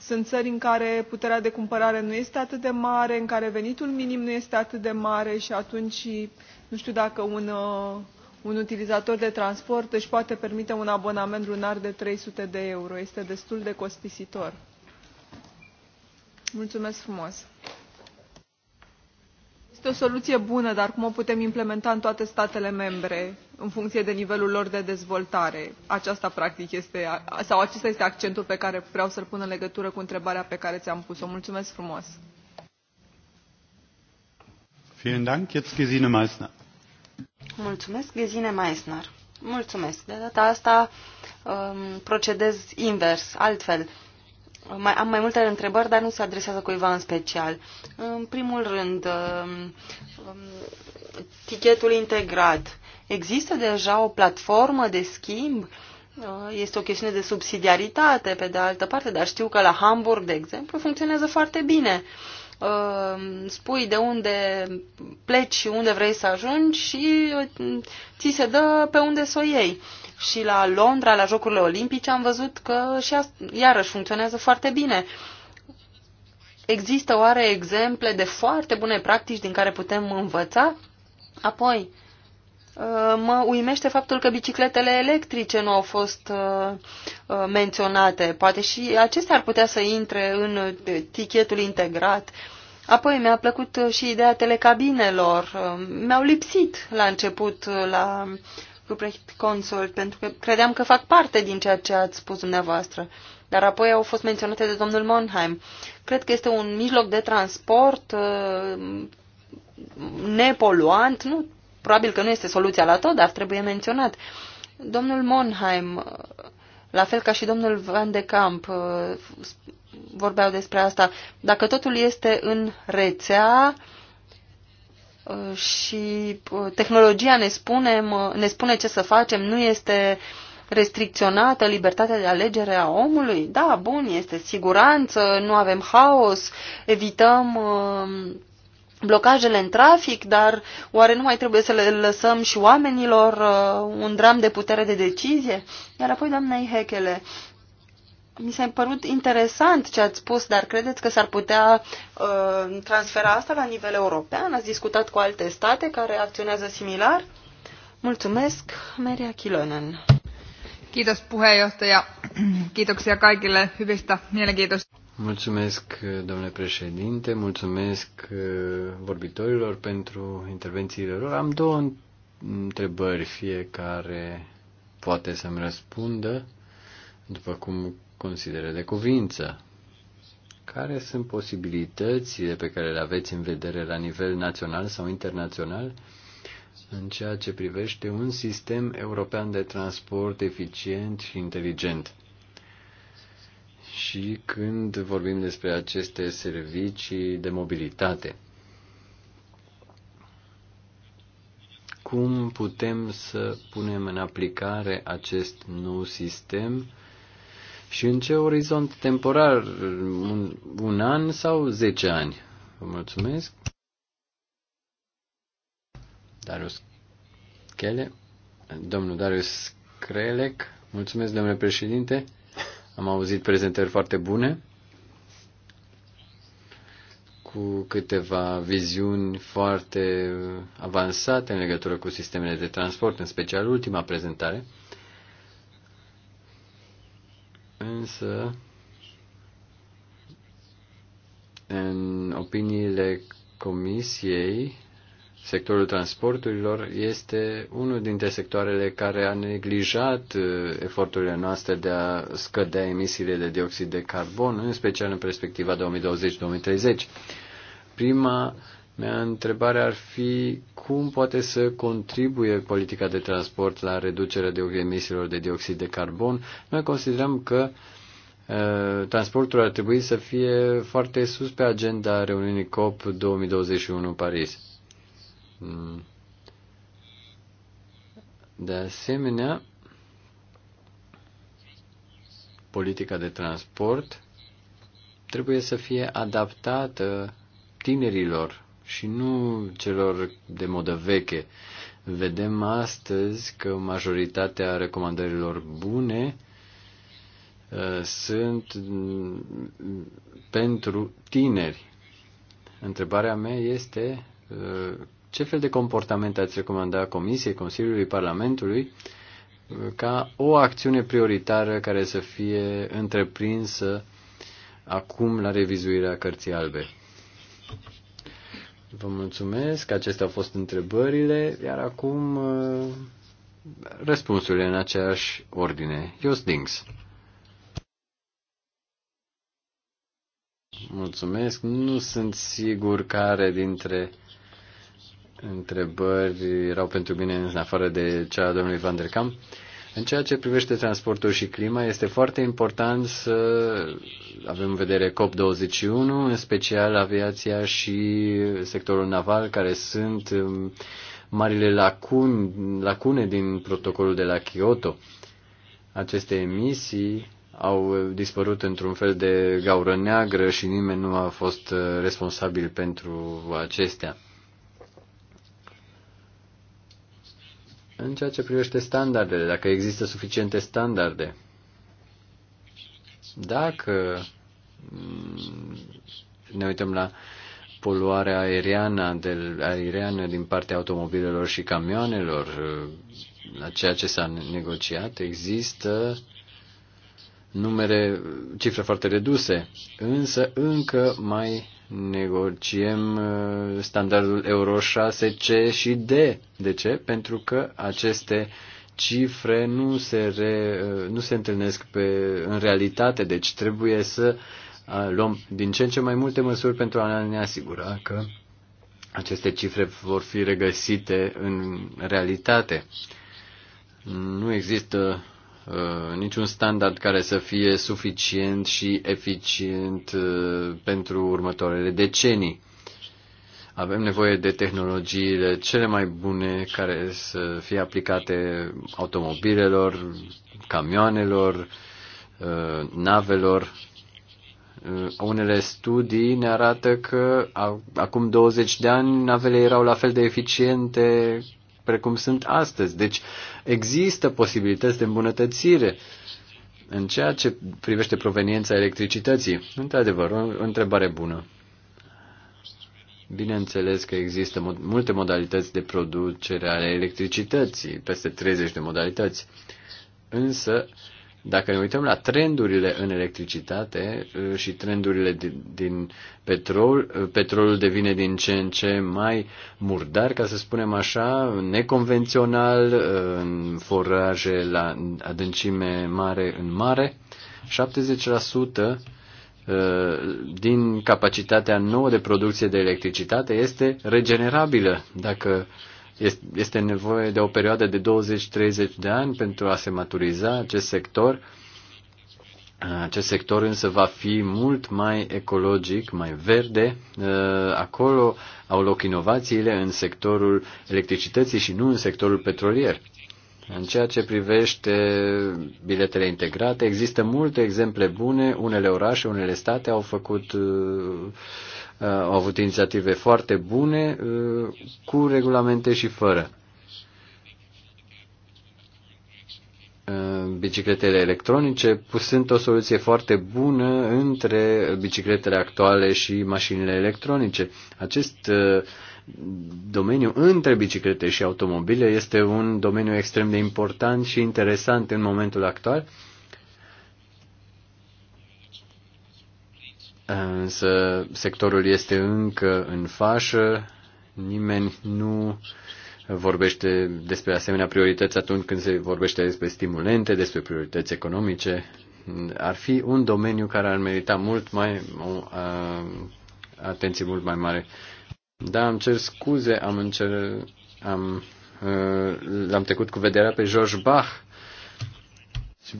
sunt țări în care puterea de cumpărare nu este atât de mare în care venitul minim nu este atât de mare și atunci nu știu dacă un, uh, un utilizator de transport își poate permite un abonament lunar de 300 de euro. Este destul de costisitor. Mulțumesc frumos! Este o soluție bună, dar cum o putem implementa în toate statele membre în funcție de nivelul lor de dezvoltare? Aceasta, practic, este, sau acesta este accentul pe care vreau să-l pun în legătură cu întrebarea pe care ți-am pus-o. Mulțumesc frumos! Vielen Dank. Jetzt Gesine Meissner. Mulțumesc, Gesine Meissner. Mulțumesc. De data asta um, procedez invers, altfel. Mai, am mai multe întrebări, dar nu se adresează cuiva în special. În primul rând, um, um, tichetul integrat. Există deja o platformă de schimb? Uh, este o chestiune de subsidiaritate, pe de altă parte, dar știu că la Hamburg, de exemplu, funcționează foarte bine. Uh, spui de unde pleci și unde vrei să ajungi și uh, ți se dă pe unde să o iei și la Londra, la Jocurile Olimpice, am văzut că și iarăși funcționează foarte bine. Există oare exemple de foarte bune practici din care putem învăța? Apoi, uh, mă uimește faptul că bicicletele electrice nu au fost uh, uh, menționate. Poate și acestea ar putea să intre în tichetul integrat. Apoi mi-a plăcut și ideea telecabinelor. Mi-au lipsit la început la Ruprecht Consult, pentru că credeam că fac parte din ceea ce ați spus dumneavoastră. Dar apoi au fost menționate de domnul Monheim. Cred că este un mijloc de transport uh, nepoluant. Nu, probabil că nu este soluția la tot, dar trebuie menționat. Domnul Monheim, uh, la fel ca și domnul Van de Camp, uh, vorbeau despre asta. Dacă totul este în rețea, uh, și uh, tehnologia ne spune, ne spune ce să facem, nu este restricționată libertatea de alegere a omului? Da, bun, este siguranță, nu avem haos, evităm um, blocajele în trafic, dar oare nu mai trebuie să le lăsăm și oamenilor uh, un dram de putere de decizie? Iar apoi, doamnei Hechele, mi s-a părut interesant ce ați spus, dar credeți că s-ar putea uh, transfera asta la nivel european? Ați discutat cu alte state care acționează similar? Mulțumesc, Maria Kilonen. Kiitos puheenjohtaja. Kiitoksia kaikille hyvistä mielenkiintoista. Mulțumesc, domnule președinte, mulțumesc uh, vorbitorilor pentru intervențiile lor. Am două întrebări, fiecare poate să-mi răspundă. După cum considere de cuvință. Care sunt posibilitățile pe care le aveți în vedere la nivel național sau internațional în ceea ce privește un sistem european de transport eficient și inteligent? Și când vorbim despre aceste servicii de mobilitate, cum putem să punem în aplicare acest nou sistem și în ce orizont temporar, un, un an sau zece ani? Vă mulțumesc. Darius Chele, domnul Darius Crelec, mulțumesc, domnule președinte. Am auzit prezentări foarte bune cu câteva viziuni foarte avansate în legătură cu sistemele de transport, în special ultima prezentare. Însă, în opiniile Comisiei, sectorul transporturilor este unul dintre sectoarele care a neglijat uh, eforturile noastre de a scădea emisiile de dioxid de carbon, în special în perspectiva 2020-2030. Prima Mea întrebare ar fi cum poate să contribuie politica de transport la reducerea de emisiilor de dioxid de carbon. Noi considerăm că uh, transportul ar trebui să fie foarte sus pe agenda reuniunii COP 2021 în Paris. Mm. De asemenea, politica de transport trebuie să fie adaptată tinerilor și nu celor de modă veche. Vedem astăzi că majoritatea recomandărilor bune uh, sunt mm, pentru tineri. Întrebarea mea este uh, ce fel de comportament ați recomanda Comisiei, Consiliului, Parlamentului uh, ca o acțiune prioritară care să fie întreprinsă acum la revizuirea cărții albe. Vă mulțumesc, acestea au fost întrebările, iar acum uh, răspunsurile în aceeași ordine. Ios Dings. Mulțumesc. Nu sunt sigur care dintre întrebări erau pentru mine în afară de cea a domnului Van der Kamp. În ceea ce privește transportul și clima, este foarte important să avem în vedere COP21, în special aviația și sectorul naval, care sunt um, marile lacune, lacune din protocolul de la Kyoto. Aceste emisii au dispărut într-un fel de gaură neagră și nimeni nu a fost uh, responsabil pentru acestea. În ceea ce privește standardele, dacă există suficiente standarde, dacă mm, ne uităm la poluarea aeriană, de, aeriană din partea automobilelor și camioanelor, la ceea ce s-a negociat, există numere, cifre foarte reduse, însă încă mai negociem uh, standardul Euro 6, C și D. De ce? Pentru că aceste cifre nu se, re, uh, nu se întâlnesc pe, în realitate, deci trebuie să uh, luăm din ce în ce mai multe măsuri pentru a ne asigura că aceste cifre vor fi regăsite în realitate. Nu există Uh, niciun standard care să fie suficient și eficient uh, pentru următoarele decenii. Avem nevoie de tehnologiile cele mai bune care să fie aplicate automobilelor, camioanelor, uh, navelor. Unele studii ne arată că acum 20 de ani navele erau la fel de eficiente precum sunt astăzi. Deci există posibilități de îmbunătățire în ceea ce privește proveniența electricității. Într-adevăr, o întrebare bună. Bineînțeles că există multe modalități de producere ale electricității, peste 30 de modalități. Însă, dacă ne uităm la trendurile în electricitate uh, și trendurile din, din petrol, uh, petrolul devine din ce în ce mai murdar, ca să spunem așa, neconvențional, uh, în foraje la adâncime mare în mare. 70% din capacitatea nouă de producție de electricitate este regenerabilă. Dacă este nevoie de o perioadă de 20-30 de ani pentru a se maturiza acest sector. Acest sector însă va fi mult mai ecologic, mai verde. Acolo au loc inovațiile în sectorul electricității și nu în sectorul petrolier. În ceea ce privește biletele integrate, există multe exemple bune. Unele orașe, unele state au făcut, Uh, au avut inițiative foarte bune uh, cu regulamente și fără. Uh, bicicletele electronice, sunt o soluție foarte bună între bicicletele actuale și mașinile electronice. Acest domeniu între biciclete și automobile este un domeniu extrem de important și interesant în momentul actual însă sectorul este încă în fașă, nimeni nu vorbește despre asemenea priorități atunci când se vorbește despre stimulente, despre priorități economice. Ar fi un domeniu care ar merita mult mai o atenție mult mai mare. Da, am cer scuze, am încercat, am l-am trecut cu vederea pe George Bach și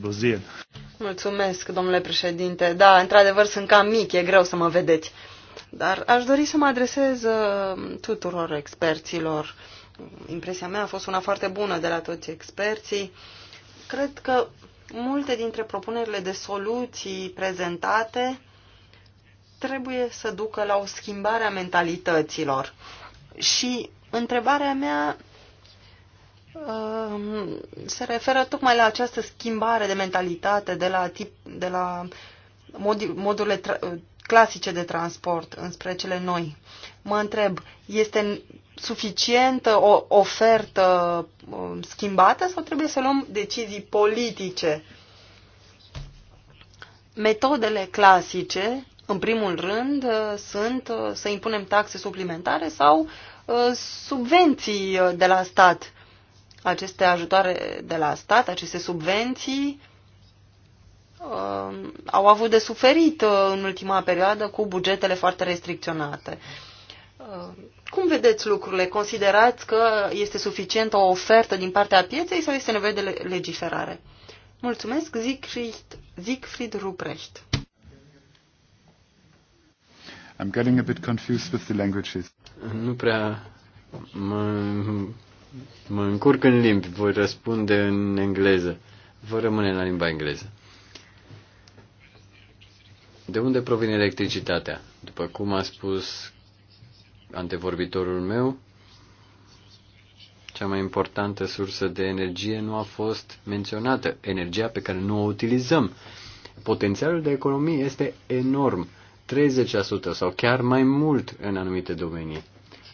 Mulțumesc, domnule președinte. Da, într-adevăr sunt cam mic, e greu să mă vedeți. Dar aș dori să mă adresez uh, tuturor experților. Impresia mea a fost una foarte bună de la toți experții. Cred că multe dintre propunerile de soluții prezentate trebuie să ducă la o schimbare a mentalităților. Și întrebarea mea Ehm, se referă tocmai la această schimbare de mentalitate de la, tip, de la modi, modurile eh, clasice de transport înspre cele noi. Mă întreb, este suficientă o ofertă ehm, schimbată sau trebuie să luăm decizii politice? Metodele clasice, în primul rând, eh, sunt eh, să impunem taxe suplimentare sau subvenții de la stat aceste ajutoare de la stat, aceste subvenții, um, au avut de suferit uh, în ultima perioadă cu bugetele foarte restricționate. Um, cum vedeți lucrurile? Considerați că este suficientă o ofertă din partea pieței sau este nevoie de legiferare? Mulțumesc, Siegfried, Siegfried Ruprecht. I'm getting a bit confused with the languages. Nu prea mă Mă încurc în limbi, voi răspunde în engleză. Vă rămâne la limba engleză. De unde provine electricitatea? După cum a spus antevorbitorul meu, cea mai importantă sursă de energie nu a fost menționată, energia pe care nu o utilizăm. Potențialul de economie este enorm, 30% sau chiar mai mult în anumite domenii.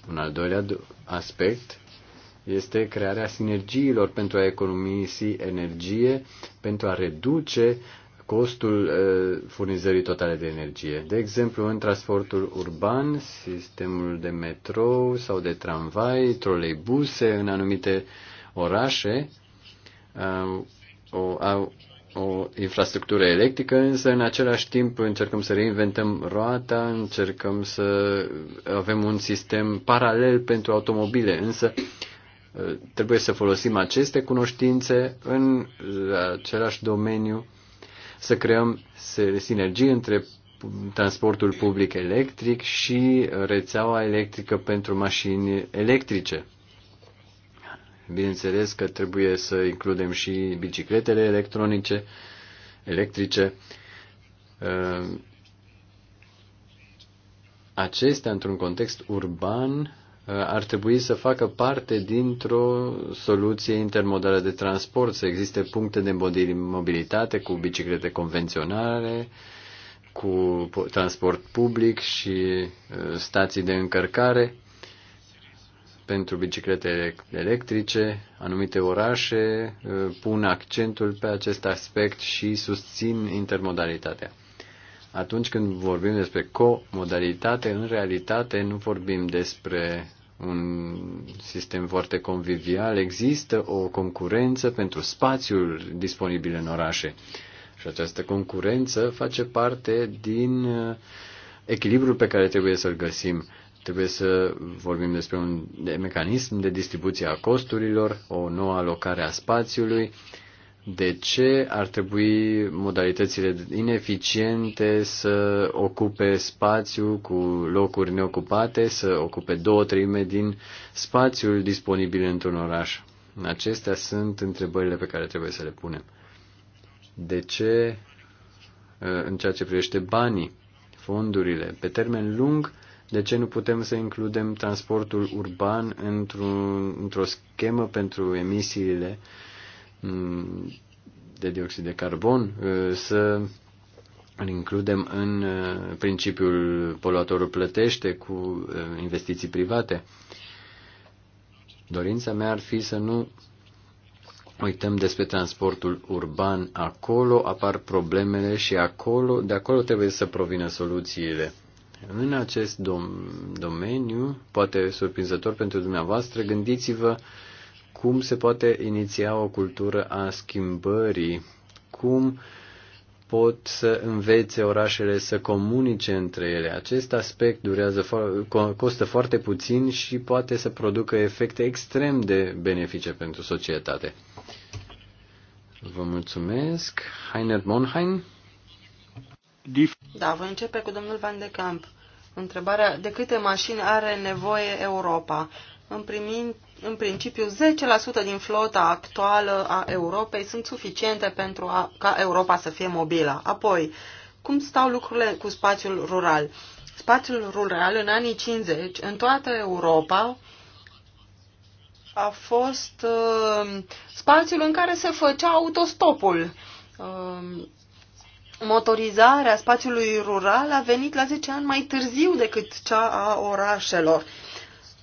Un al doilea aspect este crearea sinergiilor pentru a economisi energie, pentru a reduce costul uh, furnizării totale de energie. De exemplu, în transportul urban, sistemul de metrou sau de tramvai, troleibuse în anumite orașe, o, au o infrastructură electrică, însă în același timp încercăm să reinventăm roata, încercăm să avem un sistem paralel pentru automobile, însă Trebuie să folosim aceste cunoștințe în același domeniu, să creăm sinergii între transportul public electric și rețeaua electrică pentru mașini electrice. Bineînțeles că trebuie să includem și bicicletele electronice, electrice. Acestea, într-un context urban, Uh, ar trebui să facă parte dintr-o soluție intermodală de transport, să existe puncte de mobilitate cu biciclete convenționale, cu transport public și uh, stații de încărcare pentru biciclete electrice. Anumite orașe uh, pun accentul pe acest aspect și susțin intermodalitatea. Atunci când vorbim despre comodalitate, în realitate nu vorbim despre un sistem foarte convivial, există o concurență pentru spațiul disponibil în orașe. Și această concurență face parte din uh, echilibrul pe care trebuie să-l găsim. Trebuie să vorbim despre un mecanism de distribuție a costurilor, o nouă alocare a spațiului, de ce ar trebui modalitățile ineficiente să ocupe spațiu cu locuri neocupate, să ocupe două treime din spațiul disponibil într-un oraș. Acestea sunt întrebările pe care trebuie să le punem. De ce, ă, în ceea ce privește banii, fondurile, pe termen lung, de ce nu putem să includem transportul urban într-o într schemă pentru emisiile uh, Mm, de dioxid de carbon, uh, să îl includem în uh, principiul poluatorul plătește cu uh, investiții private. Dorința mea ar fi să nu uităm despre transportul urban. Acolo apar problemele și acolo, de acolo trebuie să provină soluțiile. În acest dom- domeniu, poate surprinzător pentru dumneavoastră, gândiți-vă uh, cum se poate iniția o cultură a schimbării, cum pot să învețe orașele să comunice între ele. Acest aspect durează, costă foarte puțin și poate să producă efecte extrem de benefice pentru societate. Vă mulțumesc. Heiner Monheim. Da, voi începe cu domnul Van de Camp. Întrebarea, de câte mașini are nevoie Europa? În, primind în principiu 10% din flota actuală a Europei sunt suficiente pentru a, ca Europa să fie mobilă. Apoi, cum stau lucrurile cu spațiul rural? Spațiul rural în anii 50 în toată Europa a fost uh, spațiul în care se făcea autostopul. Uh, motorizarea spațiului rural a venit la 10 ani mai târziu decât cea a orașelor. Uh,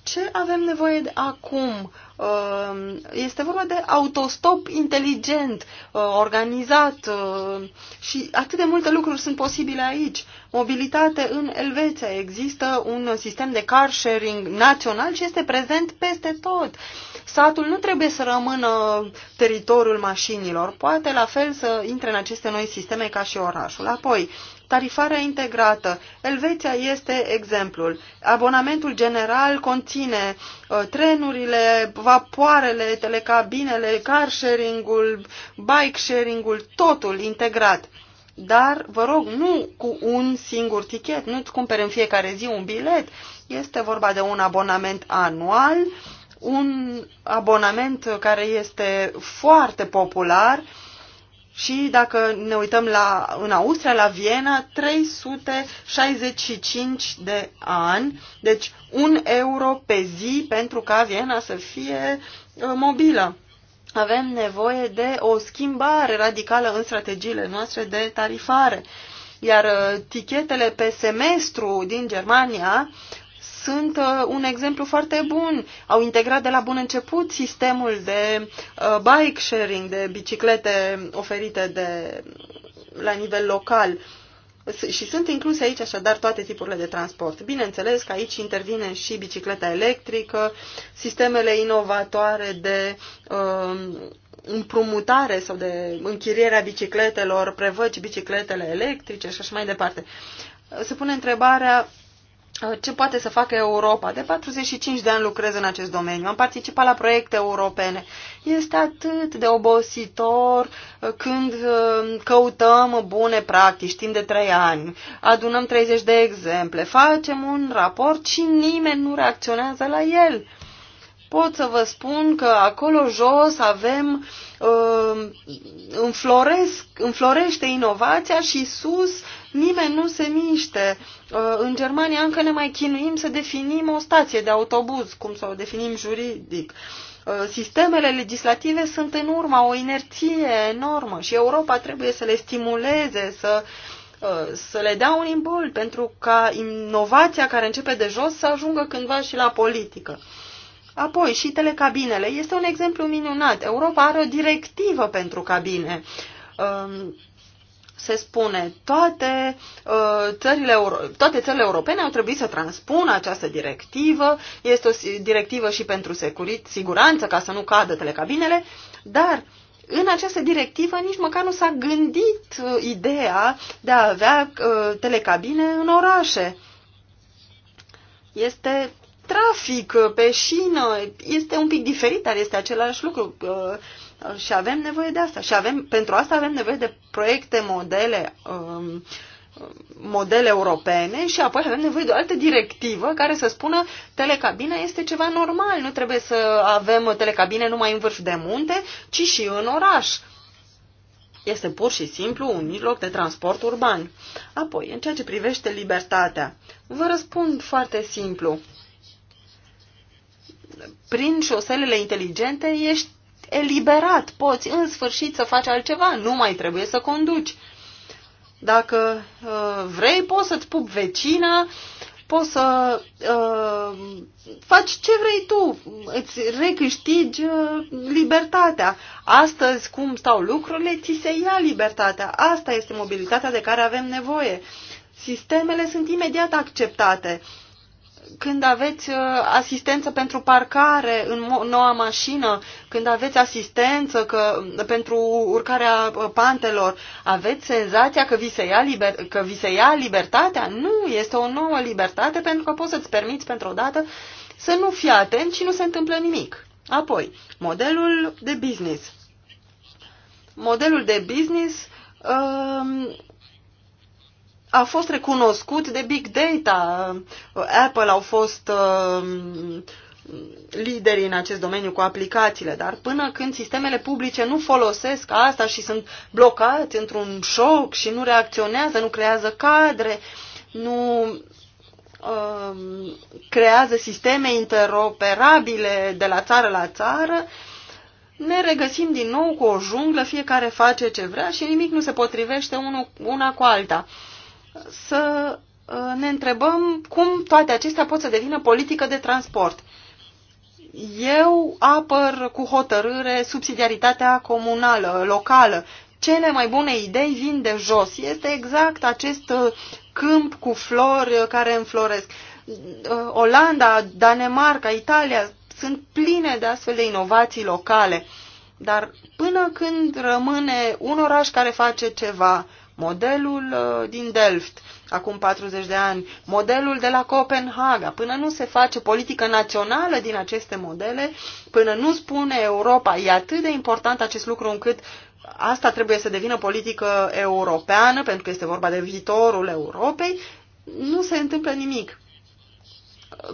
ce avem nevoie de acum? Ehm, este vorba de autostop inteligent, uh, organizat uh, și atât de multe lucruri sunt posibile aici. Mobilitate în Elveția. Există un sistem de car sharing național și este prezent peste tot. Satul nu trebuie să rămână teritoriul mașinilor. Poate la fel să intre în aceste noi sisteme ca și orașul. Apoi, Tarifarea integrată. Elveția este exemplul. Abonamentul general conține uh, trenurile, vapoarele, telecabinele, car sharing-ul, bike sharing-ul, totul integrat. Dar, vă rog, nu cu un singur tichet, nu-ți cumperi în fiecare zi un bilet. Este vorba de un abonament anual, un abonament care este foarte popular uh, și dacă ne uităm la, în Austria, la Viena, 365 de ani, deci un euro pe zi pentru ca Viena să fie uh, mobilă. Avem nevoie de o schimbare radicală în strategiile noastre de tarifare. Iar uh, tichetele pe semestru din Germania sunt uh, un exemplu foarte bun. Au integrat de la bun început sistemul de uh, bike sharing, de biciclete oferite de, la nivel local. Și sunt incluse aici așadar toate tipurile de transport. Bineînțeles că aici intervine și bicicleta electrică, sistemele inovatoare de uh, împrumutare sau de închirierea bicicletelor, prevăci bicicletele electrice și așa mai departe. Se pune întrebarea ce poate să facă Europa. De 45 de ani lucrez în acest domeniu, am participat la proiecte europene. Este atât de obositor uh, când uh, căutăm bune practici timp de 3 ani, adunăm 30 de exemple, facem un raport și nimeni nu reacționează la el pot să vă spun că acolo jos avem uh, înfloresc, înflorește inovația și sus nimeni nu se miște. Uh, în Germania încă ne mai chinuim să definim o stație de autobuz, cum să o definim juridic. Uh, sistemele legislative sunt în urma, o inerție enormă și Europa trebuie să le stimuleze, să să le dea un impuls pentru ca inovația care începe de jos să ajungă cândva și la politică. Apoi și telecabinele. Este un exemplu minunat. Europa are o directivă pentru cabine. Um, se spune, toate uh, țările, toate țările europene au trebuit să transpună această directivă. Este o directivă și pentru siguranță, ca să nu cadă telecabinele, dar în această directivă nici măcar nu s-a gândit uh, ideea de a avea uh, telecabine în orașe. Este trafic uh, pe șină este un pic diferit, dar este același lucru. Uh, uh, și avem nevoie de asta. Și avem, pentru asta avem nevoie de proiecte, modele, um, modele europene și apoi avem nevoie de o altă directivă care să spună telecabina este ceva normal, nu trebuie să avem telecabine numai în vârf de munte, ci și în oraș. Este pur și simplu un mijloc de transport urban. Apoi, în ceea ce privește libertatea, vă răspund foarte simplu prin șoselele inteligente ești eliberat, poți în sfârșit să faci altceva, nu mai trebuie să conduci. Dacă uh, vrei, poți să-ți pup vecina, poți să uh, faci ce vrei tu, îți recâștigi uh, libertatea. Astăzi, cum stau lucrurile, ți se ia libertatea. Asta este mobilitatea de care avem nevoie. Sistemele sunt imediat acceptate. Uh, când aveți uh, asistență pentru parcare în noua mașină, când aveți asistență că, pentru urcarea uh, pantelor, aveți senzația că vi, se ia liber, că vi se ia libertatea? Nu, este o nouă libertate pentru că poți să-ți permiți pentru o dată să nu fii atent și nu se întâmplă nimic. Apoi, modelul de business. Modelul de business uh, a fost recunoscut de big data. Apple au fost um, lideri în acest domeniu cu aplicațiile, dar până când sistemele publice nu folosesc asta și sunt blocați într-un șoc și nu reacționează, nu creează cadre, nu uh, creează sisteme interoperabile de la țară la țară, ne regăsim din nou cu o junglă, fiecare face ce vrea și nimic nu se potrivește una cu alta. Uh, să uh, ne întrebăm cum toate acestea pot să devină politică de transport. Eu apăr cu hotărâre subsidiaritatea comunală, locală. Cele mai bune idei vin de jos. Este exact acest uh, câmp cu flori uh, care înfloresc. Olanda, Danemarca, Italia sunt pline de astfel de inovații locale. Dar până când rămâne un oraș care face ceva, modelul uh, din Delft, acum 40 de ani, modelul de la Copenhaga. Până nu se face politică națională din aceste modele, până nu spune Europa, e atât de important acest lucru încât asta trebuie să devină politică europeană, pentru că este vorba de viitorul Europei, nu se întâmplă nimic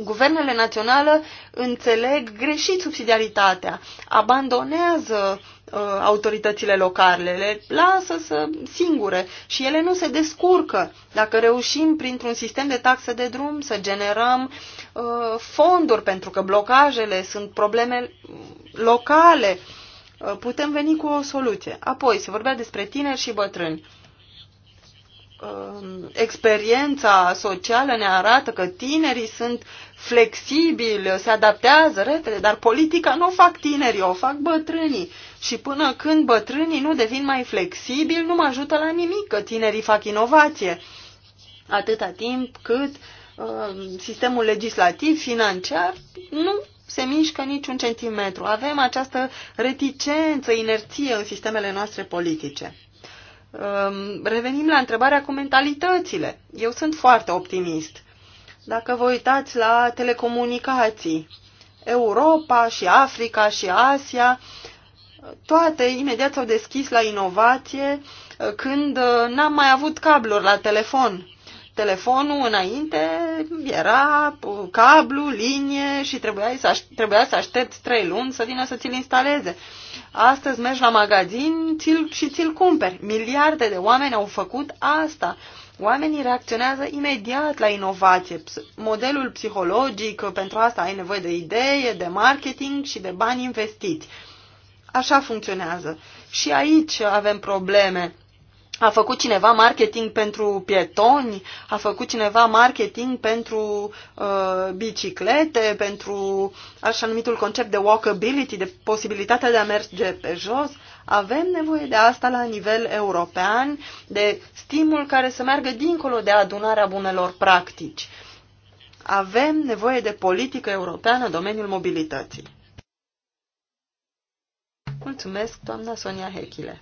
guvernele naționale înțeleg greșit subsidiaritatea, abandonează uh, autoritățile locale, le lasă să singure și ele nu se descurcă. Dacă reușim printr-un sistem de taxe de drum să generăm uh, fonduri, pentru că blocajele sunt probleme locale, uh, putem veni cu o soluție. Apoi, se vorbea despre tineri și bătrâni Um, experiența socială ne arată că tinerii sunt flexibili, se adaptează repede, dar politica nu o fac tinerii, o fac bătrânii. Și până când bătrânii nu devin mai flexibili, nu mă ajută la nimic că tinerii fac inovație. Atâta timp cât uh, sistemul legislativ, financiar, nu se mișcă niciun centimetru. Avem această reticență, inerție în sistemele noastre politice. Um, revenim la întrebarea cu mentalitățile. Eu sunt foarte optimist. Dacă vă uitați la telecomunicații, Europa și Africa și Asia, toate imediat s-au deschis la inovație uh, când uh, n-am mai avut cabluri la telefon telefonul înainte era cablu, linie și trebuia să, aș- trebuia să aștepți trei luni să vină să ți-l instaleze. Astăzi mergi la magazin ți și ți-l cumperi. Miliarde de oameni au făcut asta. Oamenii reacționează imediat la inovație. Modelul psihologic, pentru asta ai nevoie de idee, de marketing și de bani investiți. Așa funcționează. Și aici avem probleme a făcut cineva marketing pentru pietoni? A făcut cineva marketing pentru uh, biciclete, pentru așa numitul concept de walkability, de posibilitatea de a merge pe jos? Avem nevoie de asta la nivel european, de stimul care să meargă dincolo de adunarea bunelor practici. Avem nevoie de politică europeană în domeniul mobilității. Mulțumesc, doamna Sonia Hechile.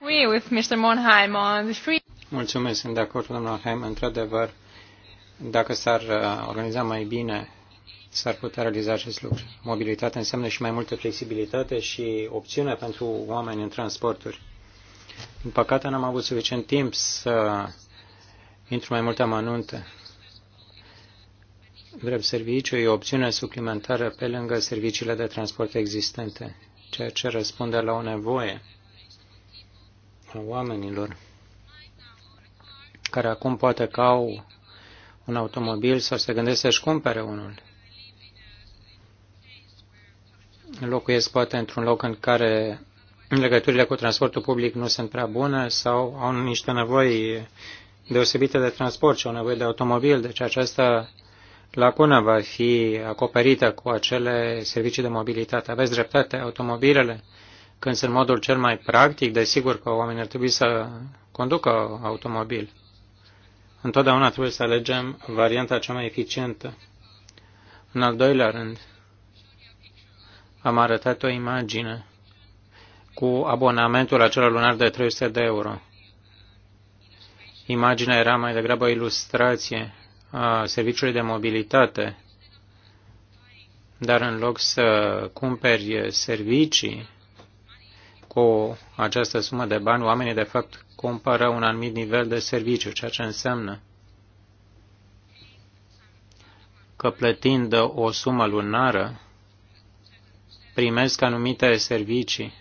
Oui, with Mr. Monheim on the free... Mulțumesc, sunt de acord cu domnul Heim. Într-adevăr, dacă s-ar uh, organiza mai bine, s-ar putea realiza acest lucru. Mobilitatea înseamnă și mai multă flexibilitate și opțiune pentru oameni în transporturi. Din păcate, n-am avut suficient timp să intru mai multe amănunte. Drept serviciu e o opțiune suplimentară pe lângă serviciile de transport existente, ceea ce răspunde la o nevoie oamenilor care acum poate că au un automobil sau se gândesc să-și cumpere unul. Locuiesc poate într-un loc în care legăturile cu transportul public nu sunt prea bune sau au niște nevoi deosebite de transport și au nevoie de automobil. Deci această lacună va fi acoperită cu acele servicii de mobilitate. Aveți dreptate, automobilele când în modul cel mai practic, desigur că oamenii ar trebui să conducă automobil. Întotdeauna trebuie să alegem varianta cea mai eficientă. În al doilea rând, am arătat o imagine cu abonamentul acela lunar de 300 de euro. Imaginea era mai degrabă o ilustrație a serviciului de mobilitate, dar în loc să cumperi servicii, cu această sumă de bani, oamenii de fapt cumpără un anumit nivel de serviciu, ceea ce înseamnă că plătind o sumă lunară, primesc anumite servicii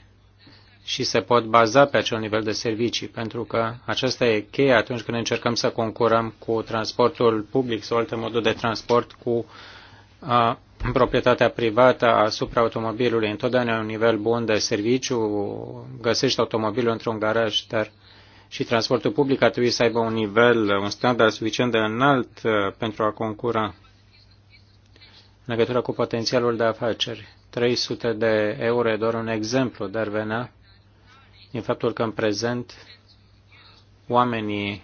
și se pot baza pe acel nivel de servicii, pentru că aceasta e cheia atunci când încercăm să concurăm cu transportul public sau alte moduri de transport cu uh, a proprietatea privată asupra automobilului. Întotdeauna un nivel bun de serviciu, găsești automobilul într-un garaj, dar și transportul public ar trebui să aibă un nivel, un standard suficient de înalt pentru a concura în legătură cu potențialul de afaceri. 300 de euro e doar un exemplu, dar venea din faptul că în prezent oamenii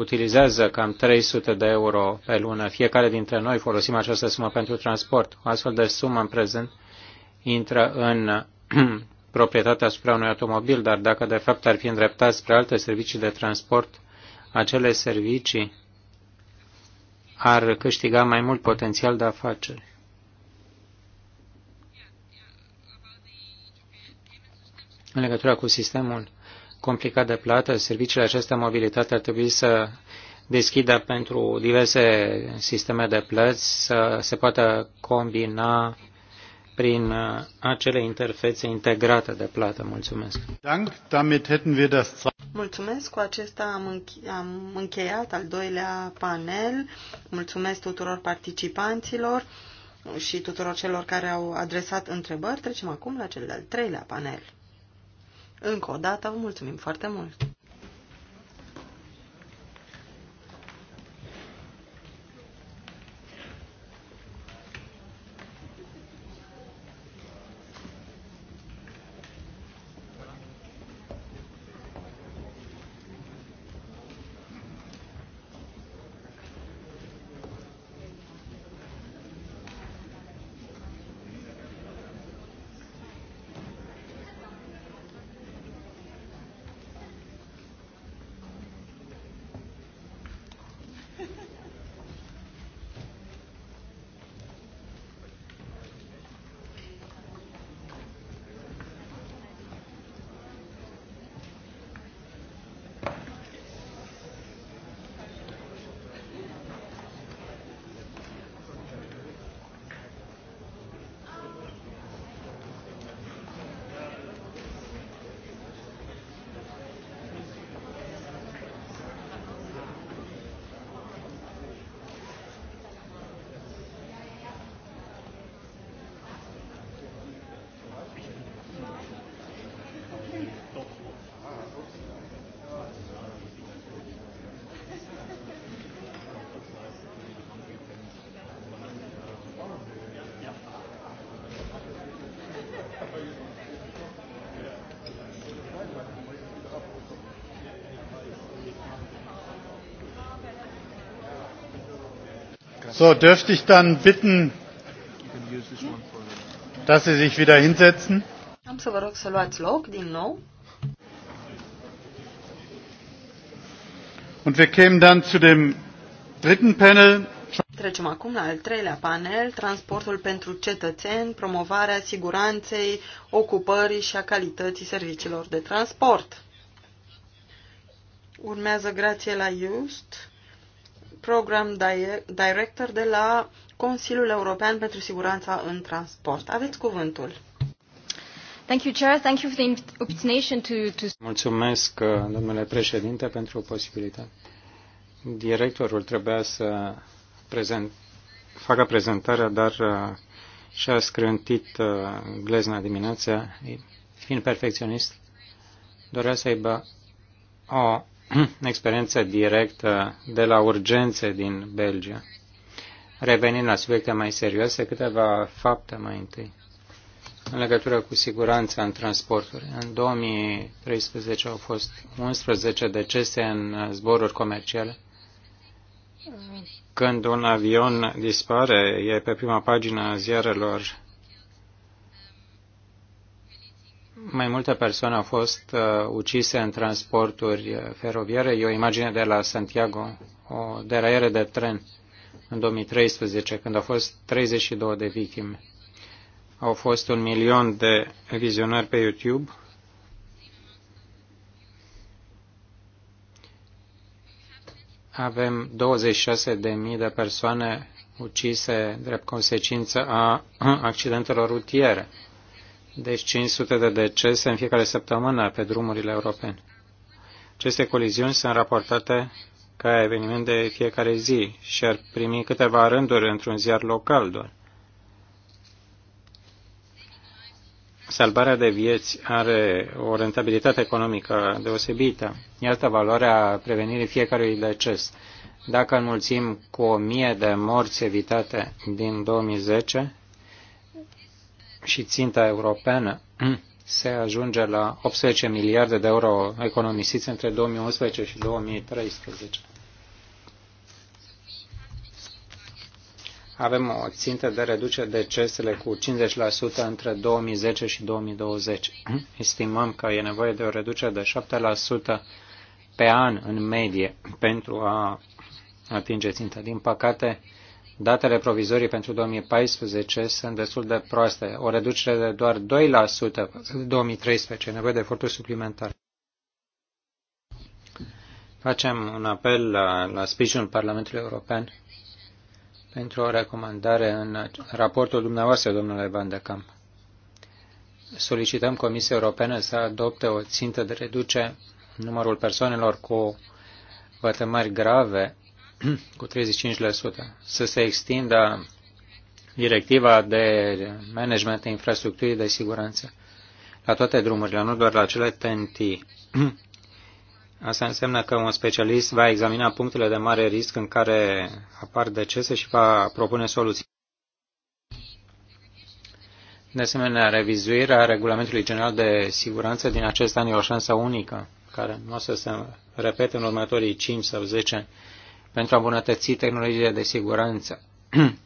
utilizează cam 300 de euro pe lună. Fiecare dintre noi folosim această sumă pentru transport. O astfel de sumă în prezent intră în (clears throat) proprietatea asupra unui automobil, dar dacă de fapt ar fi îndreptat spre alte servicii de transport, acele servicii ar câștiga mai mult potențial de afaceri. În legătură cu sistemul complicat de plată. Serviciile acestea mobilitate ar trebui să deschidă pentru diverse sisteme de plăți, să se poată combina prin uh, acele interfețe integrate de plată. Mulțumesc. Mulțumesc. Cu acesta am, înche am încheiat al doilea panel. Mulțumesc tuturor participanților și tuturor celor care au adresat întrebări. Trecem acum la cel de-al treilea panel. Încă o dată, vă mulțumim foarte mult! So, dürfte ich dann bitten, dass Sie sich wieder hinsetzen? Und wir kämen dann zu dem dritten panel. Trecem acum la al treilea panel, transportul pentru cetățeni, promovarea siguranței, ocupării și a calității serviciilor de transport. Urmează grație la Just Program Director de la Consiliul European pentru Siguranța în Transport. Aveți cuvântul. Thank you, Chair. Thank you for the to, to... Mulțumesc, uh, domnule președinte, pentru posibilitate. Directorul trebuia să prezent, facă prezentarea, dar uh, și-a scrântit uh, glezna dimineața, fiind perfecționist, dorea să aibă o Hmm, experiență directă de la urgențe din Belgia. Revenind la subiecte mai serioase, câteva fapte mai întâi în legătură cu siguranța în transporturi. În 2013 au fost 11 decese în zboruri comerciale. Când un avion dispare, e pe prima pagină a ziarelor mai multe persoane au fost uh, ucise în transporturi uh, feroviare. E o imagine de la Santiago, o deraiere de tren în 2013, când au fost 32 de victime. Au fost un milion de vizionari pe YouTube. Avem 26.000 de persoane ucise drept consecință a (clears throat) accidentelor rutiere. Deci 500 de decese în fiecare săptămână pe drumurile europene. Aceste coliziuni sunt raportate ca eveniment de fiecare zi și ar primi câteva rânduri într-un ziar local doar. Salvarea de vieți are o rentabilitate economică deosebită. Iată valoarea prevenirii fiecărui deces. Dacă înmulțim cu o mie de morți evitate din 2010, și ținta europeană (clears throat) se ajunge la 18 miliarde de euro economisiți între 2011 și 2013. Avem o țintă de reduce decesele cu 50% între 2010 și 2020. (clears throat) Estimăm că e nevoie de o reducere de 7% pe an în medie pentru a atinge ținta. Din păcate, Datele provizorii pentru 2014 sunt destul de proaste, o reducere de doar 2% în 2013, nevoie de eforturi suplimentare. Facem un apel la, la sprijinul Parlamentului European pentru o recomandare în raportul dumneavoastră, domnule Van de Camp. Solicităm Comisiei Europene să adopte o țintă de reduce numărul persoanelor cu vătămări grave cu 35%, să se extindă directiva de management a infrastructurii de siguranță la toate drumurile, nu doar la cele TNT. Asta înseamnă că un specialist va examina punctele de mare risc în care apar decese și va propune soluții. De asemenea, revizuirea Regulamentului General de Siguranță din acest an e o șansă unică, care nu o să se repete în următorii 5 sau 10 ani pentru a îmbunătăți tehnologiile de siguranță. (clears throat)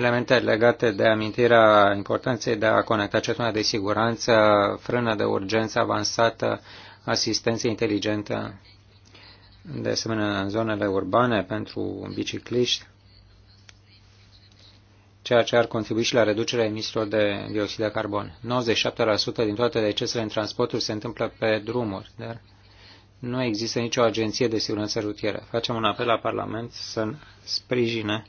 Elemente legate de amintirea importanței de a conecta centura de siguranță, frână de urgență avansată, asistență inteligentă, de asemenea în zonele urbane pentru bicicliști, ceea ce ar contribui și la reducerea emisiilor de dioxid de carbon. 97% din toate decesele în transporturi se întâmplă pe drumuri, dar nu există nicio agenție de siguranță rutieră. Facem un apel la Parlament să sprijine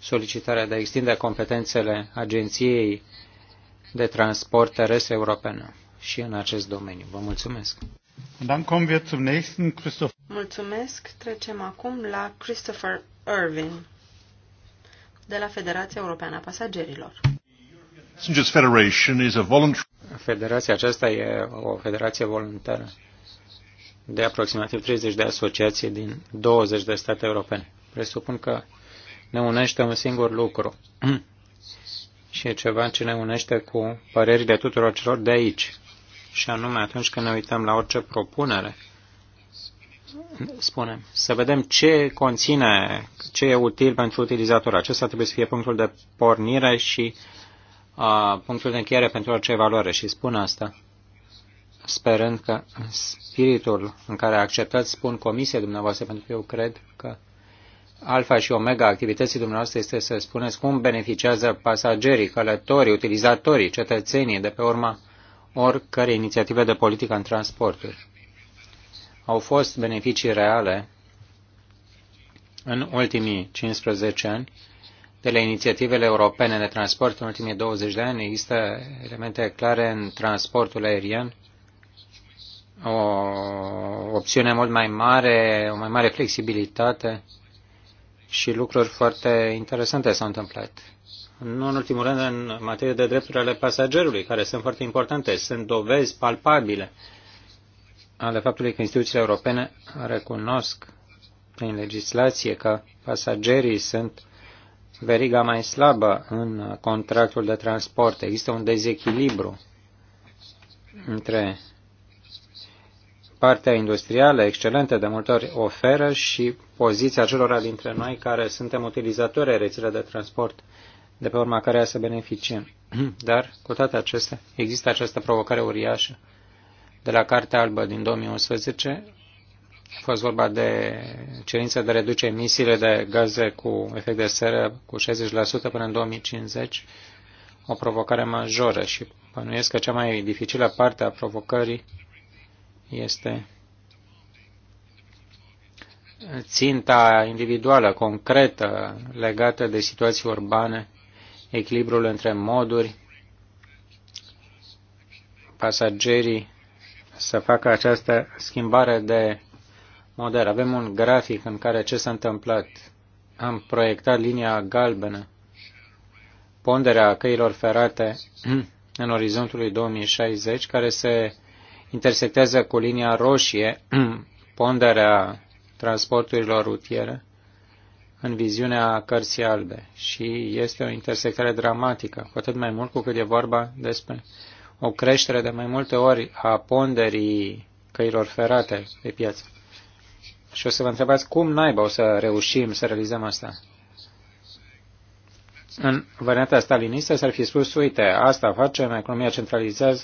solicitarea de a extinde competențele Agenției de Transport Terestre Europene și în acest domeniu. Vă mulțumesc! Mulțumesc! Trecem acum la Christopher Irvin de la Federația Europeană a Pasagerilor. Federația aceasta e o federație voluntară de aproximativ 30 de asociații din 20 de state europene. Presupun că ne unește un singur lucru (clears throat) și e ceva ce ne unește cu părerile tuturor celor de aici. Și anume, atunci când ne uităm la orice propunere, spunem, să vedem ce conține, ce e util pentru utilizator. Acesta trebuie să fie punctul de pornire și a, uh, punctul de încheiere pentru orice valoare. Și spun asta sperând că spiritul în care acceptați, spun comisia dumneavoastră, pentru că eu cred că alfa și omega activității dumneavoastră este să spuneți cum beneficiază pasagerii, călătorii, utilizatorii, cetățenii de pe urma oricărei inițiative de politică în transporturi. Au fost beneficii reale în ultimii 15 ani de la inițiativele europene de transport în ultimii 20 de ani. Există elemente clare în transportul aerian o opțiune mult mai mare, o mai mare flexibilitate și lucruri foarte interesante s-au întâmplat. Nu în ultimul rând în materie de drepturi ale pasagerului, care sunt foarte importante, sunt dovezi palpabile ale faptului că instituțiile europene recunosc prin legislație că pasagerii sunt veriga mai slabă în contractul de transport. Există un dezechilibru între partea industrială excelentă de multe ori oferă și poziția celor dintre noi care suntem utilizatori ai rețelei de transport de pe urma care să beneficiem. (clears throat) Dar, cu toate acestea, există această provocare uriașă. De la Cartea Albă din 2011 a fost vorba de cerința de reduce emisiile de gaze cu efect de seră cu 60% până în 2050, o provocare majoră și bănuiesc că cea mai dificilă parte a provocării este ținta individuală, concretă, legată de situații urbane, echilibrul între moduri, pasagerii să facă această schimbare de model. Avem un grafic în care ce s-a întâmplat. Am proiectat linia galbenă, ponderea căilor ferate (clears throat) în orizontului 2060, care se intersectează cu linia roșie (clears throat) ponderea transporturilor rutiere în viziunea cărții albe și este o intersectare dramatică, cu atât mai mult cu cât e vorba despre o creștere de mai multe ori a ponderii căilor ferate pe piață. Și o să vă întrebați cum naiba o să reușim să realizăm asta. În varianta stalinistă s-ar fi spus, uite, asta facem, economia centralizează,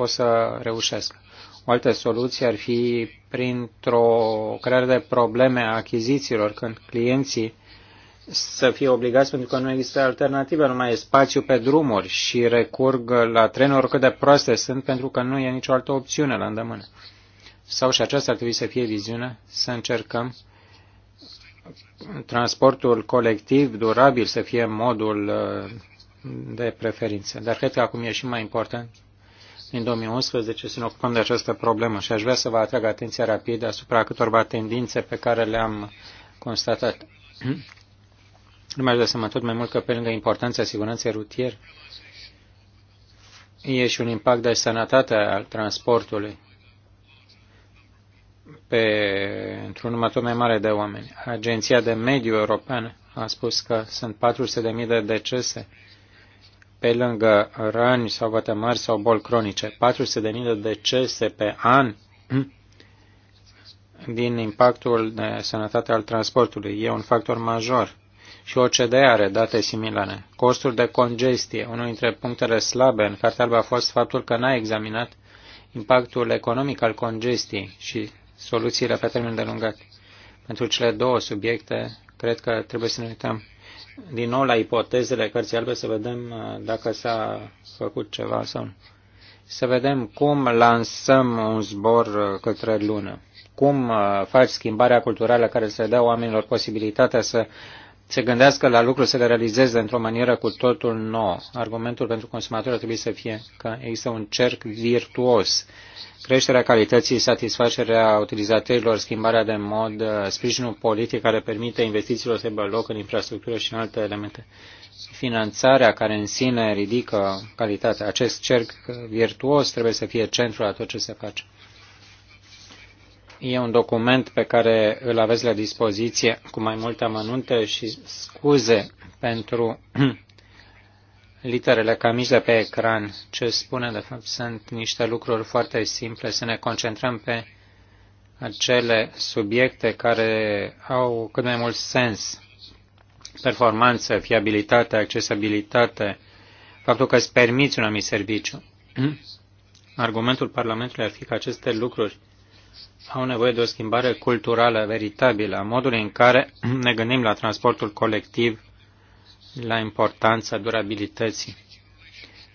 o să reușească. O altă soluție ar fi printr-o creare de probleme a achizițiilor, când clienții să fie obligați pentru că nu există alternative, nu mai e spațiu pe drumuri și recurg la trenuri cât de proaste sunt pentru că nu e nicio altă opțiune la îndemână. Sau și aceasta ar trebui să fie viziunea, să încercăm transportul colectiv durabil să fie modul uh, de preferință. Dar cred că acum e și mai important din 2011 să ne ocupăm de această problemă și aș vrea să vă atrag atenția rapid asupra câtorva tendințe pe care le-am constatat. (clears throat) Nu mai aș mă tot mai mult că pe lângă importanța siguranței rutiere, e și un impact de sănătate al transportului pe, într-un număr tot mai mare de oameni. Agenția de Mediu European a spus că sunt 400.000 de decese pe lângă răni sau vătămări sau boli cronice. 400.000 de decese pe an (clears throat) din impactul de sănătate al transportului. E un factor major. Și o are date similare. Costul de congestie. Unul dintre punctele slabe în Cartea Albă a fost faptul că n-a examinat impactul economic al congestiei și soluțiile pe termen de lungat. Pentru cele două subiecte, cred că trebuie să ne uităm din nou la ipotezele cărții albe să vedem uh, dacă s-a făcut ceva sau nu. Să vedem cum lansăm un zbor uh, către lună. Cum uh, faci schimbarea culturală care să dea oamenilor posibilitatea să se gândească la lucru, să le realizeze într-o manieră cu totul nouă. Argumentul pentru consumator ar trebui să fie că există un cerc virtuos. Creșterea calității, satisfacerea utilizatorilor, schimbarea de mod, sprijinul politic care permite investițiilor să aibă loc în infrastructură și în alte elemente. Finanțarea care în sine ridică calitatea. Acest cerc virtuos trebuie să fie centrul a tot ce se face. E un document pe care îl aveți la dispoziție cu mai multe amănunte și scuze pentru (clears throat) literele cam mici de pe ecran. Ce spune, de fapt, sunt niște lucruri foarte simple. Să ne concentrăm pe acele subiecte care au cât mai mult sens. Performanță, fiabilitate, accesibilitate, faptul că îți permiți un anumit serviciu. (clears throat) Argumentul Parlamentului ar fi că aceste lucruri au nevoie de o schimbare culturală veritabilă a modului în care (clears throat) ne gândim la transportul colectiv, la importanța durabilității,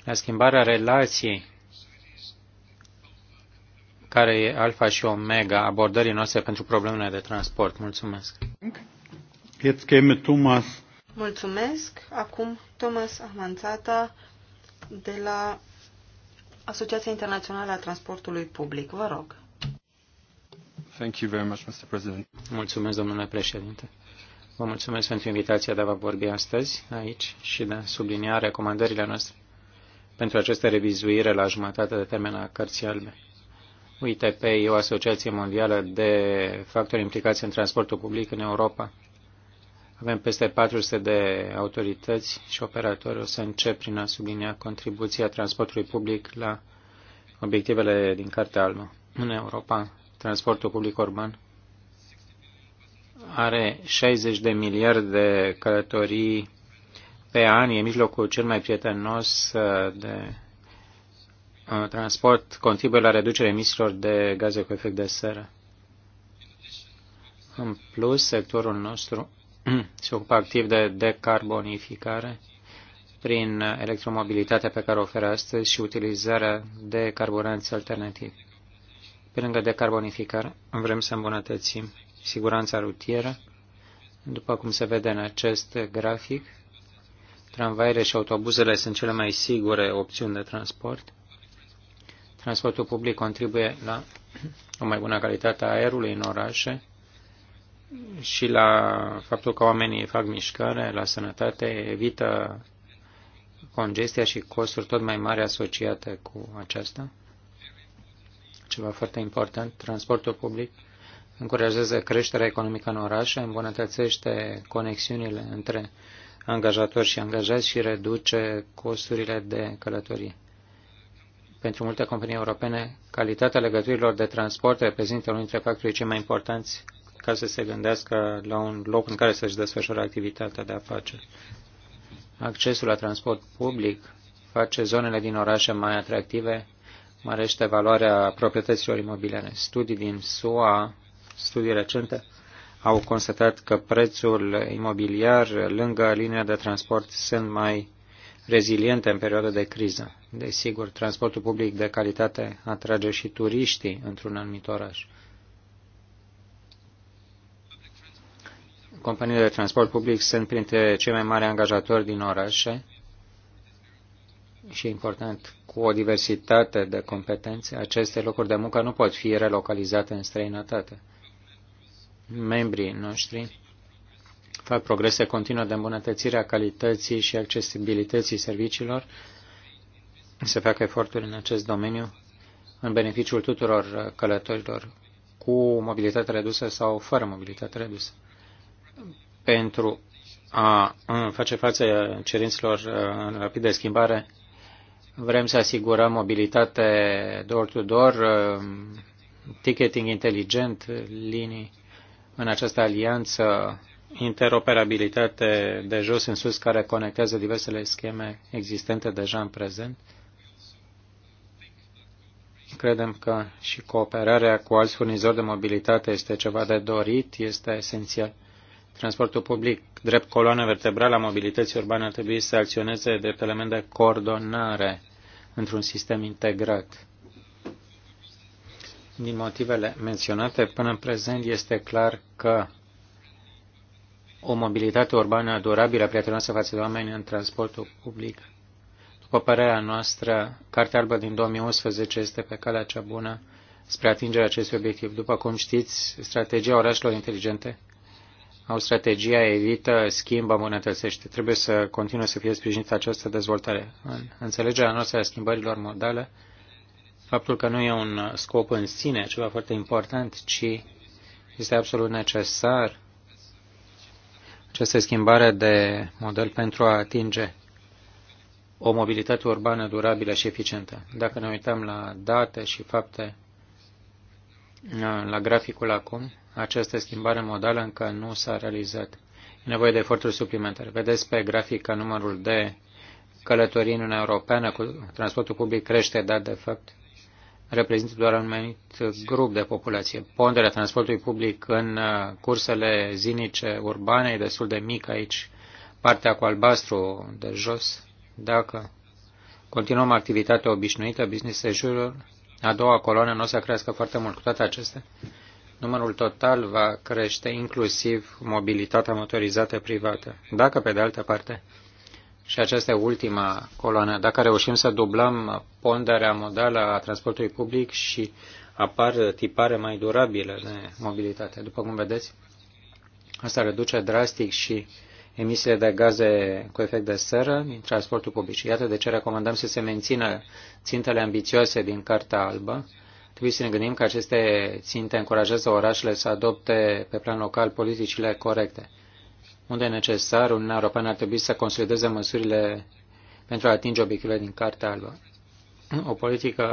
la schimbarea relației care e alfa și omega abordării noastre pentru problemele de transport. Mulțumesc. Thomas. Mulțumesc. Acum Thomas Amanzata de la Asociația Internațională a Transportului Public. Vă rog. Thank you very much, Mr. President. Mulțumesc, domnule președinte. Vă mulțumesc pentru invitația de a vă vorbi astăzi aici și de a sublinia recomandările noastre pentru această revizuire la jumătate de termen a cărții albe. UITP e o asociație mondială de factori implicați în transportul public în Europa. Avem peste 400 de autorități și operatori. O să încep prin a sublinia contribuția transportului public la obiectivele din Cartea Albă. În Europa transportul public urban are 60 de miliarde de călătorii pe an, e mijlocul cel mai prietenos uh, de uh, transport, contribuie la reducerea emisiilor de gaze cu efect de seră. În plus, sectorul nostru (clears throat) se ocupă activ de decarbonificare prin electromobilitatea pe care o oferă astăzi și utilizarea de carburanți alternativi. Pe lângă decarbonificare, vrem să îmbunătățim siguranța rutieră. După cum se vede în acest grafic, tramvaile și autobuzele sunt cele mai sigure opțiuni de transport. Transportul public contribuie la o mai bună calitate a aerului în orașe și la faptul că oamenii fac mișcare, la sănătate, evită congestia și costuri tot mai mari asociate cu aceasta ceva foarte important, transportul public încurajează creșterea economică în orașe, îmbunătățește conexiunile între angajatori și angajați și reduce costurile de călătorie. Pentru multe companii europene, calitatea legăturilor de transport reprezintă unul dintre factorii cei mai importanți ca să se gândească la un loc în care să-și desfășoare activitatea de afaceri. Accesul la transport public face zonele din orașe mai atractive mărește valoarea proprietăților imobiliare. Studii din SUA, studii recente, au constatat că prețul imobiliar lângă linia de transport sunt mai reziliente în perioada de criză. Desigur, transportul public de calitate atrage și turiștii într-un anumit oraș. Companiile de transport public sunt printre cei mai mari angajatori din orașe și important, cu o diversitate de competențe, aceste locuri de muncă nu pot fi relocalizate în străinătate. Membrii noștri fac progrese continuă de îmbunătățire a calității și accesibilității serviciilor, se fac eforturi în acest domeniu în beneficiul tuturor călătorilor cu mobilitate redusă sau fără mobilitate redusă. Pentru a face față cerințelor în uh, rapidă schimbare, Vrem să asigurăm mobilitate door-to-door, uh, ticketing inteligent, linii în această alianță, interoperabilitate de jos în sus care conectează diversele scheme existente deja în prezent. Credem că și cooperarea cu alți furnizori de mobilitate este ceva de dorit, este esențial Transportul public, drept coloană vertebrală a mobilității urbane, ar trebui să acționeze drept element de coordonare într-un sistem integrat. Din motivele menționate, până în prezent este clar că o mobilitate urbană durabilă, prietenoasă față de oameni în transportul public. După părerea noastră, Cartea Albă din 2011 este pe calea cea bună spre atingerea acestui obiectiv. După cum știți, strategia orașelor inteligente au strategia evită, schimbă, îmbunătățește. Trebuie să continue să fie sprijinită această dezvoltare. În înțelegerea noastră a schimbărilor modale, faptul că nu e un scop în sine, ceva foarte important, ci este absolut necesar această schimbare de model pentru a atinge o mobilitate urbană durabilă și eficientă. Dacă ne uităm la date și fapte, la graficul acum, această schimbare modală încă nu s-a realizat. E nevoie de eforturi suplimentare. Vedeți pe grafică numărul de călătorii în Uniunea Europeană cu transportul public crește, dar de fapt reprezintă doar un anumit grup de populație. Ponderea transportului public în uh, cursele zilnice urbane e destul de mică aici, partea cu albastru de jos. Dacă continuăm activitatea obișnuită, business as usual, a doua coloană nu o să crească foarte mult. Cu toate acestea, numărul total va crește, inclusiv mobilitatea motorizată privată. Dacă, pe de altă parte, și aceasta e ultima coloană, dacă reușim să dublăm ponderea modală a transportului public și apar tipare mai durabile de mobilitate. După cum vedeți, asta reduce drastic și emisiile de gaze cu efect de seră din transportul public. Iată de ce recomandăm să se mențină țintele ambițioase din Carta Albă, Trebuie să ne gândim că aceste ținte încurajează orașele să adopte pe plan local politicile corecte. Unde e necesar, Uniunea Europeană ar trebui să consolideze măsurile pentru a atinge obiectivele din Cartea Albă. O politică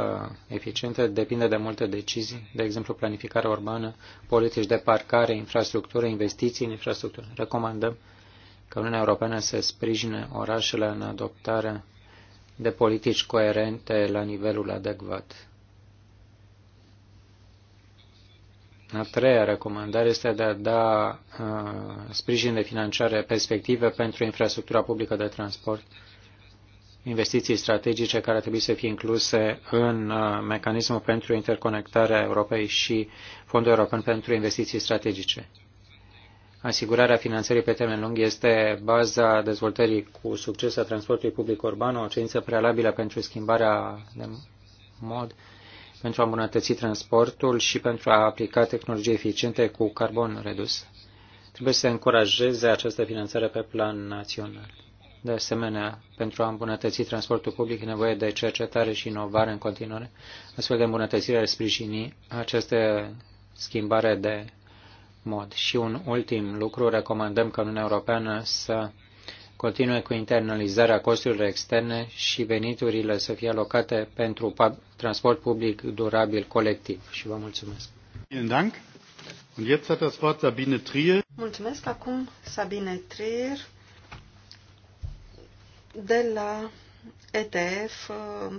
eficientă depinde de multe decizii, de exemplu planificarea urbană, politici de parcare, infrastructură, investiții în infrastructură. Recomandăm că Uniunea Europeană să sprijine orașele în adoptarea de politici coerente la nivelul adecvat. A treia recomandare este de a da uh, sprijin de financiare perspective pentru infrastructura publică de transport, investiții strategice care trebuie să fie incluse în uh, mecanismul pentru interconectarea Europei și Fondul European pentru Investiții Strategice. Asigurarea finanțării pe termen lung este baza dezvoltării cu succes a transportului public urban, o cerință prealabilă pentru schimbarea de mod pentru a îmbunătăți transportul și pentru a aplica tehnologii eficiente cu carbon redus. Trebuie să încurajeze această finanțare pe plan național. De asemenea, pentru a îmbunătăți transportul public e nevoie de cercetare și inovare în continuare, astfel de îmbunătățire ar sprijini aceste schimbare de mod. Și un ultim lucru, recomandăm ca Uniunea Europeană să continue cu internalizarea costurilor externe și veniturile să fie alocate pentru transport public durabil colectiv. Și vă mulțumesc. Mulțumesc. Acum Sabine Trier de la ETF, uh,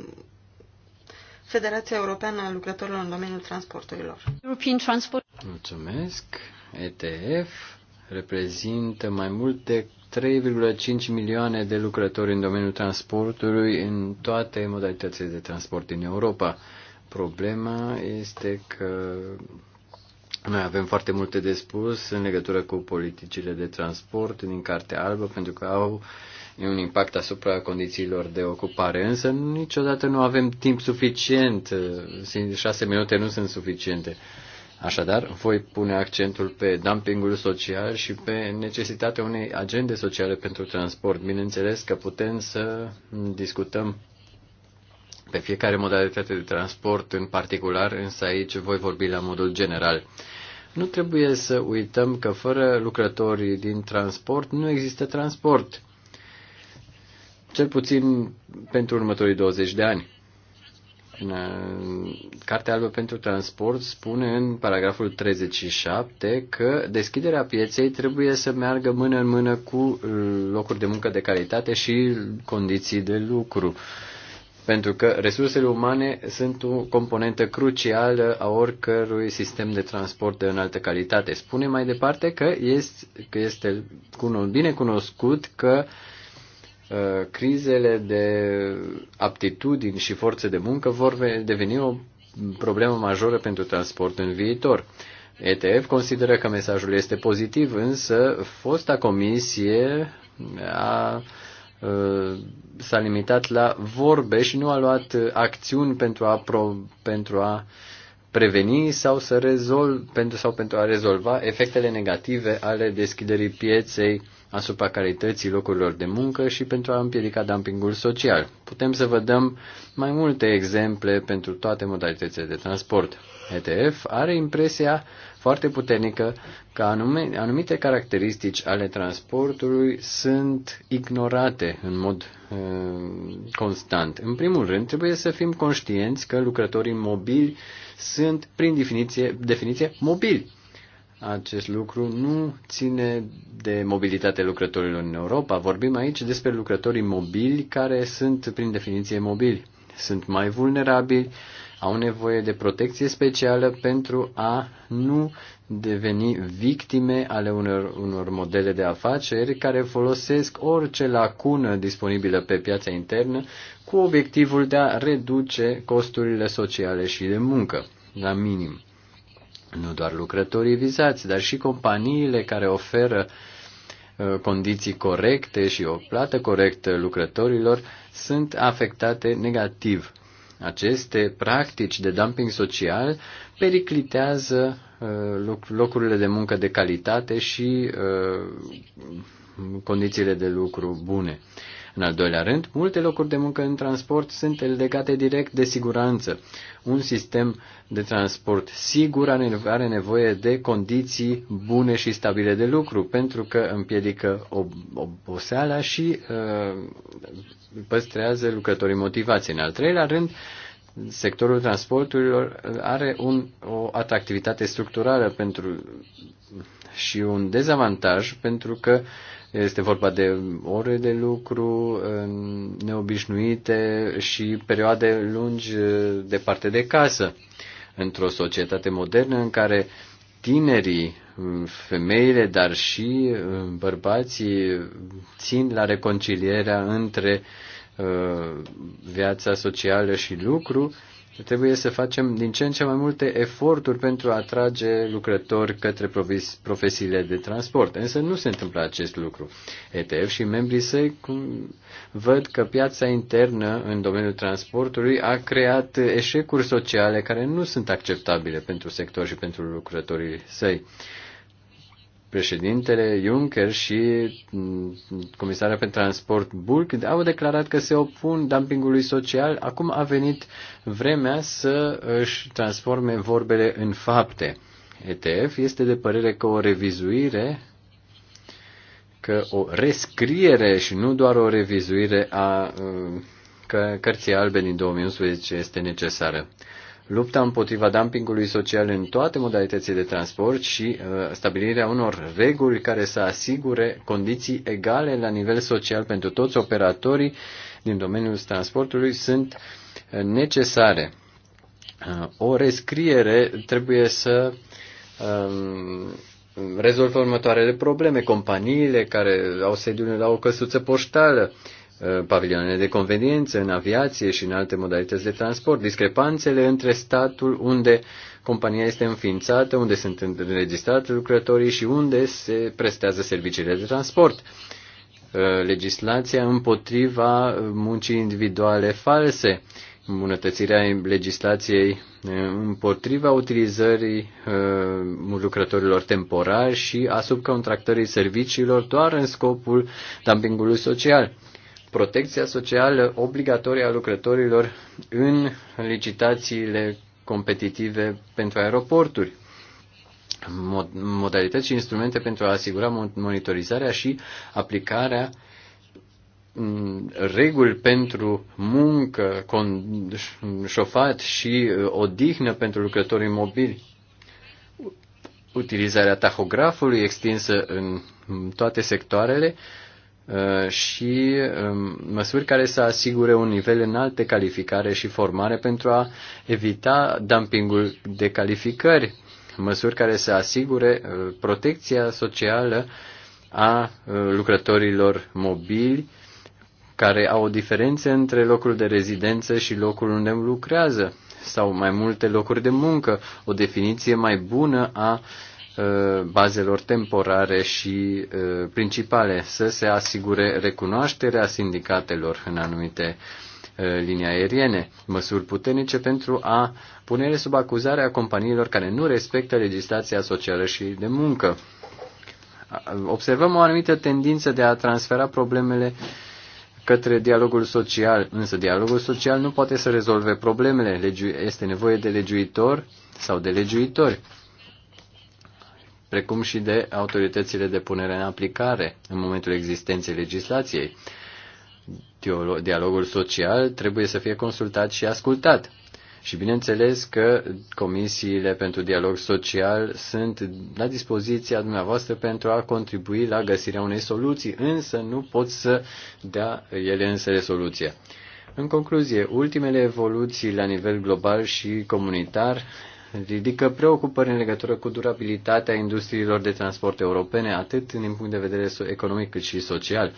Federația Europeană a Lucrătorilor în domeniul transporturilor. European Transport. Mulțumesc. ETF reprezintă mai mult de 3,5 milioane de lucrători în domeniul transportului în toate modalitățile de transport din Europa. Problema este că noi avem foarte multe de spus în legătură cu politicile de transport din Cartea Albă, pentru că au un impact asupra condițiilor de ocupare, însă niciodată nu avem timp suficient, șase minute nu sunt suficiente. Așadar, voi pune accentul pe dumpingul social și pe necesitatea unei agende sociale pentru transport. Bineînțeles că putem să discutăm pe fiecare modalitate de transport în particular, însă aici voi vorbi la modul general. Nu trebuie să uităm că fără lucrătorii din transport nu există transport, cel puțin pentru următorii 20 de ani. Cartea albă pentru transport spune în paragraful 37 că deschiderea pieței trebuie să meargă mână în mână cu uh, locuri de muncă de calitate și condiții de lucru. Pentru că resursele umane sunt o componentă crucială a oricărui sistem de transport de înaltă calitate. Spune mai departe că este, că este bine cunoscut că uh, Uh, crizele de aptitudini și forțe de muncă vor deveni o problemă majoră pentru transport în viitor. ETF consideră că mesajul este pozitiv, însă fosta comisie a, uh, s-a limitat la vorbe și nu a luat acțiuni pentru a, pro, pentru a preveni sau să rezolv, pentru, sau pentru a rezolva efectele negative ale deschiderii pieței asupra calității locurilor de muncă și pentru a împiedica dumpingul social. Putem să vă dăm mai multe exemple pentru toate modalitățile de transport. ETF are impresia foarte puternică că anume, anumite caracteristici ale transportului sunt ignorate în mod uh, constant. În primul rând, trebuie să fim conștienți că lucrătorii mobili sunt, prin definiție, definiție mobili acest lucru nu ține de mobilitatea lucrătorilor în Europa. Vorbim aici despre lucrătorii mobili care sunt, prin definiție, mobili. Sunt mai vulnerabili, au nevoie de protecție specială pentru a nu deveni victime ale unor, unor modele de afaceri care folosesc orice lacună disponibilă pe piața internă cu obiectivul de a reduce costurile sociale și de muncă la minim nu doar lucrătorii vizați, dar și companiile care oferă uh, condiții corecte și o plată corectă lucrătorilor sunt afectate negativ. Aceste practici de dumping social periclitează uh, locurile de muncă de calitate și uh, condițiile de lucru bune. În al doilea rând, multe locuri de muncă în transport sunt legate direct de siguranță. Un sistem de transport sigur are nevoie de condiții bune și stabile de lucru, pentru că împiedică oboseala și uh, păstrează lucrătorii motivați. În al treilea rând, sectorul transporturilor are un, o atractivitate structurală pentru și un dezavantaj pentru că este vorba de ore de lucru neobișnuite și perioade lungi uh, departe de casă. Într-o societate modernă în care tinerii, uh, femeile, dar și uh, bărbații țin la reconcilierea între viața socială și lucru, Trebuie să facem din ce în ce mai multe eforturi pentru a atrage lucrători către profesiile de transport. Însă nu se întâmplă acest lucru. ETF și membrii săi văd că piața internă în domeniul transportului a creat eșecuri sociale care nu sunt acceptabile pentru sector și pentru lucrătorii săi. Președintele Juncker și mm, Comisarea pe Transport Bulc au declarat că se opun dumpingului social. Acum a venit vremea să își transforme vorbele în fapte. ETF este de părere că o revizuire că o rescriere și nu doar o revizuire a mm, că cărții albe din 2011 este necesară lupta împotriva dumpingului social în toate modalitățile de transport și uh, stabilirea unor reguli care să asigure condiții egale la nivel social pentru toți operatorii din domeniul transportului sunt uh, necesare. Uh, o rescriere trebuie să um, rezolvă următoarele probleme. Companiile care au sediul la o căsuță poștală Uh, pavilioane de conveniență în aviație și în alte modalități de transport, discrepanțele între statul unde compania este înființată, unde sunt înregistrați lucrătorii și unde se prestează serviciile de transport. Uh, legislația împotriva muncii individuale false, îmbunătățirea legislației uh, împotriva utilizării lucrătorilor temporari și a subcontractării serviciilor doar în scopul dumpingului social protecția socială obligatorie a lucrătorilor în licitațiile competitive pentru aeroporturi, modalități și instrumente pentru a asigura monitorizarea și aplicarea reguli pentru muncă, șofat și uh, odihnă pentru lucrătorii mobili, utilizarea tahografului extinsă în toate sectoarele, Uh, și um, măsuri care să asigure un nivel înalt de calificare și formare pentru a evita dumpingul de calificări, măsuri care să asigure uh, protecția socială a uh, lucrătorilor mobili care au o diferență între locul de rezidență și locul unde lucrează sau mai multe locuri de muncă, o definiție mai bună a uh, Uh, bazelor temporare și uh, principale, să se asigure recunoașterea sindicatelor în anumite uh, linii aeriene, măsuri puternice pentru a pune sub acuzare a companiilor care nu respectă legislația socială și de muncă. Observăm o anumită tendință de a transfera problemele către dialogul social, însă dialogul social nu poate să rezolve problemele. Este nevoie de legiuitor sau de legiuitori precum și de autoritățile de punere în aplicare în momentul existenței legislației. Dialogul social trebuie să fie consultat și ascultat. Și bineînțeles că comisiile pentru dialog social sunt la dispoziția dumneavoastră pentru a contribui la găsirea unei soluții, însă nu pot să dea ele însă soluția. În concluzie, ultimele evoluții la nivel global și comunitar ridică preocupări în legătură cu durabilitatea industriilor de transport europene, atât din punct de vedere economic cât și social.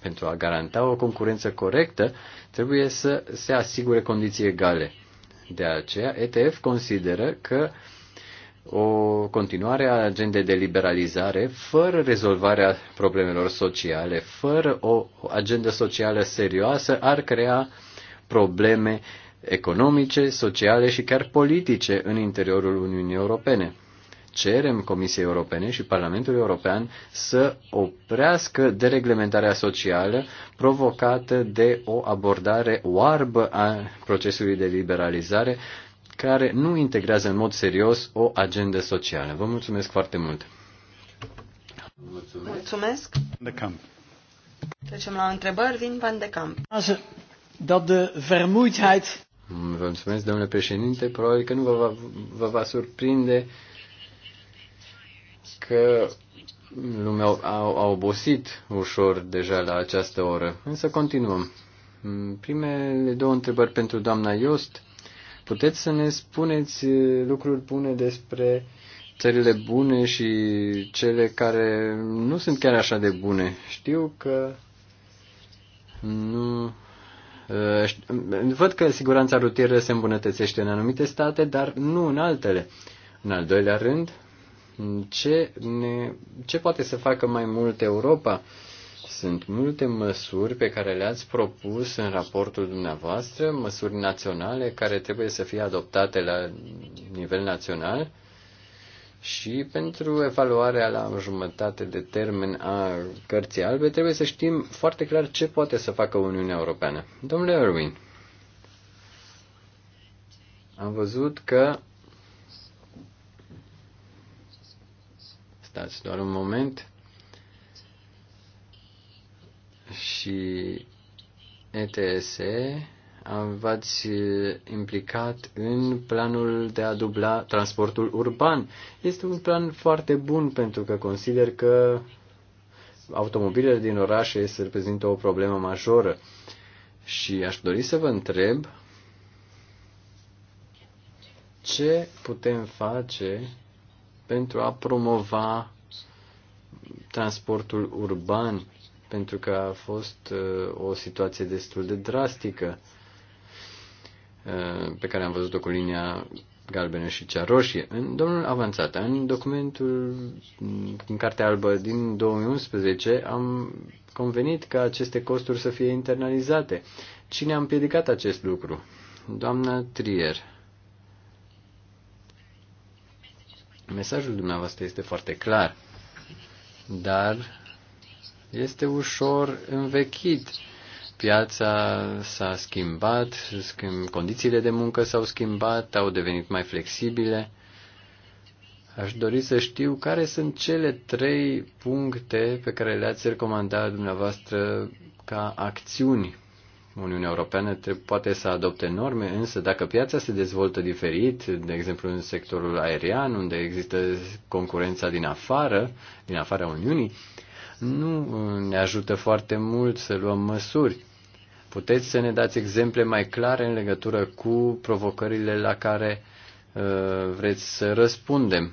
Pentru a garanta o concurență corectă, trebuie să se asigure condiții egale. De aceea, ETF consideră că o continuare a agendei de liberalizare, fără rezolvarea problemelor sociale, fără o agendă socială serioasă, ar crea probleme economice, sociale și chiar politice în interiorul Uniunii Europene. Cerem Comisiei Europene și Parlamentului European să oprească dereglementarea socială provocată de o abordare oarbă a procesului de liberalizare care nu integrează în mod serios o agendă socială. Vă mulțumesc foarte mult! Mulțumesc! Trecem la întrebări. Vin Van de Camp dat de vermoeidheid. Vă mulțumesc, domnule președinte. Probabil că nu vă va, vă va surprinde că lumea a, a obosit ușor deja la această oră. Însă continuăm. Primele două întrebări pentru doamna Iost. Puteți să ne spuneți lucruri bune despre țările bune și cele care nu sunt chiar așa de bune? Știu că nu Uh, văd că siguranța rutieră se îmbunătățește în anumite state, dar nu în altele. În al doilea rând, ce, ne, ce poate să facă mai mult Europa? Sunt multe măsuri pe care le-ați propus în raportul dumneavoastră, măsuri naționale care trebuie să fie adoptate la nivel național și pentru evaluarea la jumătate de termen a cărții albe trebuie să știm foarte clar ce poate să facă Uniunea Europeană. Domnule Erwin, am văzut că stați doar un moment și ETSE v-ați eh, implicat în planul de a dubla transportul urban. Este un plan foarte bun pentru că consider că automobilele din orașe se reprezintă o problemă majoră. Și aș dori să vă întreb ce putem face pentru a promova transportul urban, pentru că a fost eh, o situație destul de drastică. Uh, pe care am văzut-o cu linia galbenă și cea roșie. În domnul avanțată, în documentul, în cartea albă din 2011, am convenit ca aceste costuri să fie internalizate. Cine a împiedicat acest lucru? Doamna Trier. Mesajul dumneavoastră este foarte clar, dar este ușor învechit piața s-a schimbat, condițiile de muncă s-au schimbat, au devenit mai flexibile. Aș dori să știu care sunt cele trei puncte pe care le-ați recomandat dumneavoastră ca acțiuni. Uniunea Europeană poate să adopte norme, însă dacă piața se dezvoltă diferit, de exemplu în sectorul aerian, unde există concurența din afară, din afara Uniunii, nu ne ajută foarte mult să luăm măsuri. Puteți să ne dați exemple mai clare în legătură cu provocările la care uh, vreți să răspundem?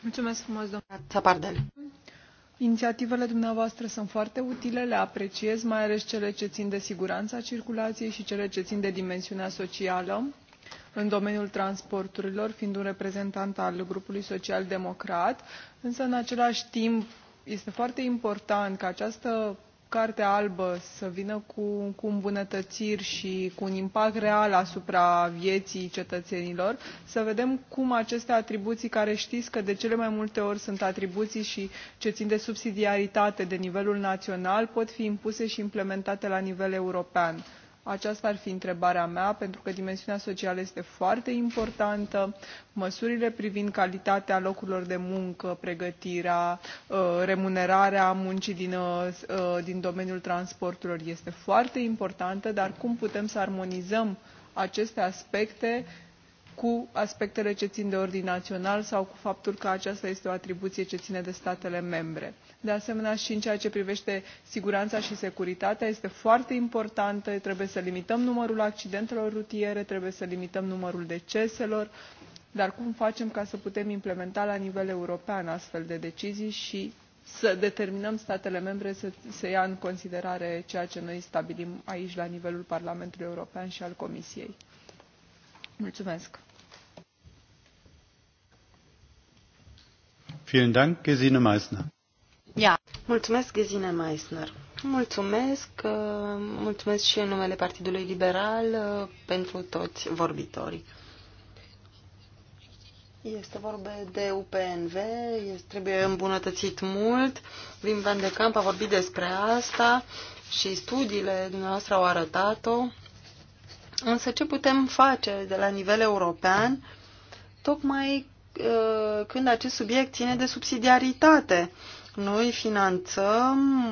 Mulțumesc frumos, domnule Țapardel. Inițiativele dumneavoastră sunt foarte utile, le apreciez, mai ales cele ce țin de siguranța circulației și cele ce țin de dimensiunea socială în domeniul transporturilor, fiind un reprezentant al grupului social-democrat, însă în același timp este foarte important că această Cartea albă să vină cu, cu îmbunătățiri și cu un impact real asupra vieții cetățenilor, să vedem cum aceste atribuții, care știți că de cele mai multe ori sunt atribuții și ce țin de subsidiaritate de nivelul național, pot fi impuse și implementate la nivel european aceasta ar fi întrebarea mea, pentru că dimensiunea socială este foarte importantă. Măsurile privind calitatea locurilor de muncă, pregătirea, uh, remunerarea muncii uh, uh, din, domeniul transporturilor este foarte importantă, dar cum putem să armonizăm aceste aspecte cu aspectele ce țin de ordin național sau cu faptul că aceasta este o atribuție ce ține de statele membre. De asemenea, și în ceea ce privește siguranța și securitatea, este foarte importantă, trebuie să limităm numărul accidentelor rutiere, trebuie să limităm numărul deceselor, dar cum facem ca să putem implementa la nivel european astfel de decizii și să determinăm statele membre să, să ia în considerare ceea ce noi stabilim aici la nivelul Parlamentului European și al Comisiei. Mulțumesc. Vielen Dank, Gesine Meissner. Ja. Mulțumesc, Gesine Meissner. Mulțumesc, uh, mulțumesc și în numele Partidului Liberal uh, pentru toți vorbitorii. Este vorba de UPNV, este, trebuie îmbunătățit mult. Vin Van de Camp a vorbit despre asta și studiile dumneavoastră au arătat-o. Însă ce putem face de la nivel european tocmai Uh, când acest subiect ține de subsidiaritate. Noi finanțăm,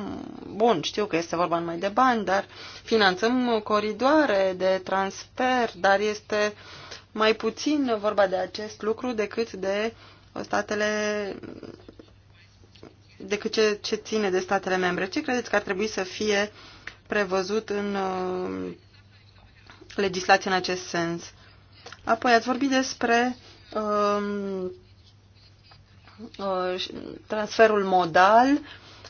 bun, știu că este vorba numai de bani, dar finanțăm coridoare de transfer, dar este mai puțin vorba de acest lucru decât de statele decât ce, ce ține de statele membre. Ce credeți că ar trebui să fie prevăzut în uh, legislație în acest sens? Apoi ați vorbit despre Um, uh, transferul modal.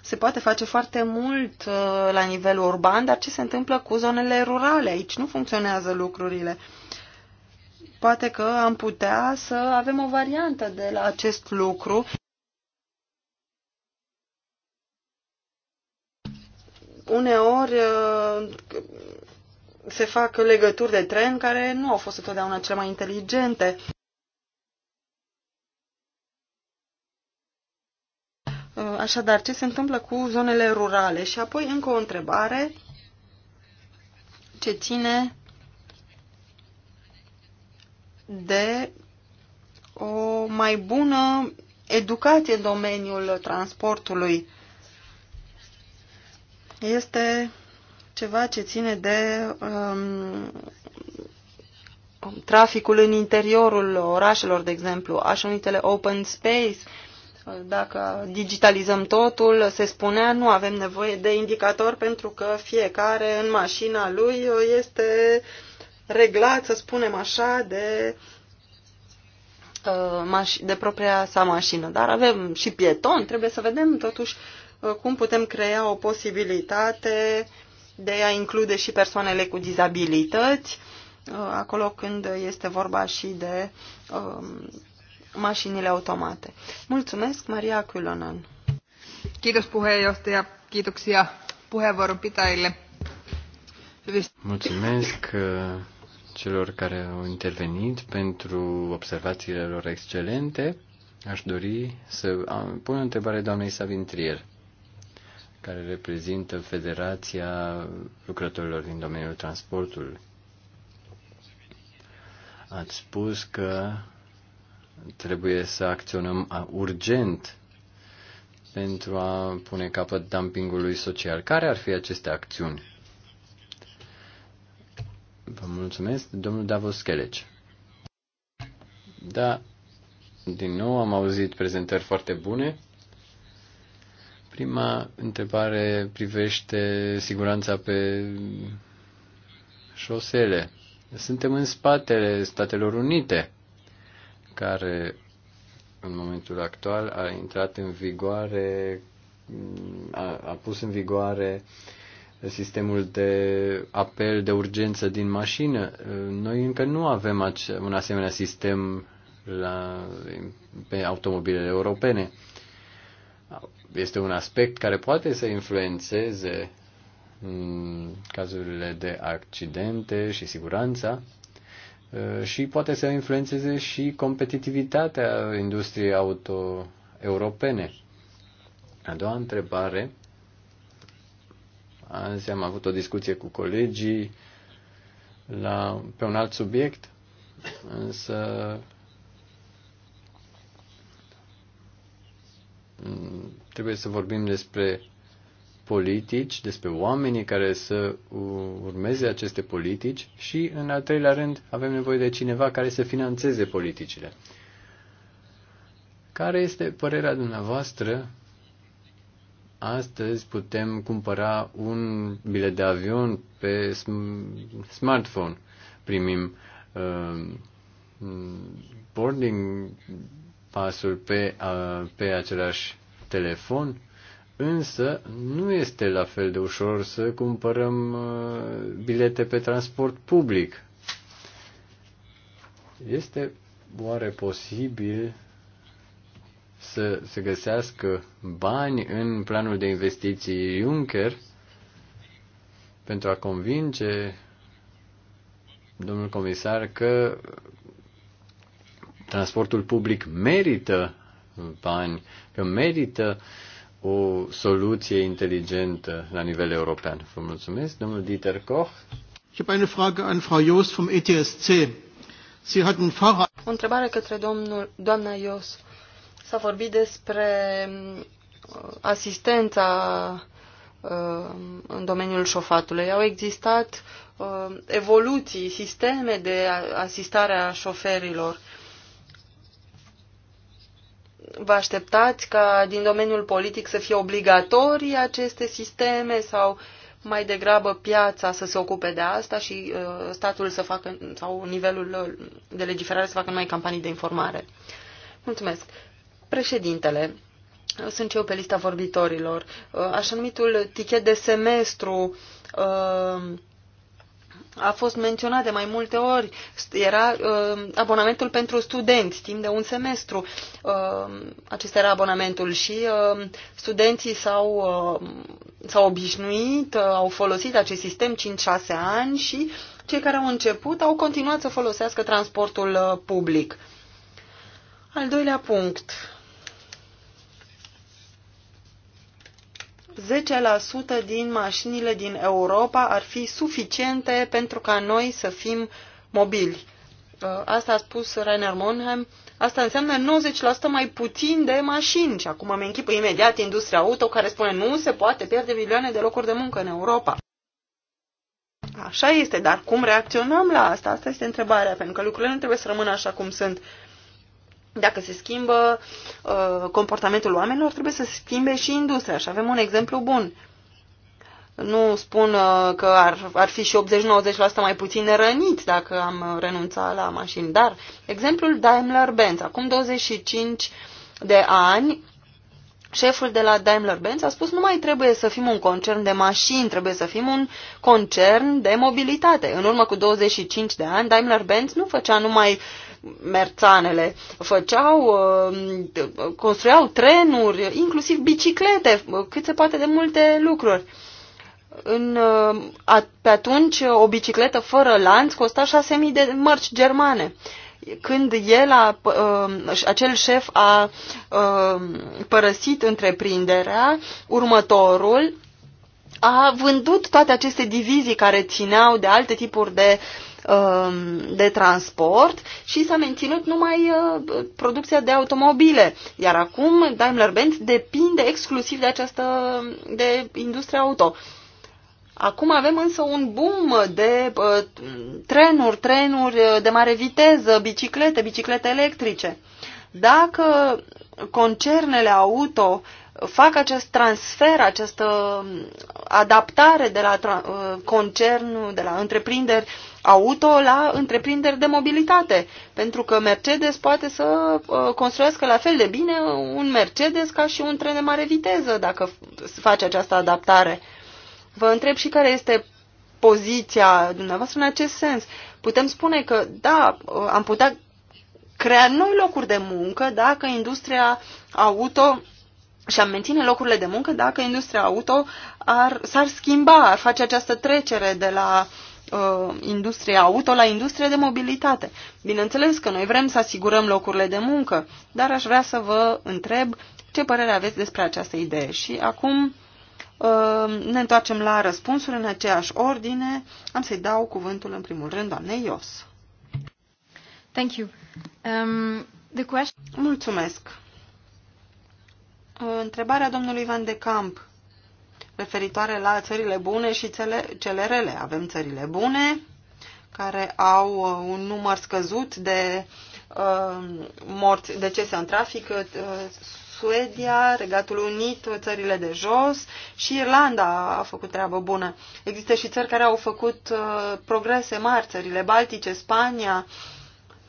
Se poate face foarte mult uh, la nivel urban, dar ce se întâmplă cu zonele rurale? Aici nu funcționează lucrurile. Poate că am putea să avem o variantă de la acest lucru. Uneori uh, se fac legături de tren care nu au fost întotdeauna cele mai inteligente. Uh, așadar, ce se întâmplă cu zonele rurale? Și apoi încă o întrebare ce ține de o mai bună educație în domeniul transportului. Este ceva ce ține de um, traficul în interiorul orașelor, de exemplu, așa numitele open space, dacă digitalizăm totul, se spunea, nu avem nevoie de indicator pentru că fiecare în mașina lui este reglat, să spunem așa, de, uh, de propria sa mașină. Dar avem și pieton, trebuie să vedem totuși uh, cum putem crea o posibilitate de a include și persoanele cu dizabilități, uh, acolo când este vorba și de um, mașinile automate. Mulțumesc, Maria Kylonen. Kiitos puheenjohtaja, kiitoksia puheenvuoron pitäjille. Mulțumesc uh, celor care au intervenit pentru observațiile lor excelente. Aș dori să pun o întrebare doamnei Savintrier, care reprezintă Federația Lucrătorilor din domeniul transportului. Ați spus că trebuie să acționăm urgent pentru a pune capăt dumpingului social. Care ar fi aceste acțiuni? Vă mulțumesc, domnul Davos Kelec. Da, din nou am auzit prezentări foarte bune. Prima întrebare privește siguranța pe șosele. Suntem în spatele Statelor Unite care în momentul actual a intrat în vigoare, a, a pus în vigoare sistemul de apel de urgență din mașină. Noi încă nu avem ace- un asemenea sistem la, pe automobilele europene. Este un aspect care poate să influențeze mm, cazurile de accidente și siguranța, Uh, și poate să influențeze și competitivitatea industriei auto europene. A doua întrebare. Azi am avut o discuție cu colegii la, pe un alt subiect, însă trebuie să vorbim despre politici, despre oamenii care să urmeze aceste politici și, în al treilea rând, avem nevoie de cineva care să financeze politicile. Care este părerea dumneavoastră? Astăzi putem cumpăra un bilet de avion pe smartphone. Primim uh, boarding pasul pe, uh, pe același telefon Însă nu este la fel de ușor să cumpărăm uh, bilete pe transport public. Este oare posibil să se găsească bani în planul de investiții Juncker pentru a convinge domnul comisar că transportul public merită bani, că merită uh, o soluție inteligentă la nivel european. Vă mulțumesc, domnul Dieter Koch. Ich habe eine Frage an Frau Joost vom ETSC. Sie hat ein Fahrrad. O întrebare către domnul, doamna Joost. S-a vorbit despre uh, asistența uh, în domeniul șofatului. Au existat uh, evoluții, sisteme de asistare a șoferilor vă așteptați ca din domeniul politic să fie obligatorii aceste sisteme sau mai degrabă piața să se ocupe de asta și uh, statul să facă, sau nivelul de legiferare să facă mai campanii de informare. Mulțumesc. Președintele, sunt eu pe lista vorbitorilor. Uh, așa numitul tichet de semestru uh, a fost menționat de mai multe ori, era uh, abonamentul pentru studenți, timp de un semestru. Uh, acesta era abonamentul și uh, studenții s-au, uh, s-au obișnuit, uh, au folosit acest sistem 5-6 ani și cei care au început au continuat să folosească transportul uh, public. Al doilea punct 10% din mașinile din Europa ar fi suficiente pentru ca noi să fim mobili. Uh, asta a spus Rainer Monheim. Asta înseamnă 90% mai puțin de mașini. Și acum îmi închipă imediat industria auto care spune nu se poate pierde milioane de locuri de muncă în Europa. Așa este, dar cum reacționăm la asta? Asta este întrebarea, pentru că lucrurile nu trebuie să rămână așa cum sunt. Dacă se schimbă uh, comportamentul oamenilor, trebuie să se schimbe și industria. Și avem un exemplu bun. Nu spun uh, că ar, ar fi și 80-90% mai puțin rănit dacă am renunțat la mașini, dar exemplul Daimler-Benz. Acum 25 de ani, șeful de la Daimler-Benz a spus nu mai trebuie să fim un concern de mașini, trebuie să fim un concern de mobilitate. În urmă cu 25 de ani, Daimler-Benz nu făcea numai merțanele, făceau, uh, construiau trenuri, inclusiv biciclete, cât se poate de multe lucruri. În, uh, a, pe atunci o bicicletă fără lanț costa 6.000 de mărci germane. Când el a, uh, acel șef a părăsit întreprinderea, următorul a vândut toate aceste divizii care țineau de alte tipuri de uh, Um, de transport și s-a menținut numai uh, producția de automobile. Iar acum Daimler-Benz depinde exclusiv de această de industria auto. Acum avem însă un boom de uh, trenuri, trenuri uh, de mare viteză, biciclete, biciclete electrice. Dacă concernele auto fac acest transfer, această adaptare de la concernul, de la întreprinderi auto la întreprinderi de mobilitate, pentru că Mercedes poate să uh, construiască la fel de bine un Mercedes ca și un tren de mare viteză dacă face această adaptare. Vă întreb și care este poziția dumneavoastră în acest sens. Putem spune că, da, uh, am putea crea noi locuri de muncă dacă industria auto și am menține locurile de muncă dacă industria auto ar, s-ar schimba, ar face această trecere de la uh, uh, industrie auto la industrie de mobilitate. Bineînțeles că noi vrem să asigurăm locurile de muncă, dar aș vrea să vă întreb ce părere aveți despre această idee. Și acum uh, ne întoarcem la răspunsuri în aceeași ordine. Am să-i dau cuvântul în primul rând doamnei Ios. Thank you. Um, the question... Mulțumesc. Uh, întrebarea domnului Van de Camp referitoare la țările bune și cele, cele rele. Avem țările bune, care au uh, un număr scăzut de uh, morți, decese în trafic, uh, Suedia, Regatul Unit, uh, țările de jos și Irlanda a făcut treabă bună. Există și țări care au făcut uh, progrese mari, țările Baltice, Spania.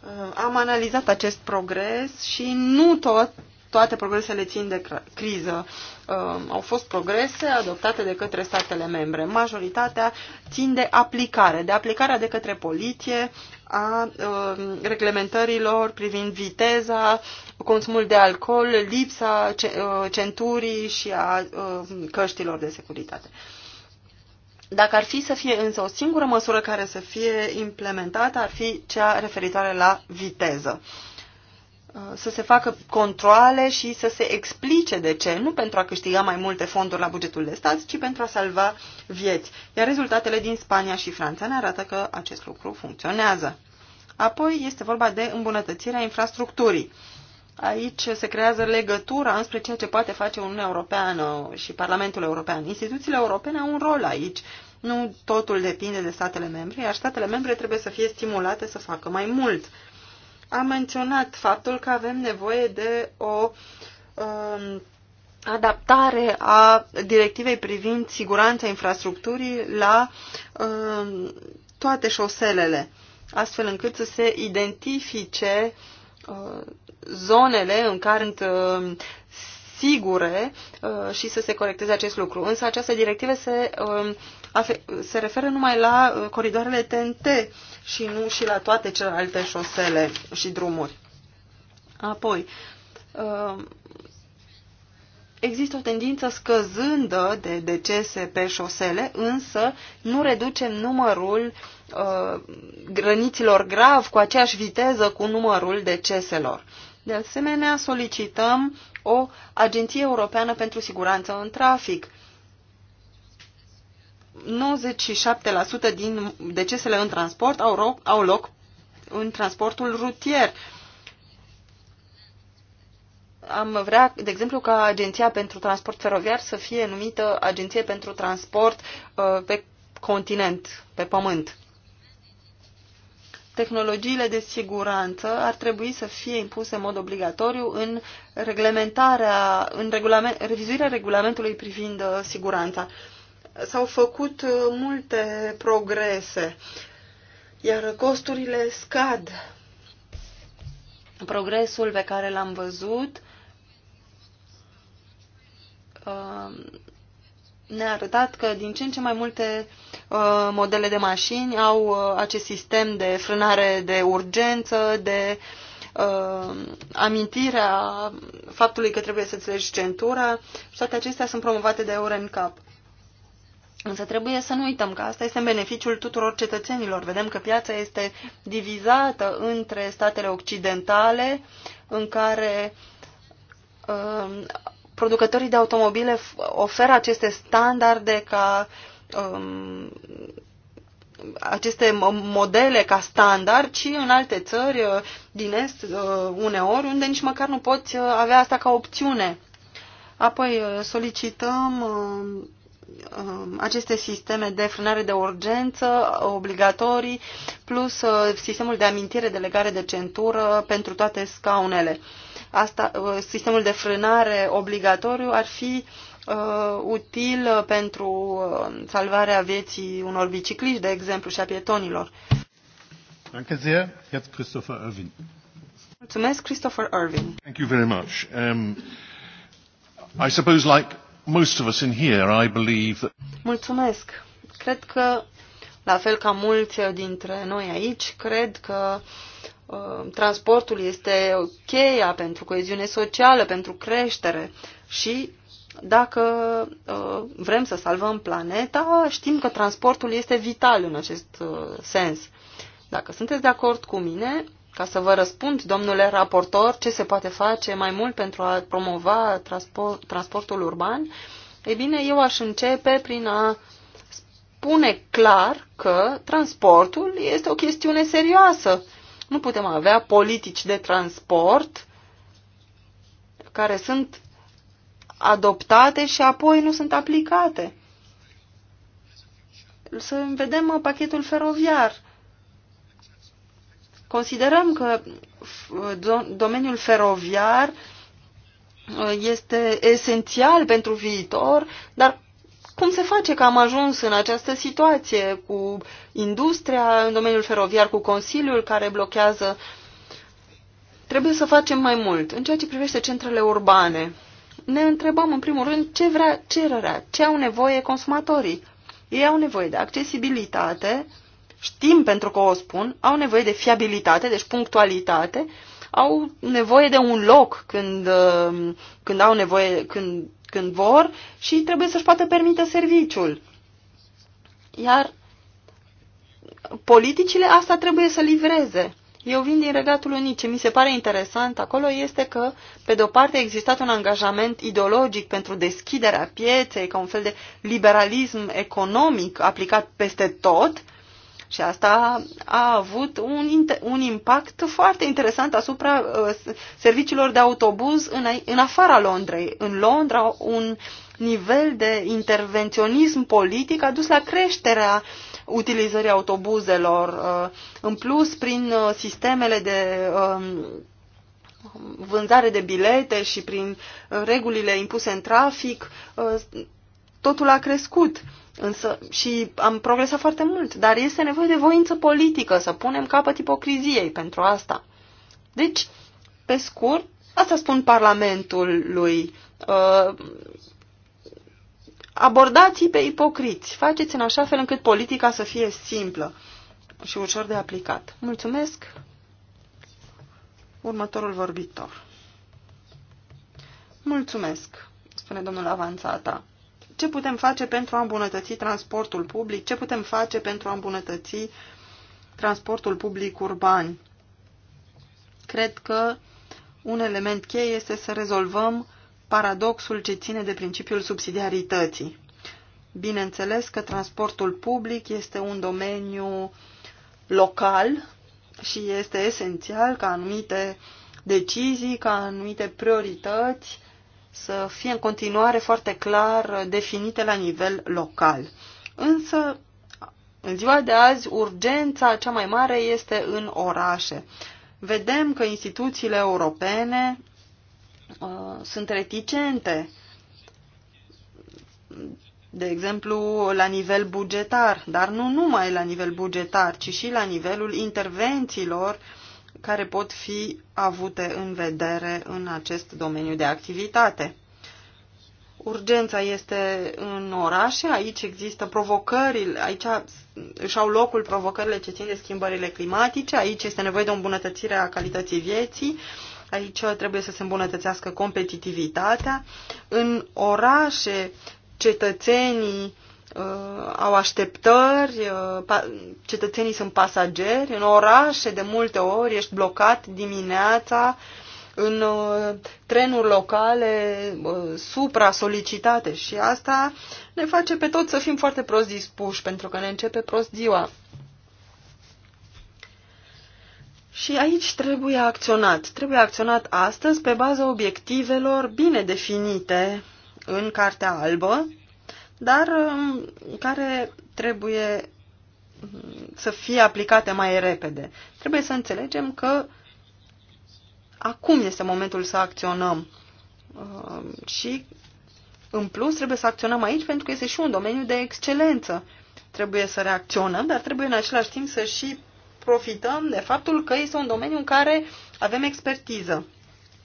Uh, am analizat acest progres și nu tot toate progresele țin de criză. Um, au fost progrese adoptate de către statele membre. Majoritatea țin de aplicare, de aplicarea de către poliție a um, reglementărilor privind viteza, consumul de alcool, lipsa uh, centurii și a um, căștilor de securitate. Dacă ar fi să fie însă o singură măsură care să fie implementată, ar fi cea referitoare la viteză. Uh, Uh, să se facă controle și să se explice de ce, nu pentru a câștiga mai multe fonduri la bugetul de stat, ci pentru a salva vieți. Iar rezultatele din Spania și Franța ne arată că acest lucru funcționează. Apoi este vorba de îmbunătățirea infrastructurii. Aici se creează legătura înspre ceea ce poate face Uniunea Europeană și Parlamentul European. Instituțiile europene au un rol aici. Nu totul depinde de statele membre, iar statele membre trebuie să fie stimulate să facă mai mult a menționat faptul că avem nevoie de o um, adaptare a directivei privind siguranța infrastructurii la um, toate șoselele, astfel încât să se identifice uh, zonele în care sunt uh, sigure uh, și să se corecteze acest lucru. Însă această directivă se uh, se referă numai la uh, coridoarele TNT și nu și la toate celelalte șosele și drumuri. Apoi, uh, există o tendință scăzândă de decese pe șosele, însă nu reducem numărul uh, grăniților grav cu aceeași viteză cu numărul deceselor. De asemenea, solicităm o Agenție Europeană pentru Siguranță în Trafic, 97% din decesele în transport au, loc, au loc în transportul rutier. Am vrea, de exemplu, ca Agenția pentru Transport Feroviar să fie numită Agenție pentru Transport uh, pe continent, pe pământ. Tehnologiile de siguranță ar trebui să fie impuse în mod obligatoriu în reglementarea, în regulament, revizuirea regulamentului privind uh, siguranța. Uh, s-au făcut uh, multe progrese, iar costurile scad. Progresul pe care l-am văzut uh, ne-a arătat că din ce în ce mai multe uh, modele de mașini au acest sistem de frânare de urgență, de amintirea faptului că trebuie să-ți legi centura și toate acestea sunt promovate de Cap. Însă trebuie să nu uităm că asta este în beneficiul tuturor cetățenilor. Vedem că piața este divizată între statele occidentale, în care um, producătorii de automobile oferă aceste standarde ca um, aceste modele ca standard, și în alte țări uh, din Est uh, uneori, unde nici măcar nu poți uh, avea asta ca opțiune. Apoi solicităm Um, aceste sisteme de frânare de urgență uh, obligatorii, plus uh, sistemul de amintire de legare de centură pentru toate scaunele. Asta, uh, sistemul de frânare obligatoriu ar fi uh, util pentru salvarea vieții unor bicicliști, de exemplu, și a pietonilor. Danke sehr. Christopher Irving. Mulțumesc, Christopher Irving. Thank you very much. Um, I suppose like most of us in here, I believe that... Mulțumesc. Cred că, la fel ca mulți dintre noi aici, cred că uh, transportul este cheia pentru coeziune socială, pentru creștere și dacă uh, vrem să salvăm planeta, știm că transportul este vital în acest uh, sens. Dacă sunteți de acord cu mine, ca să vă răspund, domnule raportor, ce se poate face mai mult pentru a promova transport, transportul urban, e bine, eu aș începe prin a spune clar că transportul este o chestiune serioasă. Nu putem avea politici de transport care sunt adoptate și apoi nu sunt aplicate. Să vedem pachetul feroviar Considerăm că uh, domeniul feroviar uh, este esențial pentru viitor, dar cum se face că am ajuns în această situație cu industria în domeniul feroviar, cu Consiliul care blochează? Trebuie să facem mai mult. În ceea ce privește centrele urbane, ne întrebăm în primul rând ce vrea cererea, ce au nevoie consumatorii. Ei au nevoie de accesibilitate, știm pentru că o spun, au nevoie de fiabilitate, deci punctualitate, au nevoie de un loc când, uh, când au nevoie, când, când vor și trebuie să-și poată permite serviciul. Iar politicile asta trebuie să livreze. Eu vin din Regatul Unit. Ce mi se pare interesant acolo este că, pe de-o parte, a existat un angajament ideologic pentru deschiderea pieței, ca un fel de liberalism economic aplicat peste tot, și asta a avut un, un impact foarte interesant asupra uh, serviciilor de autobuz în, în afara Londrei. În Londra, un nivel de intervenționism politic a dus la creșterea utilizării autobuzelor. Uh, în plus, prin uh, sistemele de um, vânzare de bilete și prin uh, regulile impuse în trafic, uh, totul a crescut. Însă, și am progresat foarte mult, dar este nevoie de voință politică să punem capăt ipocriziei pentru asta. Deci, pe scurt, asta spun Parlamentul lui. Uh, abordați pe ipocriți, faceți în așa fel încât politica să fie simplă și ușor de aplicat. Mulțumesc! Următorul vorbitor. Mulțumesc, spune domnul Avanțata ce putem face pentru a îmbunătăți transportul public, ce putem face pentru a îmbunătăți transportul public urban. Cred că un element cheie este să rezolvăm paradoxul ce ține de principiul subsidiarității. Bineînțeles că transportul public este un domeniu local și este esențial ca anumite decizii, ca anumite priorități să fie în continuare foarte clar definite la nivel local. Însă, în ziua de azi, urgența cea mai mare este în orașe. Vedem că instituțiile europene uh, sunt reticente, de exemplu, la nivel bugetar, dar nu numai la nivel bugetar, ci și la nivelul intervențiilor uh, care pot fi avute în vedere în acest domeniu de activitate. Urgența este în orașe, aici există provocări, aici își au locul provocările ce țin de schimbările climatice, aici este nevoie de o îmbunătățire a calității vieții, aici trebuie să se îmbunătățească competitivitatea. În orașe, cetățenii uh, au așteptări, uh, cetățenii sunt pasageri, în orașe de multe ori ești blocat dimineața în uh, trenuri locale uh, supra-solicitate și asta ne face pe toți să fim foarte prost dispuși pentru că ne începe prost ziua. Și aici trebuie acționat. Trebuie acționat astăzi pe baza obiectivelor bine definite în Cartea Albă, dar um, care trebuie um, să fie aplicate mai repede. Trebuie să înțelegem că acum este momentul să acționăm um, și în plus trebuie să acționăm aici pentru că este și un domeniu de excelență. Trebuie să reacționăm, dar trebuie în același timp să și profităm de faptul că este un domeniu în care avem expertiză.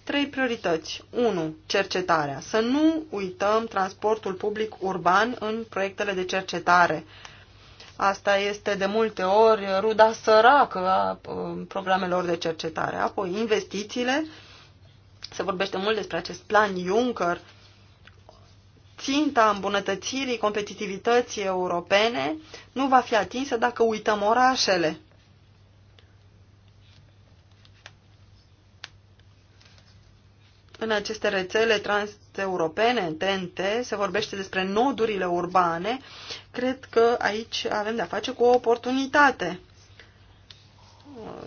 Trei priorități. 1. Cercetarea. Să nu uităm transportul public urban în proiectele de cercetare. Asta este de multe ori ruda săracă a um, programelor de cercetare. Apoi, investițiile. Se vorbește mult despre acest plan Juncker. Ținta îmbunătățirii competitivității europene nu va fi atinsă dacă uităm orașele. În aceste rețele transeuropene, în TNT, se vorbește despre nodurile urbane. Cred că aici avem de-a face cu o oportunitate.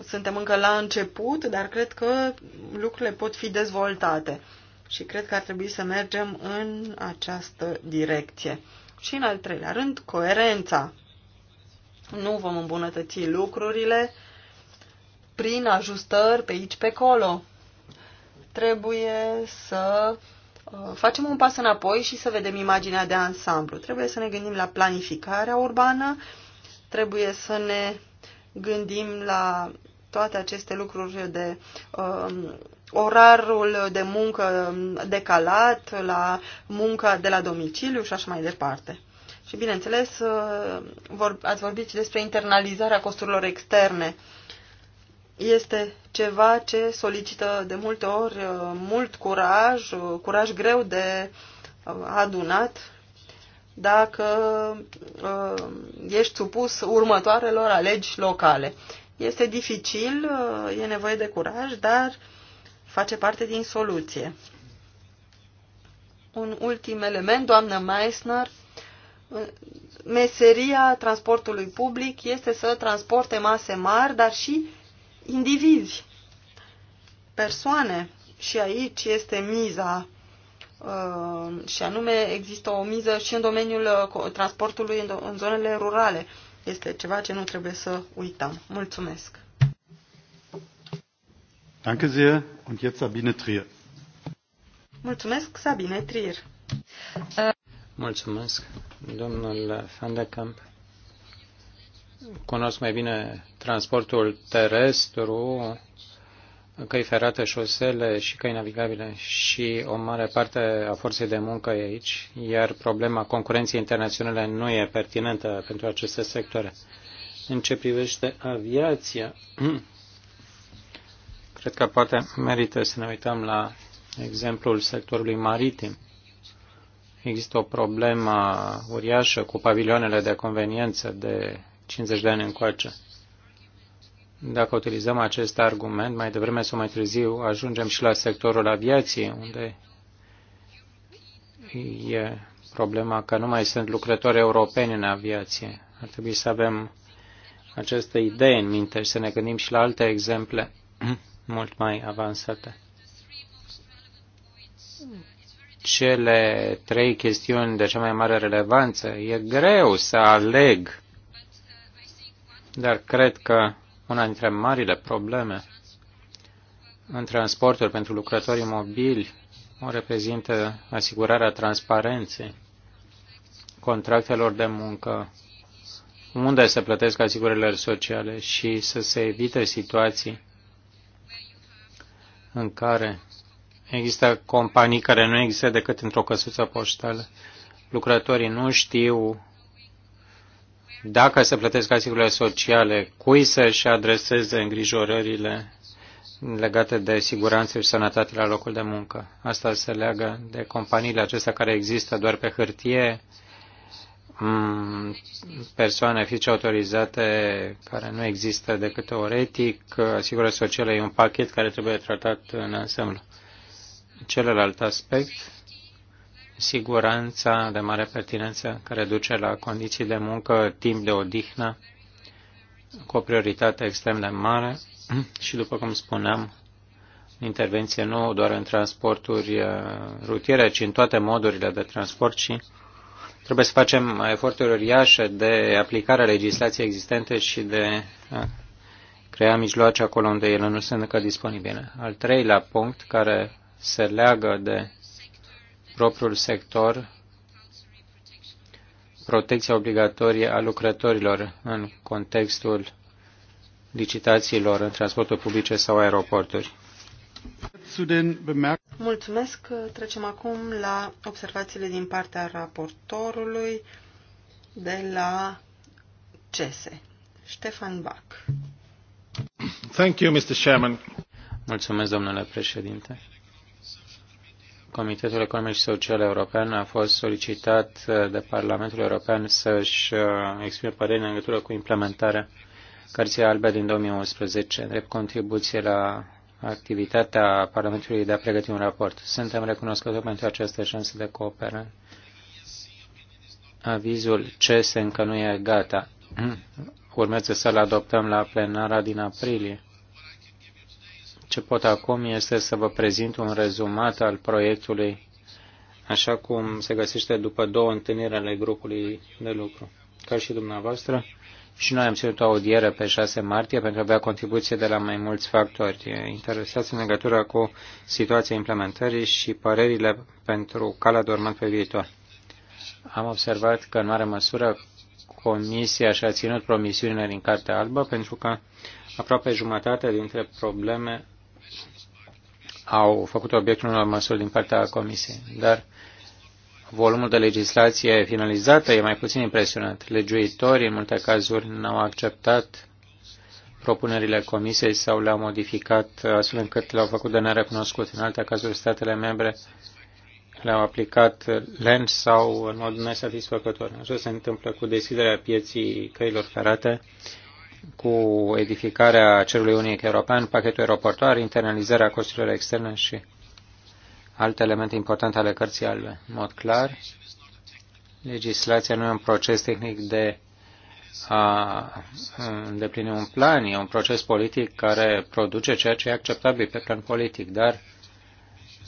Suntem încă la început, dar cred că lucrurile pot fi dezvoltate și cred că ar trebui să mergem în această direcție. Și în al treilea rând, coerența. Nu vom îmbunătăți lucrurile prin ajustări pe aici, pe acolo trebuie să uh, facem un pas înapoi și să vedem imaginea de ansamblu. Trebuie să ne gândim la planificarea urbană, trebuie să ne gândim la toate aceste lucruri de um, orarul de muncă decalat, la munca de la domiciliu și așa mai departe. Și bineînțeles, uh, vor, ați vorbit și despre internalizarea costurilor externe. Uh, este ceva ce solicită de multe ori uh, mult curaj, uh, curaj greu de uh, adunat dacă ești supus următoarelor alegi locale. Este dificil, e nevoie de curaj, dar face parte din soluție. Un ultim element, doamnă Meissner, meseria transportului public este să transporte mase mari, dar și indivizi, persoane. Și aici este miza uh, și anume există o miză și în domeniul uh, transportului în zonele rurale. Este ceva ce nu trebuie să uităm. Mulțumesc! Danke sehr und jetzt Sabine Trier. Mulțumesc, Sabine Trier. Mulțumesc, domnul Van cunosc mai bine transportul terestru, căi ferate, șosele și căi navigabile și o mare parte a forței de muncă e aici, iar problema concurenței internaționale nu e pertinentă pentru aceste sectoare. În ce privește aviația, (clears throat) cred că poate merită să ne uităm la exemplul sectorului maritim. Există o problemă uriașă cu pavilioanele de conveniență, de 50 de ani încoace. Dacă utilizăm acest argument, mai devreme sau mai târziu ajungem și la sectorul aviației, unde e problema că nu mai sunt lucrători europeni în aviație. Ar trebui să avem această idee în minte și să ne gândim și la alte exemple (clears throat) mult mai avansate. Cele trei chestiuni de cea mai mare relevanță, e greu să aleg dar cred că una dintre marile probleme în transportul pentru lucrătorii mobili o reprezintă asigurarea transparenței contractelor de muncă, unde se plătesc asigurările sociale și să se evite situații în care există companii care nu există decât într-o căsuță poștală. Lucrătorii nu știu dacă se plătesc asigurările sociale, cui să-și adreseze îngrijorările legate de siguranță și sănătate la locul de muncă. Asta se leagă de companiile acestea care există doar pe hârtie, mm, persoane fiice autorizate care nu există decât teoretic, asigurări sociale e un pachet care trebuie tratat în ansamblu. Celălalt aspect siguranța de mare pertinență care duce la condiții de muncă, timp de odihnă, cu o prioritate extrem de mare (clears throat) și, după cum spuneam, intervenție nu doar în transporturi uh, rutiere, ci în toate modurile de transport și trebuie să facem eforturi uriașe de aplicare a legislației existente și de a uh, crea mijloace acolo unde ele nu sunt încă disponibile. Al treilea punct care se leagă de propriul sector protecția obligatorie a lucrătorilor în contextul licitațiilor în transportul publice sau aeroporturi. Mulțumesc. Trecem acum la observațiile din partea raportorului de la CESE. Ștefan Bach. Thank you, Mr. Chairman. Mulțumesc, domnule președinte. Comitetul Economic și Social European a fost solicitat uh, de Parlamentul European să-și uh, exprime păreri în legătură cu implementarea Cărții Albe din 2011, drept contribuție la activitatea Parlamentului de a pregăti un raport. Suntem recunoscători pentru această șansă de cooperare. Avizul CES încă nu e gata. (clears throat) Urmează să-l adoptăm la plenara din aprilie ce pot acum este să vă prezint un rezumat al proiectului, așa cum se găsește după două întâlniri ale grupului de lucru. Ca și dumneavoastră, și noi am ținut o audiere pe 6 martie pentru a avea contribuție de la mai mulți factori interesați în legătură cu situația implementării și părerile pentru calea de pe viitor. Am observat că, în mare măsură, Comisia și-a ținut promisiunile din Cartea Albă pentru că aproape jumătate dintre probleme au făcut obiectul unor măsuri din partea Comisiei, dar volumul de legislație finalizată e mai puțin impresionant. Legiuitorii, în multe cazuri, n-au acceptat propunerile Comisiei sau le-au modificat astfel încât le-au făcut de nerecunoscut. În alte cazuri, statele membre le-au aplicat lent sau în mod nesatisfăcător. Așa se întâmplă cu deschiderea pieții căilor ferate cu edificarea cerului unic european, pachetul aeroportuar, internalizarea costurilor externe și alte elemente importante ale cărții albe. În mod clar, legislația nu e un proces tehnic de a îndeplini un plan, e un proces politic care produce ceea ce e acceptabil pe plan politic, dar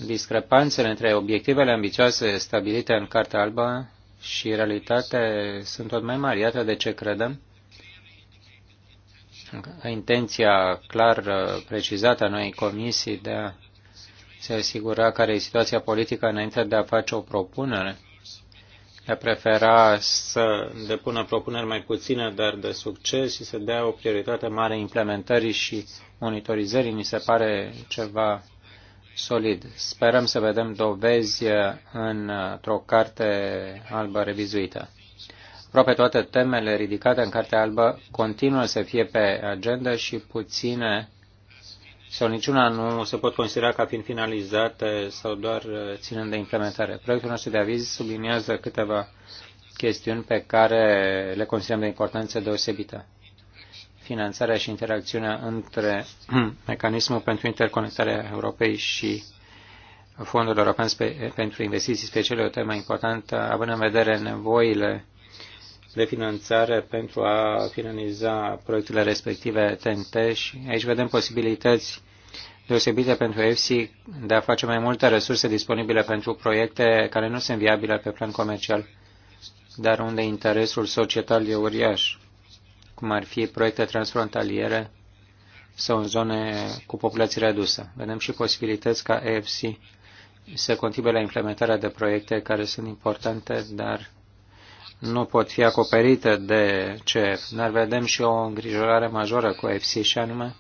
discrepanțele între obiectivele ambițioase stabilite în Cartea Albă și realitate sunt tot mai mari. Iată de ce credem intenția clar uh, precizată a noi comisii de a se asigura care e situația politică înainte de a face o propunere. Le prefera să depună propuneri mai puține, dar de succes și să dea o prioritate mare implementării și monitorizării. Mi se pare ceva solid. Sperăm să vedem dovezi uh, într-o carte albă revizuită. Aproape toate temele ridicate în Cartea Albă continuă să fie pe agenda și puține sau niciuna nu se pot considera ca fiind finalizate sau doar uh, ținând de implementare. Proiectul nostru de aviz subliniază câteva chestiuni pe care le considerăm de importanță deosebită. Finanțarea și interacțiunea între (clears throat) mecanismul pentru interconectarea Europei și fondul european pentru investiții speciale o temă importantă, având în vedere nevoile de finanțare pentru a finaliza proiectele respective TNT și aici vedem posibilități deosebite pentru EFSI de a face mai multe resurse disponibile pentru proiecte care nu sunt viabile pe plan comercial, dar unde interesul societal e uriaș, cum ar fi proiecte transfrontaliere sau în zone cu populație redusă. Vedem și posibilități ca EFSI să contribuie la implementarea de proiecte care sunt importante, dar nu pot fi acoperite de CF. Dar vedem și o îngrijorare majoră cu FC și anume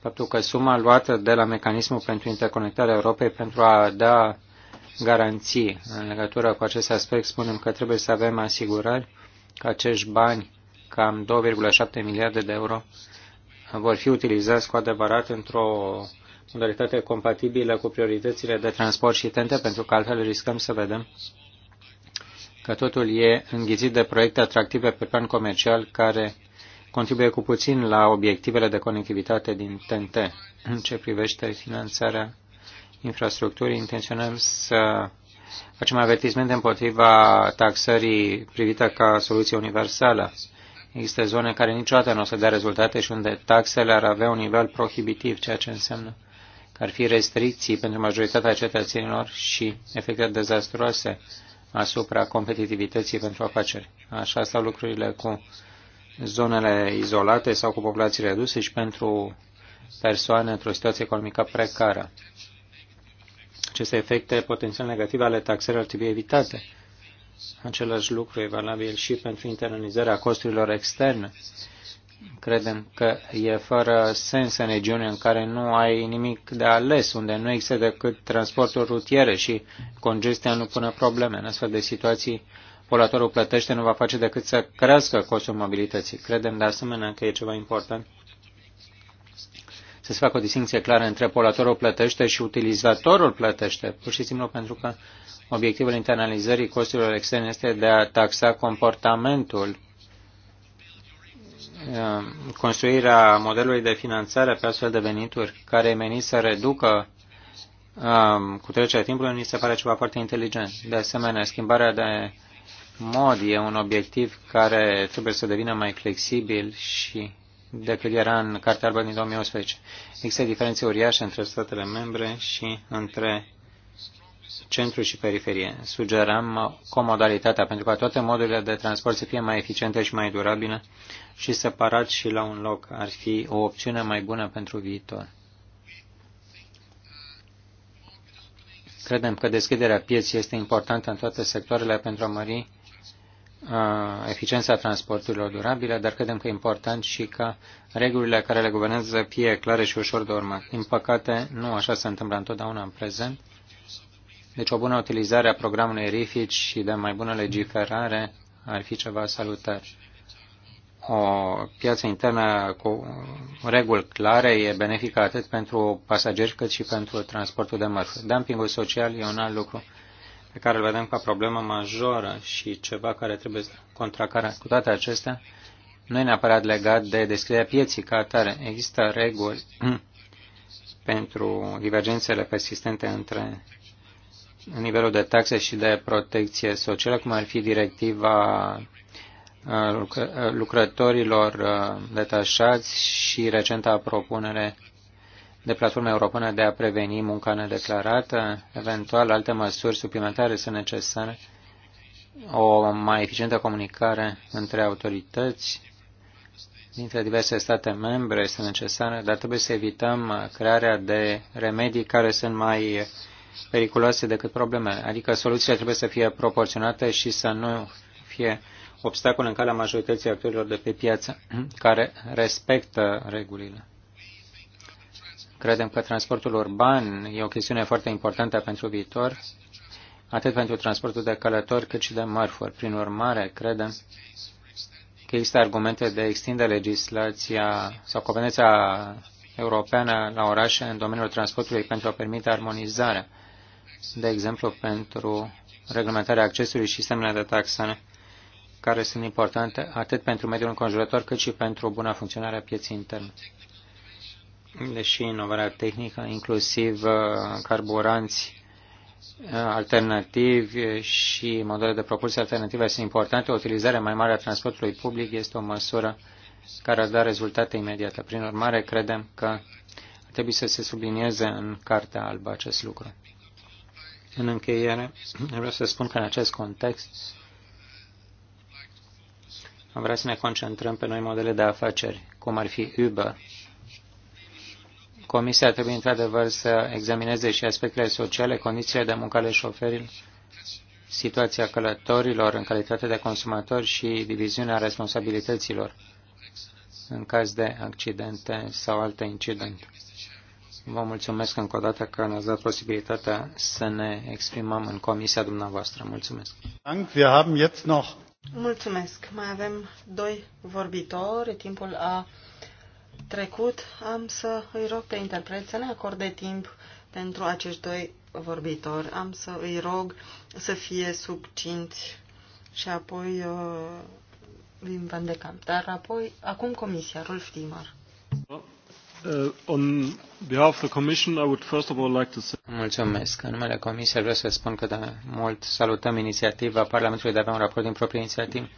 faptul că suma luată de la mecanismul pentru interconectarea Europei pentru a da garanții în legătură cu acest aspect, spunem că trebuie să avem asigurări că acești bani, cam 2,7 miliarde de euro, vor fi utilizați cu adevărat într-o modalitate compatibilă cu prioritățile de transport și tente, pentru că altfel riscăm să vedem că totul e înghițit de proiecte atractive pe plan comercial care contribuie cu puțin la obiectivele de conectivitate din TNT. În ce privește finanțarea infrastructurii, intenționăm să facem avertismente împotriva taxării privită ca soluție universală. Există zone care niciodată nu o să dea rezultate și unde taxele ar avea un nivel prohibitiv, ceea ce înseamnă că ar fi restricții pentru majoritatea cetățenilor și efecte dezastruoase asupra competitivității pentru afaceri. Așa stau lucrurile cu zonele izolate sau cu populații reduse și pentru persoane într-o situație economică precară. Aceste efecte potențial negative ale taxării ar trebui evitate. Același lucru e valabil și pentru internalizarea costurilor externe Credem că e fără sens în regiune în care nu ai nimic de ales, unde nu există decât transportul rutiere și congestia nu pune probleme. În astfel de situații, polatorul plătește nu va face decât să crească costul mobilității. Credem de asemenea că e ceva important să se facă o distinție clară între polatorul plătește și utilizatorul plătește, pur și simplu pentru că obiectivul internalizării costurilor externe este de a taxa comportamentul construirea modelului de finanțare pe astfel de venituri, care e menit să reducă um, cu trecerea timpului, ni se pare ceva foarte inteligent. De asemenea, schimbarea de mod e un obiectiv care trebuie să devină mai flexibil și decât era în Cartea Albă din 2011. Există diferențe uriașe între statele membre și între centru și periferie. Sugerăm comodalitatea pentru ca toate modurile de transport să fie mai eficiente și mai durabile și separat și la un loc ar fi o opțiune mai bună pentru viitor. Credem că deschiderea pieții este importantă în toate sectoarele pentru a mări eficiența transporturilor durabile, dar credem că e important și ca regulile care le guvernează fie clare și ușor de urmat. Din păcate, nu așa se întâmplă întotdeauna în prezent. Deci o bună utilizare a programului RIFIC și de mai bună legiferare ar fi ceva salutar o piață internă cu reguli clare e benefică atât pentru pasageri cât și pentru transportul de mărfuri. Dumpingul social e un alt lucru pe care îl vedem ca problemă majoră și ceva care trebuie contracarat. Cu toate acestea, nu e neapărat legat de descrierea pieții ca atare. Există reguli (clears throat) pentru divergențele persistente între nivelul de taxe și de protecție socială, cum ar fi directiva lucrătorilor detașați și recenta propunere de platforma europeană de a preveni munca nedeclarată, eventual alte măsuri suplimentare sunt necesare, o mai eficientă comunicare între autorități dintre diverse state membre sunt necesare, dar trebuie să evităm crearea de remedii care sunt mai periculoase decât problemele. Adică soluția trebuie să fie proporționată și să nu fie obstacol în calea majorității actorilor de pe piață care respectă regulile. Credem că transportul urban e o chestiune foarte importantă pentru viitor, atât pentru transportul de călători cât și de mărfuri. Prin urmare, credem că există argumente de extinde legislația sau competența europeană la orașe în domeniul transportului pentru a permite armonizarea, de exemplu pentru reglementarea accesului și sistemele de taxare care sunt importante atât pentru mediul înconjurător cât și pentru buna funcționare a pieții interne. Deși inovarea tehnică, inclusiv uh, carburanți uh, alternativi și modele de propulsie alternative sunt importante, o utilizare mai mare a transportului public este o măsură care ar da rezultate imediate. Prin urmare, credem că ar trebui să se sublinieze în Cartea Albă acest lucru. În încheiere, vreau să spun că în acest context am vrea să ne concentrăm pe noi modele de afaceri, cum ar fi Uber. Comisia trebuie într-adevăr să examineze și aspectele sociale, condițiile de muncă ale șoferilor, situația călătorilor în calitate de consumatori și diviziunea responsabilităților în caz de accidente sau alte incidente. Vă mulțumesc încă o dată că ne-ați dat posibilitatea să ne exprimăm în comisia dumneavoastră. Mulțumesc. Mulțumesc. Mai avem doi vorbitori. Timpul a trecut. Am să îi rog pe interpret să ne acorde timp pentru acești doi vorbitori. Am să îi rog să fie subcinți și apoi uh, vin Van de Camp. Dar apoi, acum Comisia, Rolf Timar. Oh. Mulțumesc. În numele Comisiei vreau să spun că de mult salutăm inițiativa Parlamentului de a avea un raport din proprie inițiativă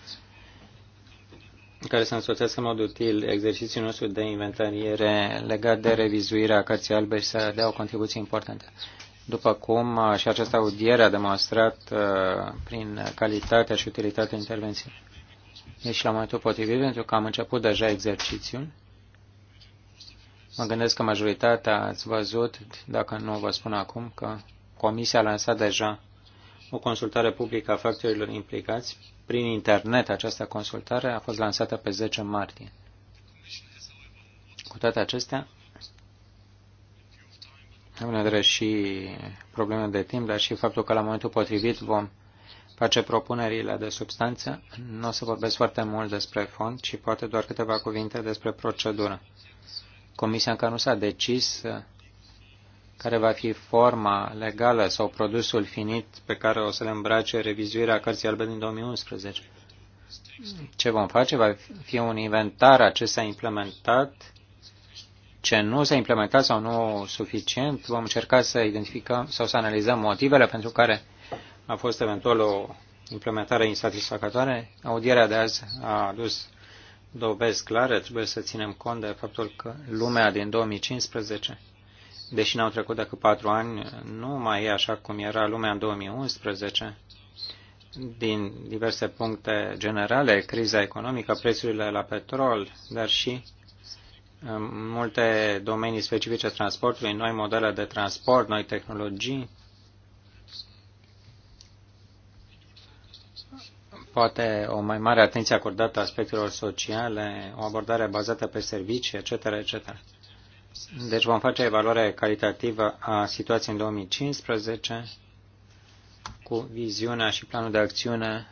care să însoțească în mod util exercițiul nostru de inventariere legat de revizuirea cărții albe și să dea o contribuție importantă. După cum uh, și această audiere a demonstrat uh, prin calitatea și utilitatea intervenției. Deci la momentul potrivit, pentru că am început deja exercițiul, Mă gândesc că majoritatea ați văzut, dacă nu vă spun acum, că Comisia a lansat deja o consultare publică a factorilor implicați. Prin internet această consultare a fost lansată pe 10 martie. Cu toate acestea, am în vedere și probleme de timp, dar și faptul că la momentul potrivit vom face propunerile de substanță. Nu o să vorbesc foarte mult despre fond, ci poate doar câteva cuvinte despre procedură. Comisia încă nu s-a decis uh, care va fi forma legală sau produsul finit pe care o să le îmbrace revizuirea cărții albe din 2011. Ce vom face? Va fi un inventar a ce s-a implementat, ce nu s-a implementat sau nu suficient. Vom încerca să identificăm sau să analizăm motivele pentru care a fost eventual o implementare insatisfăcătoare. Audierea de azi a adus dovezi clare, trebuie să ținem cont de faptul că lumea din 2015, deși n-au trecut decât patru ani, nu mai e așa cum era lumea în 2011. Din diverse puncte generale, criza economică, prețurile la petrol, dar și în um, multe domenii specifice transportului, noi modele de transport, noi tehnologii, poate o mai mare atenție acordată aspectelor sociale, o abordare bazată pe servicii, etc., etc. Deci vom face evaluare calitativă a situației în 2015 cu viziunea și planul de acțiune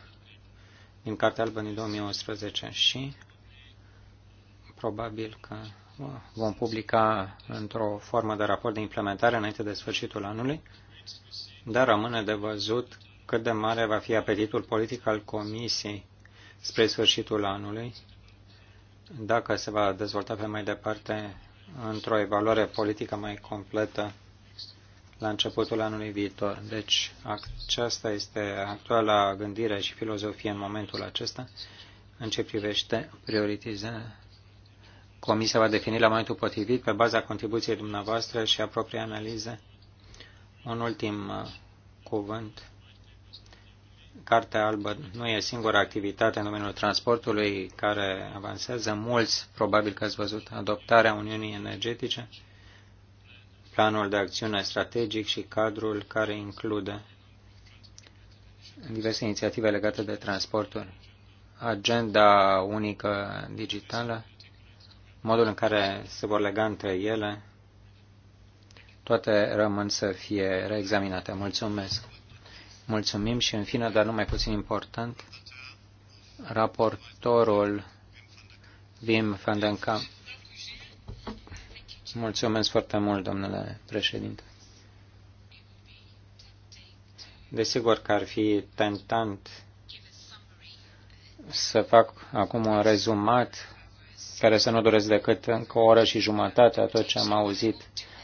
din Cartea Albă din 2011 și probabil că uh, vom publica într-o formă de raport de implementare înainte de sfârșitul anului, dar rămâne de văzut cât de mare va fi apetitul politic al Comisiei spre sfârșitul anului, dacă se va dezvolta pe mai departe într-o evaluare politică mai completă la începutul anului viitor. Deci aceasta este actuala gândire și filozofie în momentul acesta în ce privește prioritizarea. Comisia va defini la momentul potrivit, pe baza contribuției dumneavoastră și a propriei analize, un ultim uh, cuvânt Cartea albă nu e singura activitate în domeniul transportului care avansează. Mulți, probabil că ați văzut, adoptarea Uniunii Energetice, planul de acțiune strategic și cadrul care include diverse inițiative legate de transporturi, agenda unică digitală, modul în care se vor lega între ele, toate rămân să fie reexaminate. Mulțumesc! Mulțumim și, în fine, dar nu mai puțin important, raportorul Wim van den Kamp. Mulțumesc foarte mult, domnule președinte. Desigur că ar fi tentant să fac acum un rezumat care să nu doresc decât încă o oră și jumătate a tot ce am auzit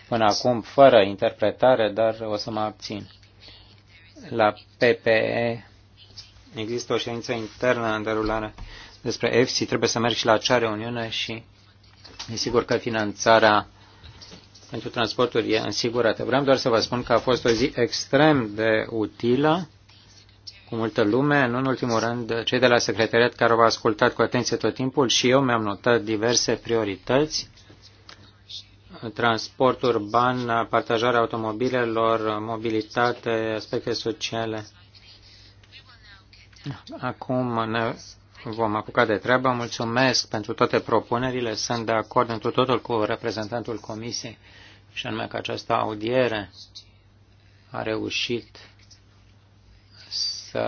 până acum, fără interpretare, dar o să mă abțin la PPE există o ședință internă în derulare despre EFSI, trebuie să merg și la acea reuniune și e sigur că finanțarea pentru transporturi e însigurată. Vreau doar să vă spun că a fost o zi extrem de utilă cu multă lume, nu în ultimul rând cei de la secretariat care v-au ascultat cu atenție tot timpul și eu mi-am notat diverse priorități transport urban, partajarea automobilelor, mobilitate, aspecte sociale. Acum ne vom apuca de treabă. Mulțumesc pentru toate propunerile. Sunt de acord întru totul cu reprezentantul Comisiei și anume că această audiere a reușit să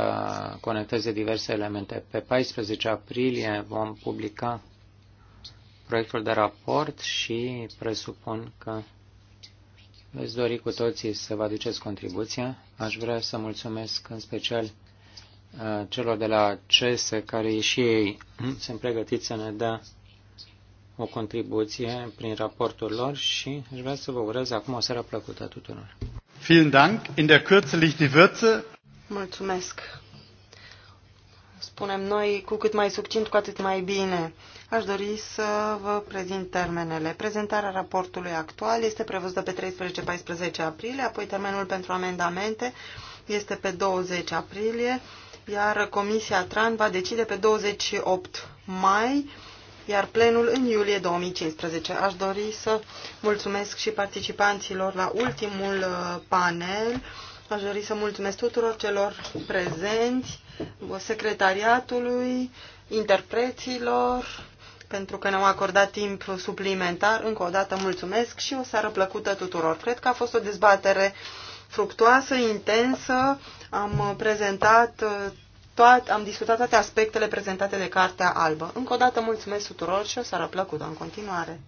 conecteze diverse elemente. Pe 14 aprilie vom publica proiectul de raport și presupun că veți dori cu toții să vă aduceți contribuția. Aș vrea să mulțumesc în special uh, celor de la CES care și ei (clears throat) sunt pregătiți să ne dea o contribuție prin raportul lor și aș vrea să vă urez acum o seară plăcută tuturor. Vielen Dank. In der Kürze liegt die Würze. Mulțumesc. Spunem noi, cu cât mai succint, cu atât mai bine. Aș dori să vă prezint termenele. Prezentarea raportului actual este prevăzută pe 13-14 aprilie, apoi termenul pentru amendamente este pe 20 aprilie, iar Comisia TRAN va decide pe 28 mai, iar plenul în iulie 2015. Aș dori să mulțumesc și participanților la ultimul uh, panel. Aș dori să mulțumesc tuturor celor prezenți, secretariatului, interpreților, pentru că ne-au acordat timp suplimentar. Încă o dată mulțumesc și o seară plăcută tuturor. Cred că a fost o dezbatere fructoasă, intensă. Am prezentat uh, toat, am discutat toate aspectele prezentate de Cartea Albă. Încă o dată mulțumesc tuturor și o seară plăcută în continuare.